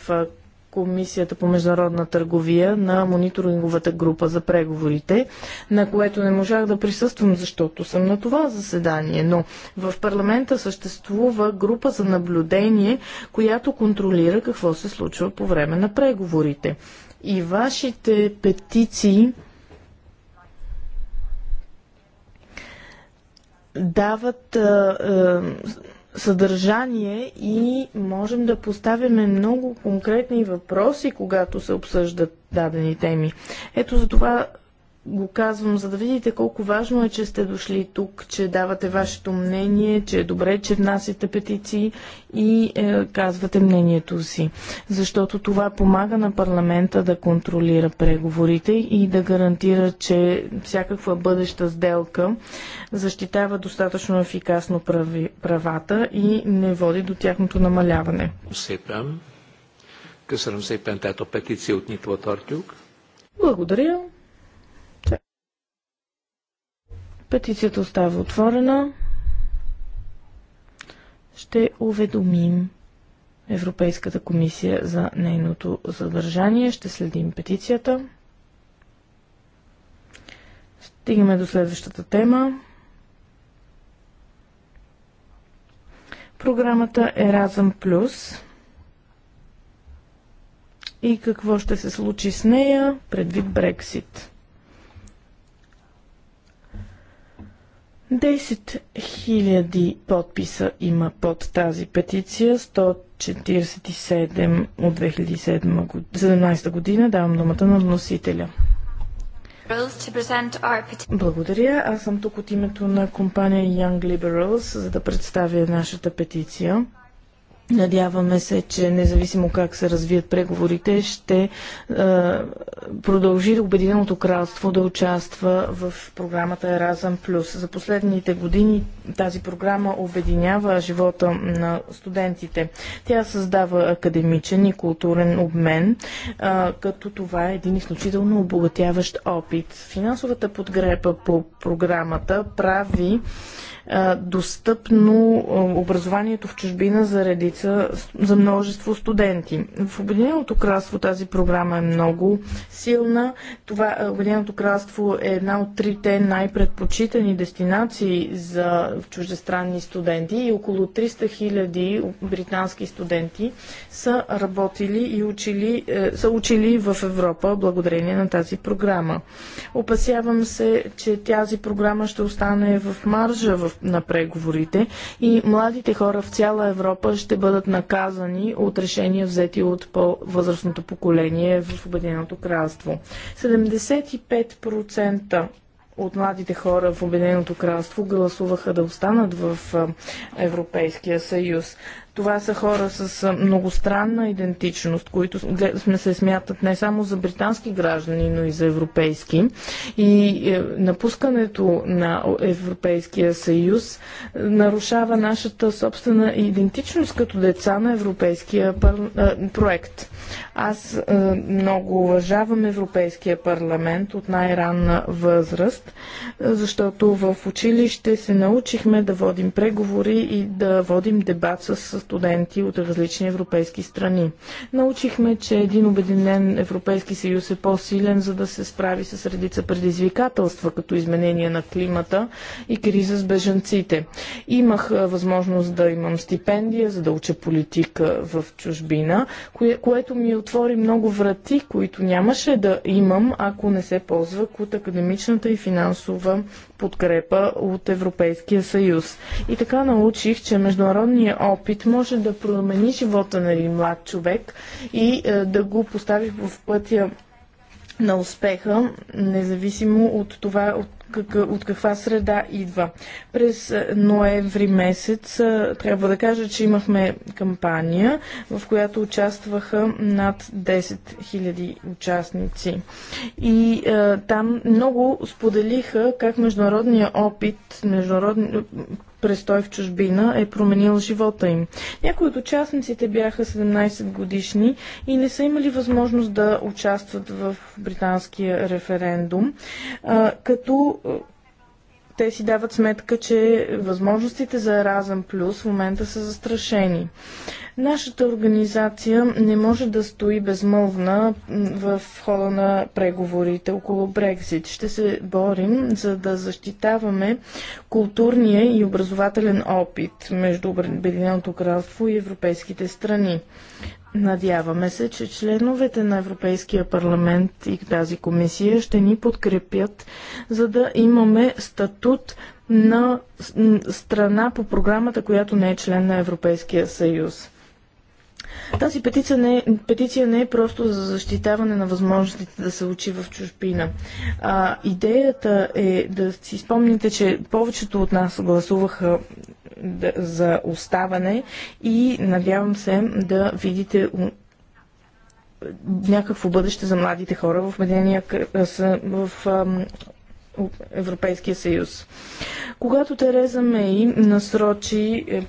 Комисията по международна търговия на мониторинговата група за преговорите, на което не можах да присъствам, защото съм на това заседание. Но в парламента съществува група за наблюдение, която контролира какво се случва по време на преговорите. И вашите петиции дават съдържание и можем да поставяме много конкретни въпроси, когато се обсъждат дадени теми. Ето за това го казвам, за да видите колко важно е, че сте дошли тук, че давате вашето мнение, че е добре, че внасяте петиции и е, казвате мнението си. Защото това помага на парламента да контролира преговорите и да гарантира, че всякаква бъдеща сделка защитава достатъчно ефикасно прави, правата и не води до тяхното намаляване. Късарам се пентето петиция от Нитва Тортюк. Благодаря. Петицията остава отворена. Ще уведомим Европейската комисия за нейното задържание. Ще следим петицията. Стигаме до следващата тема. Програмата Еразъм Плюс и какво ще се случи с нея предвид Брексит. 10 000 подписа има под тази петиция, 147 от 2017 година. Давам думата на вносителя. Благодаря. Аз съм тук от името на компания Young Liberals, за да представя нашата петиция. Надяваме се, че независимо как се развият преговорите, ще е, продължи Обединеното кралство да участва в програмата Еразъм Плюс. За последните години тази програма обединява живота на студентите. Тя създава академичен и културен обмен, е, като това е един изключително обогатяващ опит. Финансовата подгрепа по програмата прави е, достъпно е, образованието в чужбина за редица, за множество студенти. В Обединеното кралство тази програма е много силна. Това е, Обединеното кралство е една от трите най-предпочитани дестинации за чуждестранни студенти и около 300 хиляди британски студенти са работили и учили, са учили в Европа благодарение на тази програма. Опасявам се, че тази програма ще остане в маржа в на преговорите и младите хора в цяла Европа ще бъдат наказани от решения взети от по-възрастното поколение в Обединеното кралство. 75% от младите хора в Обединеното кралство гласуваха да останат в Европейския съюз. Това са хора с многостранна идентичност, които сме се смятат не само за британски граждани, но и за европейски. И е, напускането на Европейския съюз е, нарушава нашата собствена идентичност като деца на европейския пар... Е, проект. Аз много уважавам Европейския парламент от най-ранна възраст, защото в училище се научихме да водим преговори и да водим дебат с студенти от различни европейски страни. Научихме, че един обединен Европейски съюз е по-силен, за да се справи с редица предизвикателства, като изменение на климата и криза с бежанците. Имах възможност да имам стипендия, за да уча политика в чужбина, кое, което ми отвори много врати, които нямаше да имам, ако не се ползвах от академичната и финансова подкрепа от Европейския съюз. И така научих, че международният опит може да промени живота на един млад човек и е, да го постави в пътя на успеха, независимо от това, от от каква среда идва. През е, ноември месец е, трябва да кажа, че имахме кампания, в която участваха над 10 000 участници. И е, там много споделиха как международния опит, международни престой в чужбина е променил живота им. Някои от участниците бяха 17 годишни и не са имали възможност да участват в британския референдум, като те си дават сметка, че възможностите за Еразъм Плюс в момента са застрашени. Нашата организация не може да стои безмълвна в хода на преговорите около Брекзит. Ще се борим, за да защитаваме културния и образователен опит между Обединеното кралство и европейските страни. Надяваме се, че членовете на Европейския парламент и тази комисия ще ни подкрепят, за да имаме статут на страна по програмата, която не е член на Европейския съюз. Тази петиция не, е, петиция не е просто за защитаване на възможностите да се учи в чужбина. А, идеята е да си спомните, че повечето от нас гласуваха за оставане и надявам се да видите някакво бъдеще за младите хора в Медения, в Европейския съюз. Когато Тереза Мей насрочи е,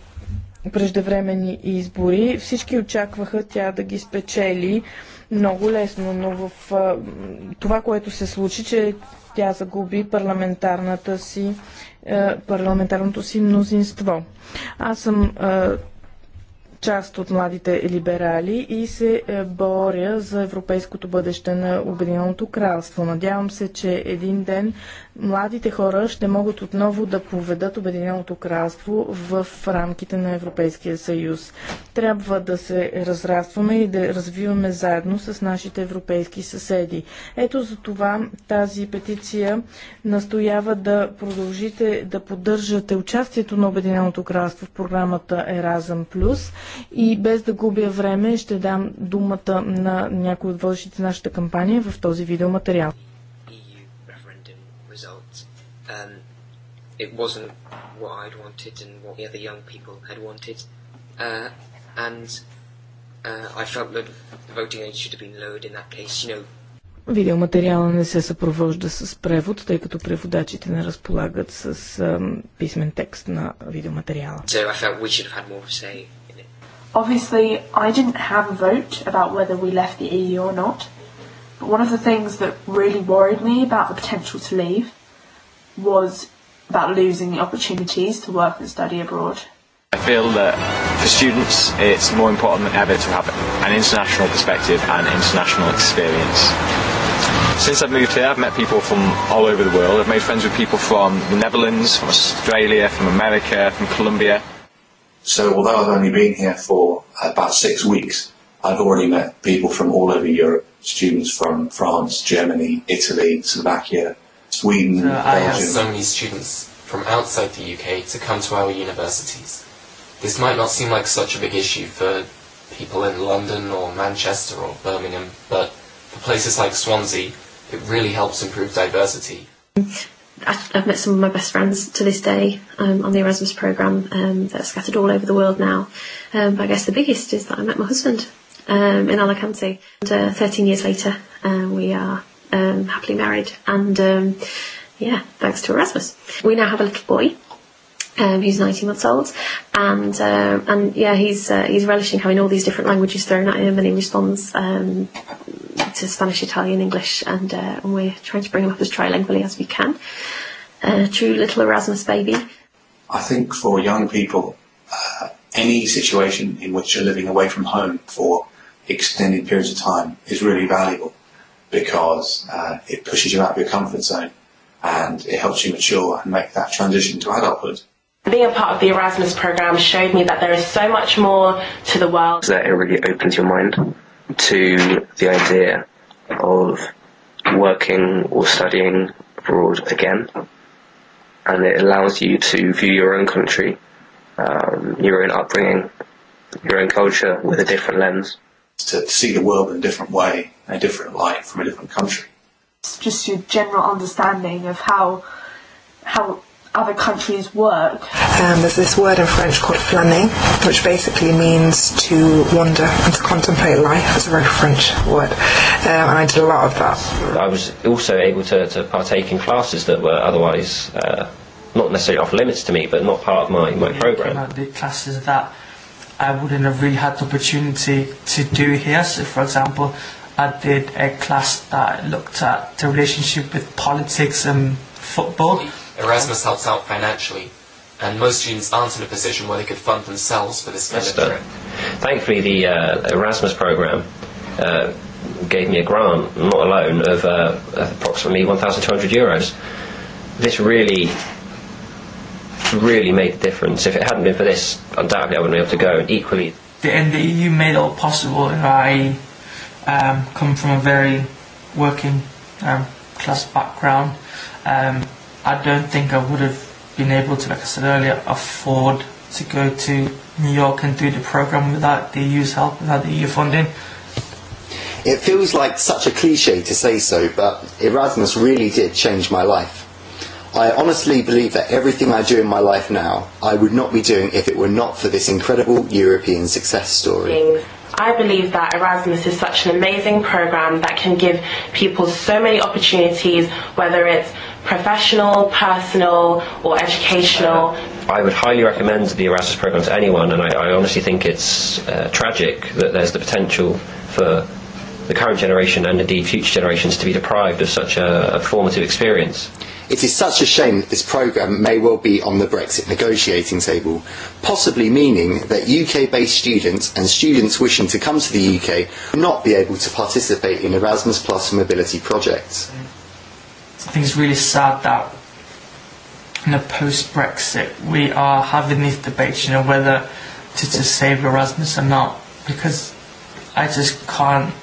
преждевременни избори, всички очакваха тя да ги спечели много лесно, но в това, което се случи, че тя загуби парламентарната си е, парламентарното си мнозинство. Аз съм е, част от младите либерали и се е, боря за европейското бъдеще на Обединеното кралство. Надявам се, че един ден младите хора ще могат отново да поведат Обединеното кралство в рамките на Европейския съюз. Трябва да се разрастваме и да развиваме заедно с нашите европейски съседи. Ето за това тази петиция настоява да продължите да поддържате участието на Обединеното кралство в програмата Еразъм Плюс и без да губя време ще дам думата на някои от вълшите нашата кампания в този видеоматериал. it wasn't what I'd wanted and what the other young people had wanted. Uh, and uh, I felt that the voting age should have been lowered in that case, you know. Видеоматериала не се съпровожда с превод, тъй като преводачите не разполагат с um, писмен текст на видеоматериала. So I felt we should have had more of a say Obviously, I didn't have a vote about whether we left the EU or not. But one of the things that really worried me about the potential to leave was about losing the opportunities to work and study abroad. I feel that for students, it's more important than ever to have an international perspective and international experience. Since I've moved here, I've met people from all over the world. I've made friends with people from the Netherlands, from Australia, from America, from Colombia. So, although I've only been here for about six weeks, I've already met people from all over Europe students from France, Germany, Italy, Slovakia, Sweden, uh, I have so many students from outside the UK to come to our universities. This might not seem like such a big issue for people in London or Manchester or Birmingham, but for places like Swansea, it really helps improve diversity. I've met some of my best friends to this day um, on the Erasmus programme um, that are scattered all over the world now. Um, but I guess the biggest is that I met my husband um, in Alicante. And uh, 13 years later, uh we are um, happily married, and um, yeah, thanks to Erasmus, we now have a little boy. Um, he's 19 months old, and um, and yeah, he's uh, he's relishing having all these different languages thrown at him, and he responds um, to Spanish, Italian, English, and, uh, and we're trying to bring him up as trilingually as we can. Uh, true little Erasmus baby. I think for young people, uh, any situation in which you're living away from home for extended periods of time is really valuable because uh, it pushes you out of your comfort zone and it helps you mature and make that transition to adulthood. Being a part of the Erasmus programme showed me that there is so much more to the world. That it really opens your mind to the idea of working or studying abroad again, and it allows you to view your own country, um, your own upbringing, your own culture with a different lens to, to see the world in a different way, in a different light from a different country. It's just your general understanding of how how other countries work. Um, there's this word in French called flâner, which basically means to wander and to contemplate life. It's a very French word, um, and I did a lot of that. I was also able to, to partake in classes that were otherwise uh, not necessarily off limits to me, but not part of my, my yeah, program. Like the classes that I wouldn't have really had the opportunity to do here. So, for example, I did a class that looked at the relationship with politics and football. Erasmus helps out financially, and most students aren't in a position where they could fund themselves for this kind of trip. Thankfully, the uh, Erasmus program. Uh, gave me a grant, not a loan, of uh, approximately 1,200 euros. This really really made a difference. If it hadn't been for this, undoubtedly I wouldn't be able to go. And equally, the, and the EU made it all possible. And I um, come from a very working um, class background. Um, I don't think I would have been able to, like I said earlier, afford to go to New York and do the program without the EU's help, without the EU funding. It feels like such a cliche to say so, but Erasmus really did change my life I honestly believe that everything I do in my life now, I would not be doing if it were not for this incredible European success story. I believe that Erasmus is such an amazing program that can give people so many opportunities, whether it's professional, personal, or educational. I would highly recommend the Erasmus program to anyone, and I, I honestly think it's uh, tragic that there's the potential for the current generation and indeed future generations to be deprived of such a, a formative experience. It is such a shame that this programme may well be on the Brexit negotiating table, possibly meaning that UK based students and students wishing to come to the UK will not be able to participate in Erasmus Plus mobility projects. I think it's really sad that in a post Brexit we are having these debates, you know, whether to, to save Erasmus or not, because I just can't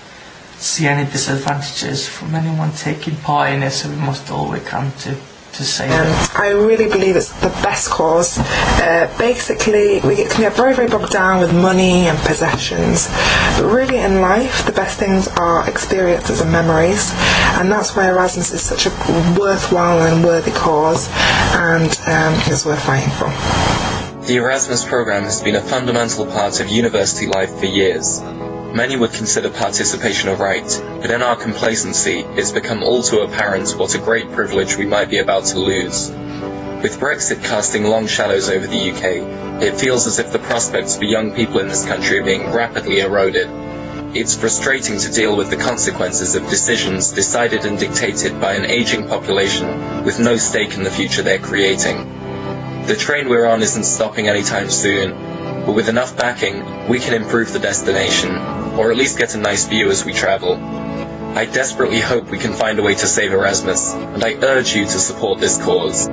see any disadvantages from anyone taking part in it, so we must all we can to to say um, I really believe it's the best cause. Uh, basically, we get, can get very, very bogged down with money and possessions. But really, in life, the best things are experiences and memories. And that's why Erasmus is such a worthwhile and worthy cause, and um, it's worth fighting for. The Erasmus program has been a fundamental part of university life for years Many would consider participation a right, but in our complacency, it's become all too apparent what a great privilege we might be about to lose. With Brexit casting long shadows over the UK, it feels as if the prospects for young people in this country are being rapidly eroded. It's frustrating to deal with the consequences of decisions decided and dictated by an aging population with no stake in the future they're creating. The train we're on isn't stopping anytime soon, but with enough backing, we can improve the destination, or at least get a nice view as we travel. I desperately hope we can find a way to save Erasmus, and I urge you to support this cause.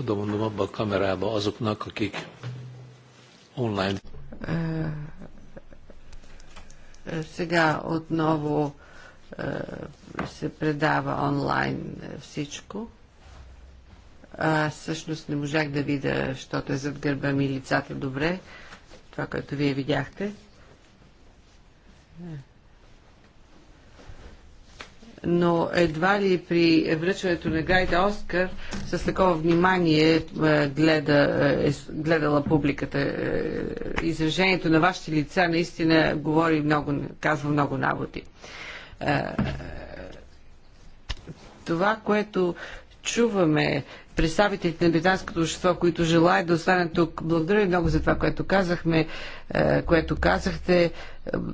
oda mondom abba a kamerába azoknak, akik онлайн. Сега отново е, се предава онлайн всичко. А, всъщност не можах да видя, защото е зад гърба ми лицата добре. Това, което вие видяхте. Е но едва ли при връчването на Гайда Оскар с такова внимание е, гледа, е, е, гледала публиката. Изражението на вашите лица наистина говори много, казва много наводи. Това, което чуваме представителите на британското общество, които желаят да останат тук. Благодаря много за това, което казахме, което казахте.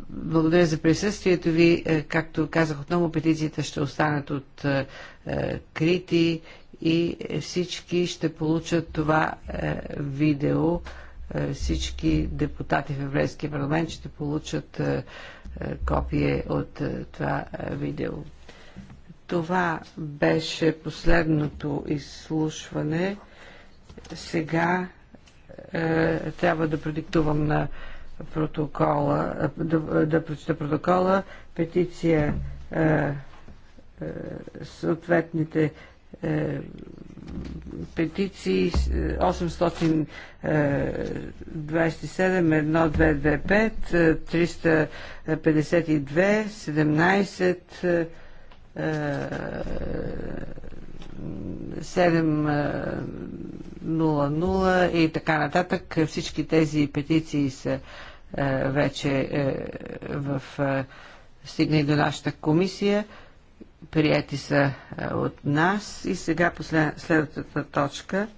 Благодаря за присъствието ви. Е, както казах отново, петициите ще останат от е, е, крити и всички ще получат това видео. Всички депутати в Еврейския парламент ще получат копие от това видео. Това беше последното изслушване. Сега трябва да продиктувам на протокола, е, да, е, да прочета протокола, петиция е, е, съответните е, петиции 827 1225 352 17 700 и така нататък. Всички тези петиции са е, вече е, в, е, стигна и до нашата комисия. Прияти са от нас. И сега послед, следващата точка.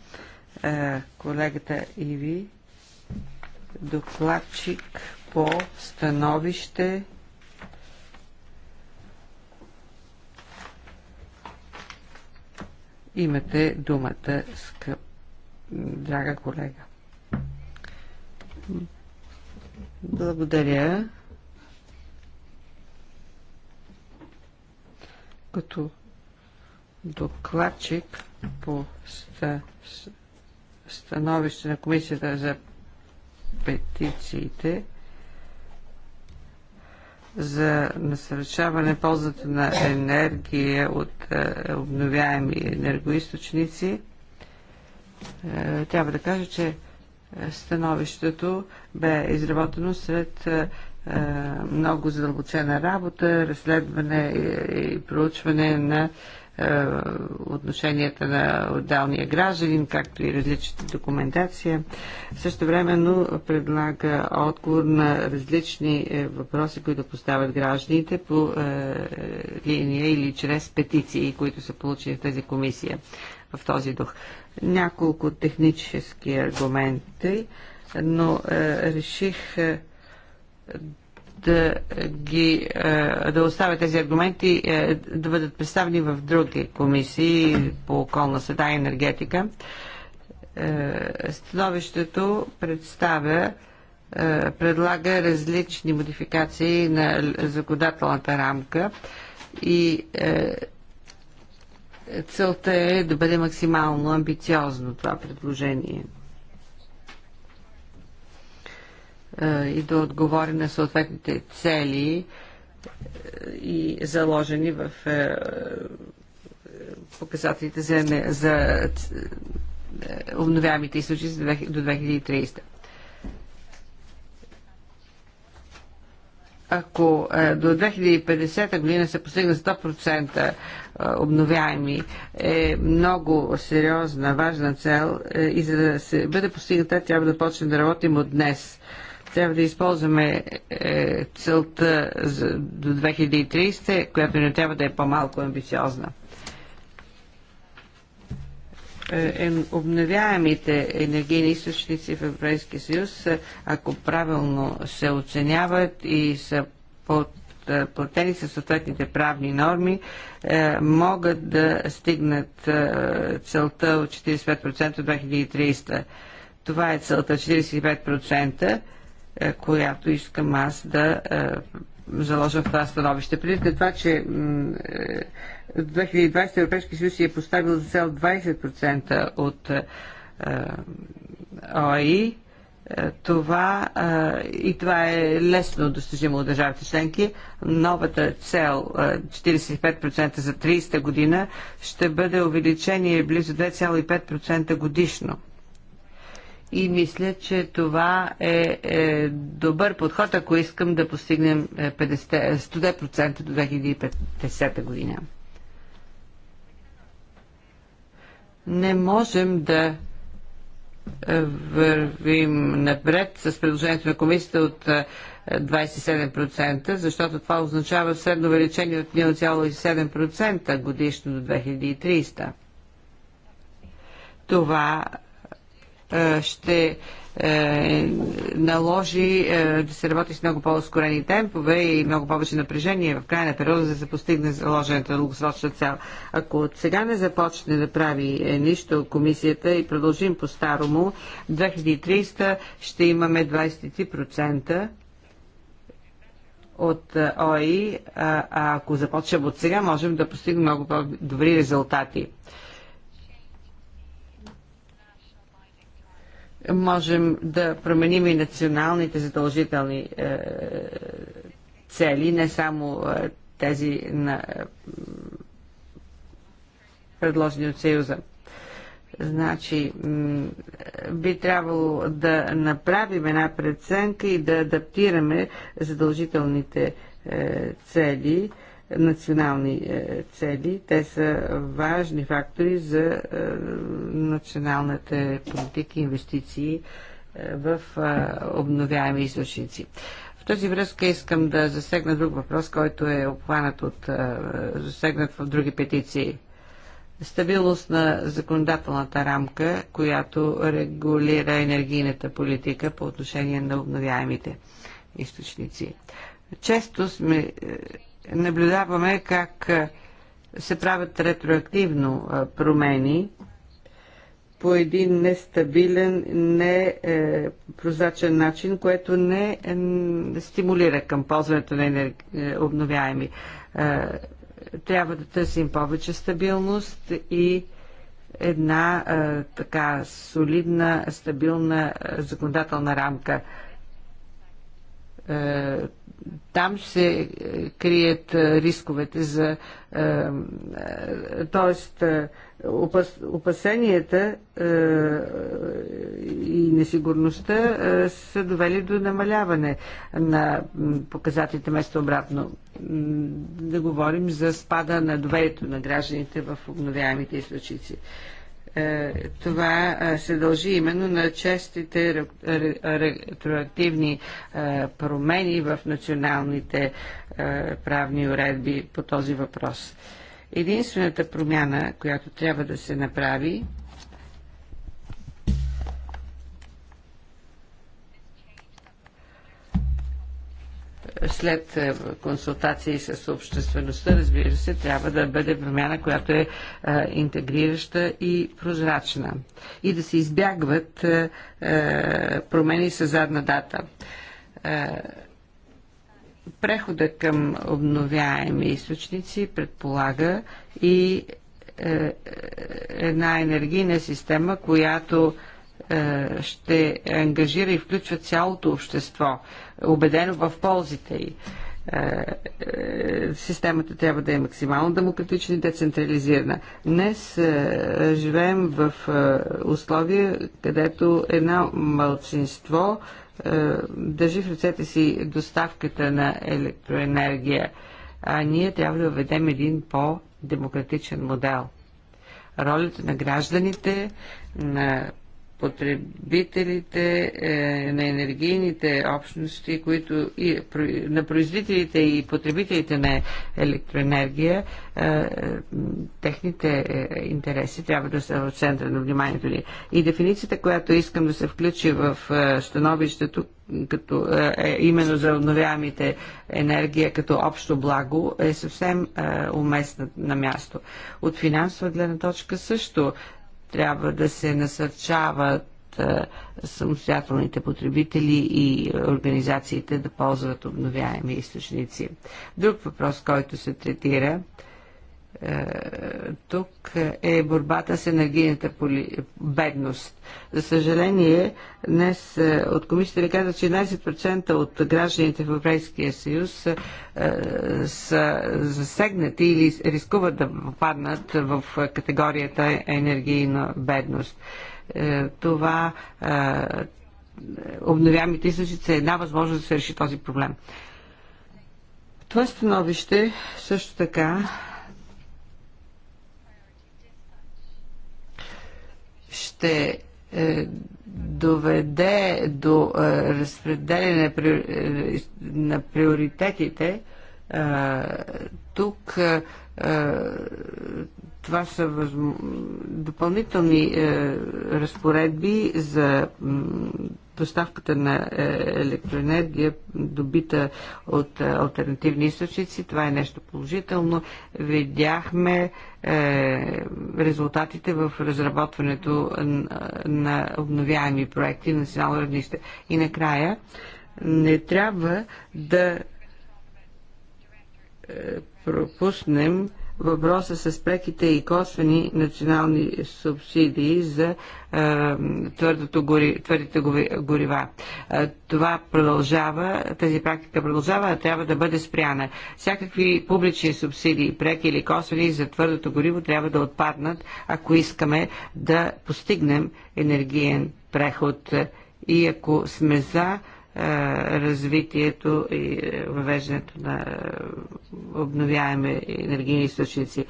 Колегата Иви, докладчик по становище Имате думата, скъп, драга колега. Благодаря. Като докладчик по становище на Комисията за петициите за насърчаване ползата на енергия от е, обновяеми енергоисточници, е, трябва да кажа, че Становището бе изработено сред е, е, много задълбочена работа, разследване и проучване на е, отношенията на отдалния гражданин, както и различната документация. Също времено предлага отговор на различни въпроси, които поставят гражданите по линия или чрез петиции, които са получени в тази комисия в този дух. Няколко технически аргументи, но е, реших е, да ги е, да оставя тези аргументи е, да бъдат представени в други комисии по околна среда и енергетика. Е, становището представя е, предлага различни модификации на законодателната рамка и е, Целта е да бъде максимално амбициозно това предложение е, и да отговори на съответните цели е, и заложени в е, показателите за, за обновяемите източници до 2030. ако е, до 2050 година се постигне 100% е, обновяеми, е много сериозна, важна цел е, и за да се бъде постигната, трябва да почнем да работим от днес. Трябва да използваме целта до 2030, която не трябва да е по-малко амбициозна. Е, е, обновяемите енергийни източници в Европейския съюз, е, ако правилно се оценяват и са под платени със съответните правни норми, е, могат да стигнат е, целта от 45% от 2300. Това е целта 45%, е, която искам аз да заложа в това становище. Преди това, че 2020 Европейския съюз е поставил за цел 20% от е, ОАИ. Е, това е, и това е лесно достижимо от държавите членки. Новата цел 45% за 30 година ще бъде увеличение близо 2,5% годишно и мисля, че това е, е добър подход, ако искам да постигнем 50, 100% до 2050 година. не можем да е, вървим напред с предложението на комисията от 27%, е, защото това означава средно увеличение от 0,7% годишно до 2300. Това е, ще е, наложи е, да се работи с много по-ускорени темпове и много повече напрежение в крайна периода, за да се постигне заложената дългосрочна цел. Ако от сега не започне да прави нищо комисията и продължим по-старому, 2300 ще имаме 23% от ОИ, а ако започнем от сега, можем да постигнем много по-добри резултати. можем да променим и националните задължителни е, цели, не само е, тези на, е, предложени от Съюза. Значи, би трябвало да направим една преценка и да адаптираме задължителните е, цели национални е, цели. Те са важни фактори за е, националната политика и инвестиции е, в обновяеми източници. В тази връзка искам да засегна друг въпрос, който е обхванат от, засегнат в други петиции стабилност на законодателната рамка, която регулира енергийната политика по отношение на обновяемите източници. Често сме наблюдаваме как се правят ретроактивно промени по един нестабилен, непрозрачен е, начин, което е, не стимулира към ползването на е, обновяеми. Трябва да търсим повече стабилност и една така солидна, стабилна законодателна рамка там ще се е, крият е, рисковете за... Е, тоест, опас, опасенията и несигурността са довели до намаляване на показателите место обратно. Да говорим за спада на доверието на гражданите в обновяемите източници. Е, това е, се дължи именно на честите ретроактивни е, промени в националните правни уредби по този въпрос. Единствената промяна, която трябва да се направи, след е, консултации с обществеността, разбира се, трябва да бъде промяна, която е, е интегрираща и прозрачна. И да се избягват е, промени с задна дата прехода към обновяеми източници предполага и една енергийна система, която е, ще ангажира и включва цялото общество, убедено в ползите й. Е, е, системата трябва да е максимално демократична и децентрализирана. Днес живеем в условия, където едно малцинство държи в ръцете си доставката на електроенергия, а ние трябва да введем един по-демократичен модел. Ролята на гражданите, на потребителите е, на енергийните общности, които и, на производителите и потребителите на електроенергия, е, е, техните е, интереси трябва да са в центъра на вниманието ни. И дефиницията, която искам да се включи в е, становището, като, е, е, именно за обновяемите енергия като общо благо, е съвсем е, уместна на място. От финансова гледна точка също трябва да се насърчават е, самостоятелните потребители и организациите да ползват обновяеми източници. Друг въпрос, който се третира, е, тук е борбата с енергийната поли... бедност. За съжаление, днес е, от комисията ви каза, че 11% от гражданите в Европейския съюз е, са засегнати или рискуват да попаднат в категорията енергийна бедност. това е, обновямите източници е една възможност да се реши този проблем. Това становище също така ще е, доведе до е, разпределение е, на приоритетите, тук това са възм... допълнителни разпоредби за доставката на е, електроенергия, добита от е, альтернативни източници. Това е нещо положително. Видяхме е, резултатите в разработването на обновяеми проекти на национално равнище. И накрая, не трябва да пропуснем въпроса с преките и косвени национални субсидии за гори, твърдите горива. Това продължава, тази практика продължава, а трябва да бъде спряна. Всякакви публични субсидии, преки или косвени за твърдото гориво трябва да отпаднат, ако искаме да постигнем енергиен преход и ако сме за развитието и въвеждането на обновяеми енергийни източници.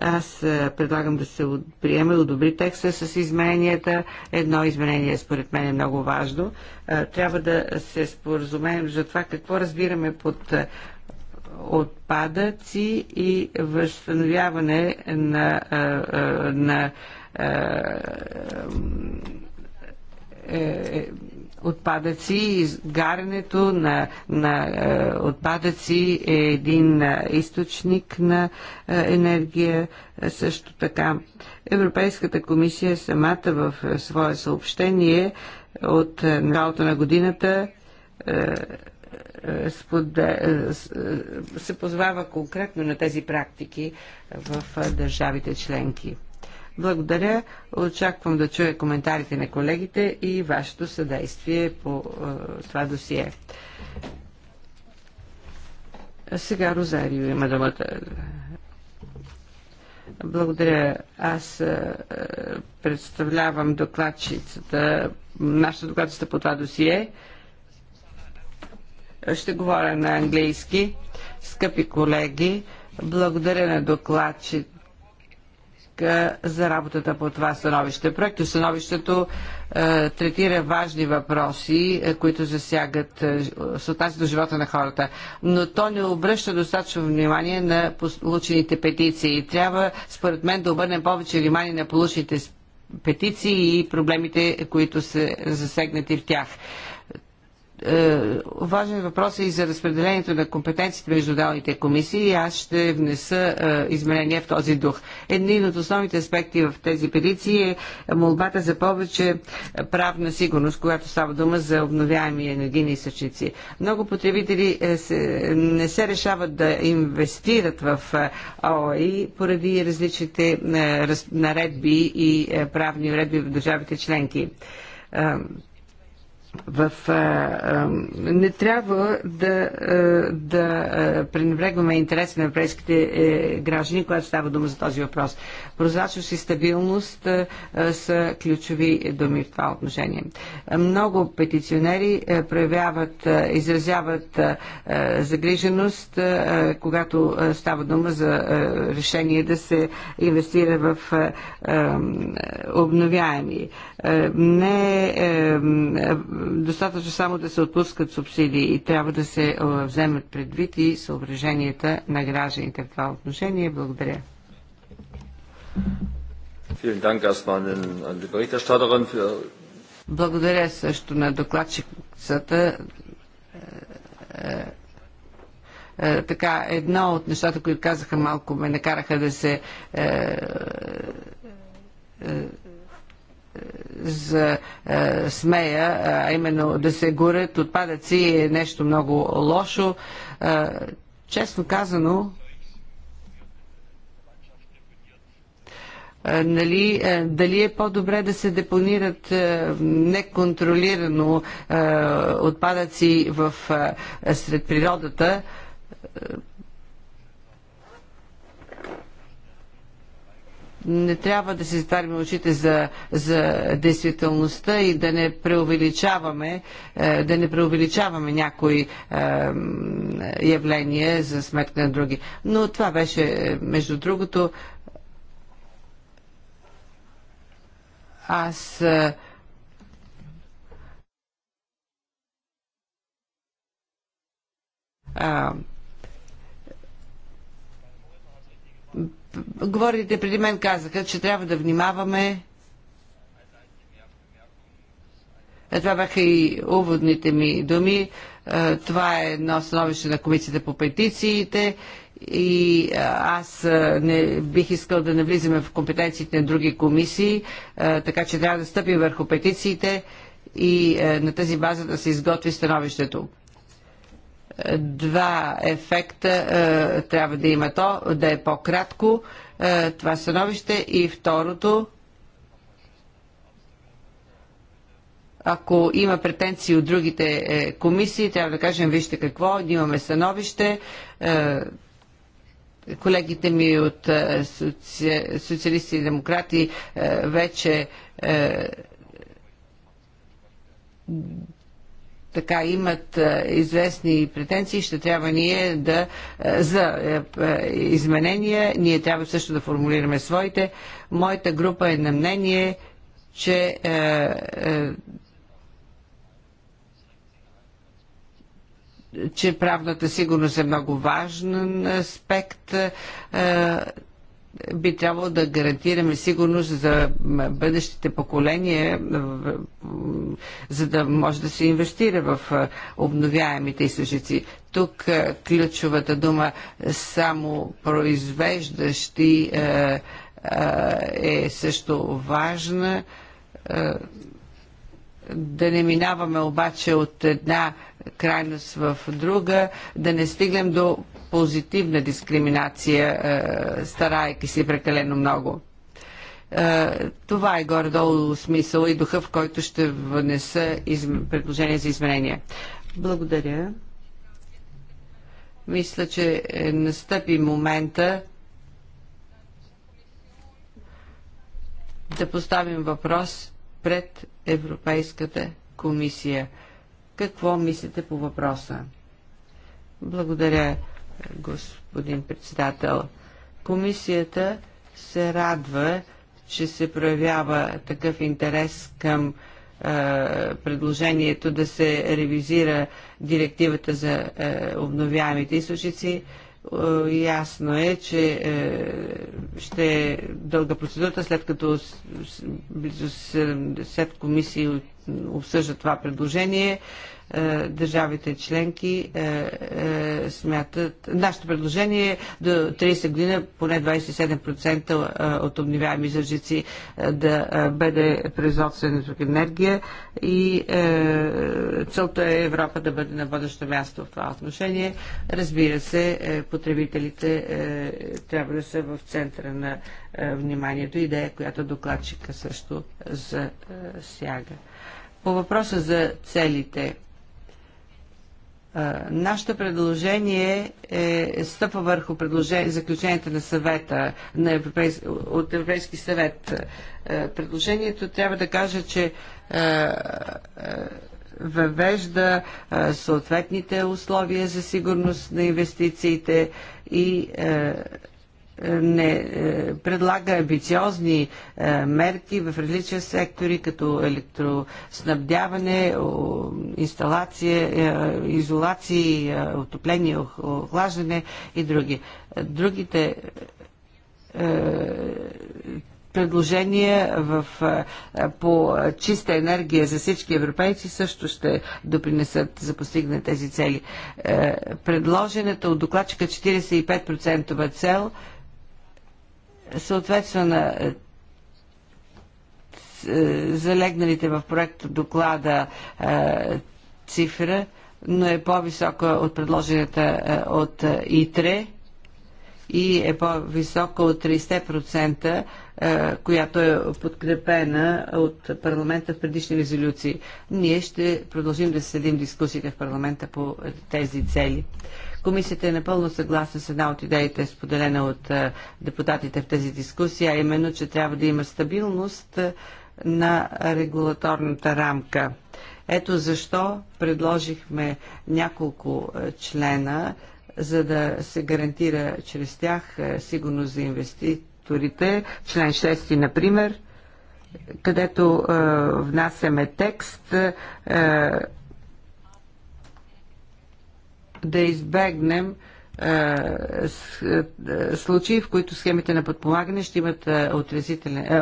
Аз предлагам да се приеме и одобри текста с измененията. Едно изменение според мен е много важно. Трябва да се споразумеем за това какво разбираме под отпадъци и възстановяване на, на, на е, е, отпадъци, изгарянето на, на е, отпадъци е един е, източник на е, енергия също така. Европейската комисия самата в свое съобщение от началото на годината се позвава конкретно на тези практики в държавите членки. Благодаря. Очаквам да чуя коментарите на колегите и вашето съдействие по е, това досие. Сега Розарио има думата. Благодаря. Аз е, представлявам докладчицата, нашата докладчица по това досие. Ще говоря на английски. Скъпи колеги, благодаря на докладчицата за работата по това становище. Проекто становището е, третира важни въпроси, е, които засягат е, се отнасят до живота на хората, но то не обръща достатъчно внимание на получените петиции. Трябва, според мен, да обърнем повече внимание на получените петиции и проблемите, които са засегнати в тях. Е, важен въпрос е и за разпределението на компетенциите между отделните комисии и аз ще внеса е, изменения в този дух. Един от основните аспекти в тези петиции е молбата за повече правна сигурност, която става дума за обновяеми енергийни източници. Много потребители е, се, не се решават да инвестират в е, ООИ поради различните е, наредби и е, правни уредби в държавите членки. Е, в, а, а, не трябва да, а, да пренебрегваме интереси на европейските е, граждани, когато става дума за този въпрос. Прозрачност и стабилност а, а, са ключови думи в това отношение. Много петиционери а, проявяват, а, изразяват а, а, загриженост, а, когато а, става дума за а, решение да се инвестира в а, а, обновяеми. А, не а, е, достатъчно само да се отпускат субсидии и трябва да се вземат предвид и съображенията на гражданите в това отношение. Благодаря. Благодаря също на докладчицата. Е, е, е, така, едно от нещата, които казаха малко, ме накараха да се за е, смея, а именно да се горят отпадъци е нещо много лошо. Е, честно казано, е, нали, е, дали е по-добре да се депонират е, неконтролирано отпадъци в, сред природата, Не трябва да се затваряме очите за, за действителността и да не преувеличаваме, е, да не преувеличаваме някои е, явления за сметка на други. Но това беше, между другото, аз е, а, Говорите преди мен казаха, че трябва да внимаваме. А е, това бяха и уводните ми думи. Е, това е едно становище на комисията по петициите и е, аз не бих искал да не влизаме в компетенциите на други комисии, така че трябва да стъпим върху петициите и на тази база да се изготви становището. Два ефекта е, трябва да има то, да е по-кратко е, това становище и второто ако има претенции от другите е, комисии, трябва да кажем, вижте какво, имаме становище. Колегите ми от соци... социалисти и демократи вече така имат е, известни претенции, ще трябва ние да е, за е, изменения, ние трябва също да формулираме своите. Моята група е на мнение, че че правната сигурност е много важен аспект би трябвало да гарантираме сигурност за бъдещите поколения, за да може да се инвестира в обновяемите източници. Тук ключовата дума само произвеждащи е също важна. Да не минаваме обаче от една крайност в друга, да не стигнем до позитивна дискриминация, е, старайки се прекалено много. Е, това е горе-долу смисъл и духа, в който ще внеса предложение за изменения. Благодаря. Мисля, че е, настъпи момента да поставим въпрос пред Европейската комисия. Какво мислите по въпроса? Благодаря господин председател. Комисията се радва, че се проявява такъв интерес към е, предложението да се ревизира директивата за е, обновяемите източници. Е, ясно е, че е, ще е дълга процедурата, след като близо 70 комисии от обсъжда това предложение. Е, държавите членки е, е, смятат... Нашето предложение е до 30 година поне 27% от обниваеми изръжици да бъде производствена енергия и целта е Европа да бъде на водещо място в това отношение. Разбира се, потребителите трябва да са в центъра на вниманието. Идея, която докладчика също засяга. По въпроса за целите. Нашето предложение е, стъпа върху заключенията на съвета на Европейс, от Европейски съвет. Предложението трябва да кажа, че въвежда съответните условия за сигурност на инвестициите и е, не е, предлага амбициозни е, мерки в различни сектори, като електроснабдяване, инсталация, е, изолации, отопление, охлаждане и други. Другите предложения в, по чиста енергия за всички европейци също ще допринесат за постигане тези цели. Предложената от докладчика 45% цел – съответства на е, е, залегналите в проект доклада е, цифра, но е по-висока от предложената от ИТРЕ и е по-висока от 30%, която е подкрепена от парламента в предишни резолюции. Ние ще продължим да следим дискусиите в парламента по тези цели. Комисията е напълно съгласна с една от идеите, споделена от е, депутатите в тази дискусия, а именно, че трябва да има стабилност е, на регулаторната рамка. Ето защо предложихме няколко е, члена, за да се гарантира чрез тях сигурност за инвеститорите. Член 6, например, където е, внасяме текст, е, да избегнем е, е, случаи, в които схемите на подпомагане ще имат е,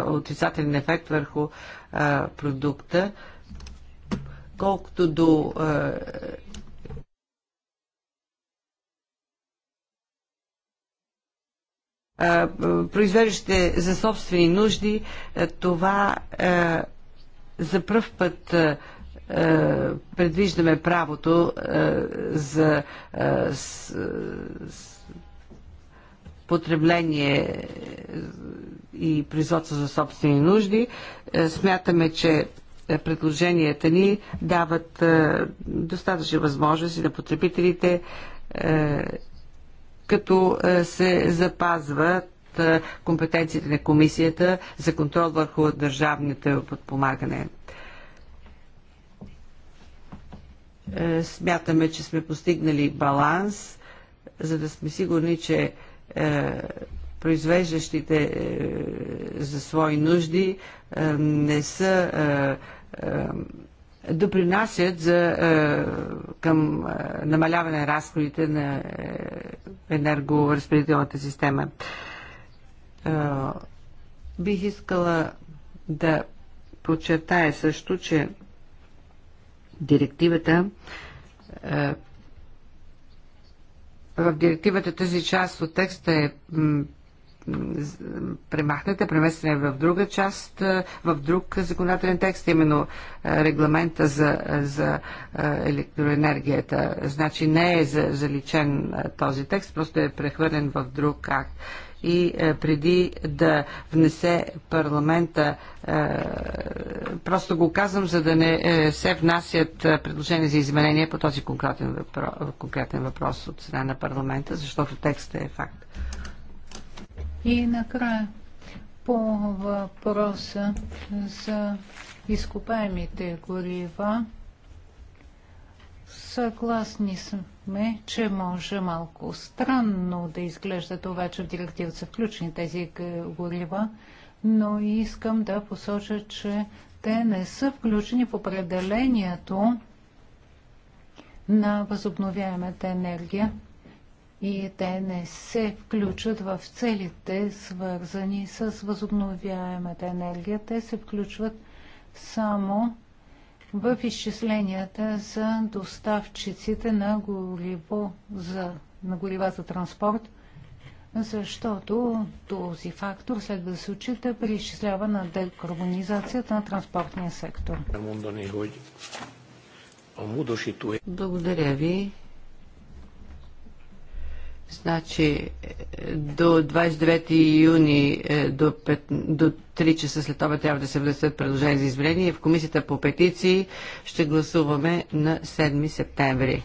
отрицателен ефект върху продукта. Колкото до произвеждащите за собствени нужди, това за първ път е, предвиждаме правото е, за е, потребление и производство за собствени нужди. Смятаме, че предложенията ни дават достатъчни възможности на потребителите, като се запазват компетенциите на комисията за контрол върху държавните подпомагане. Е, смятаме, че сме постигнали баланс, за да сме сигурни, че е, произвеждащите е, за свои нужди не са допринасят за, към намаляване на разходите на енергоразпределителната система. Бих искала да подчертая също, че директивата е, в директивата тази част от текста е премахната, преместена е в друга част, е, в друг законодателен текст, именно е, регламента за, за електроенергията. Значи не е заличен този текст, просто е прехвърлен в друг акт и е, преди да внесе парламента, е, просто го казвам, за да не е, се внасят предложения за изменения по този конкретен въпрос, конкретен въпрос от страна на парламента, защото текстът е факт. И накрая по въпроса за изкопаемите горива. Съгласни съм казахме, че може малко странно да изглежда това, че в директивата са включени тези горива, но искам да посоча, че те не са включени в определението на възобновяемата енергия и те не се включват в целите, свързани с възобновяемата енергия. Те се включват само в изчисленията за доставчиците на гориво за, на горива за транспорт, защото този фактор следва да се отчита при изчислява на декарбонизацията на транспортния сектор. Благодаря ви. Значи е, до 29 юни е, до, 5, до 3 часа след това трябва да се внесат предложения за изменение. В комисията по петиции ще гласуваме на 7 септември.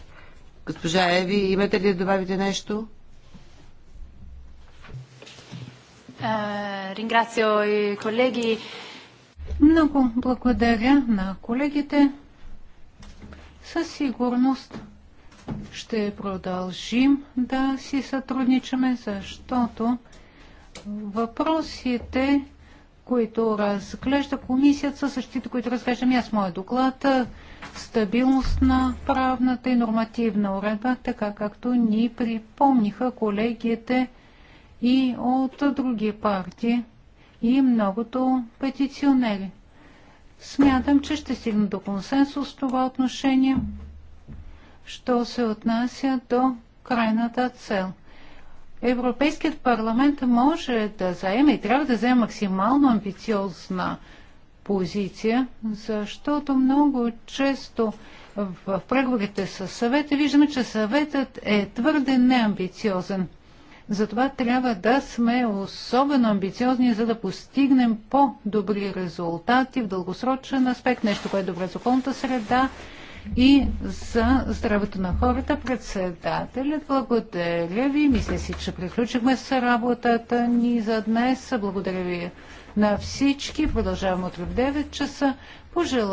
Госпожа Еви, имате ли да добавите нещо? Е, ringrazio и колеги. Много благодаря на колегите. Със сигурност ще продължим да си сътрудничаме, защото въпросите, които разглежда комисията, са същите, които разглеждам аз моят доклад. Е стабилност на правната и нормативна уредба, така както ни припомниха колегите и от други партии и многото петиционери. Смятам, че ще стигна до консенсус в това отношение що се отнася до крайната цел. Европейският парламент може да заеме и трябва да заеме максимално амбициозна позиция, защото много често в преговорите с съвета виждаме, че съветът е твърде неамбициозен. Затова трябва да сме особено амбициозни, за да постигнем по-добри резултати в дългосрочен аспект, нещо, което е добре за околната среда, и за здравето на хората. Председателят, благодаря ви. Мисля си, че приключихме с работата ни за днес. Благодаря ви на всички. Продължаваме от 9 часа. Пожелавам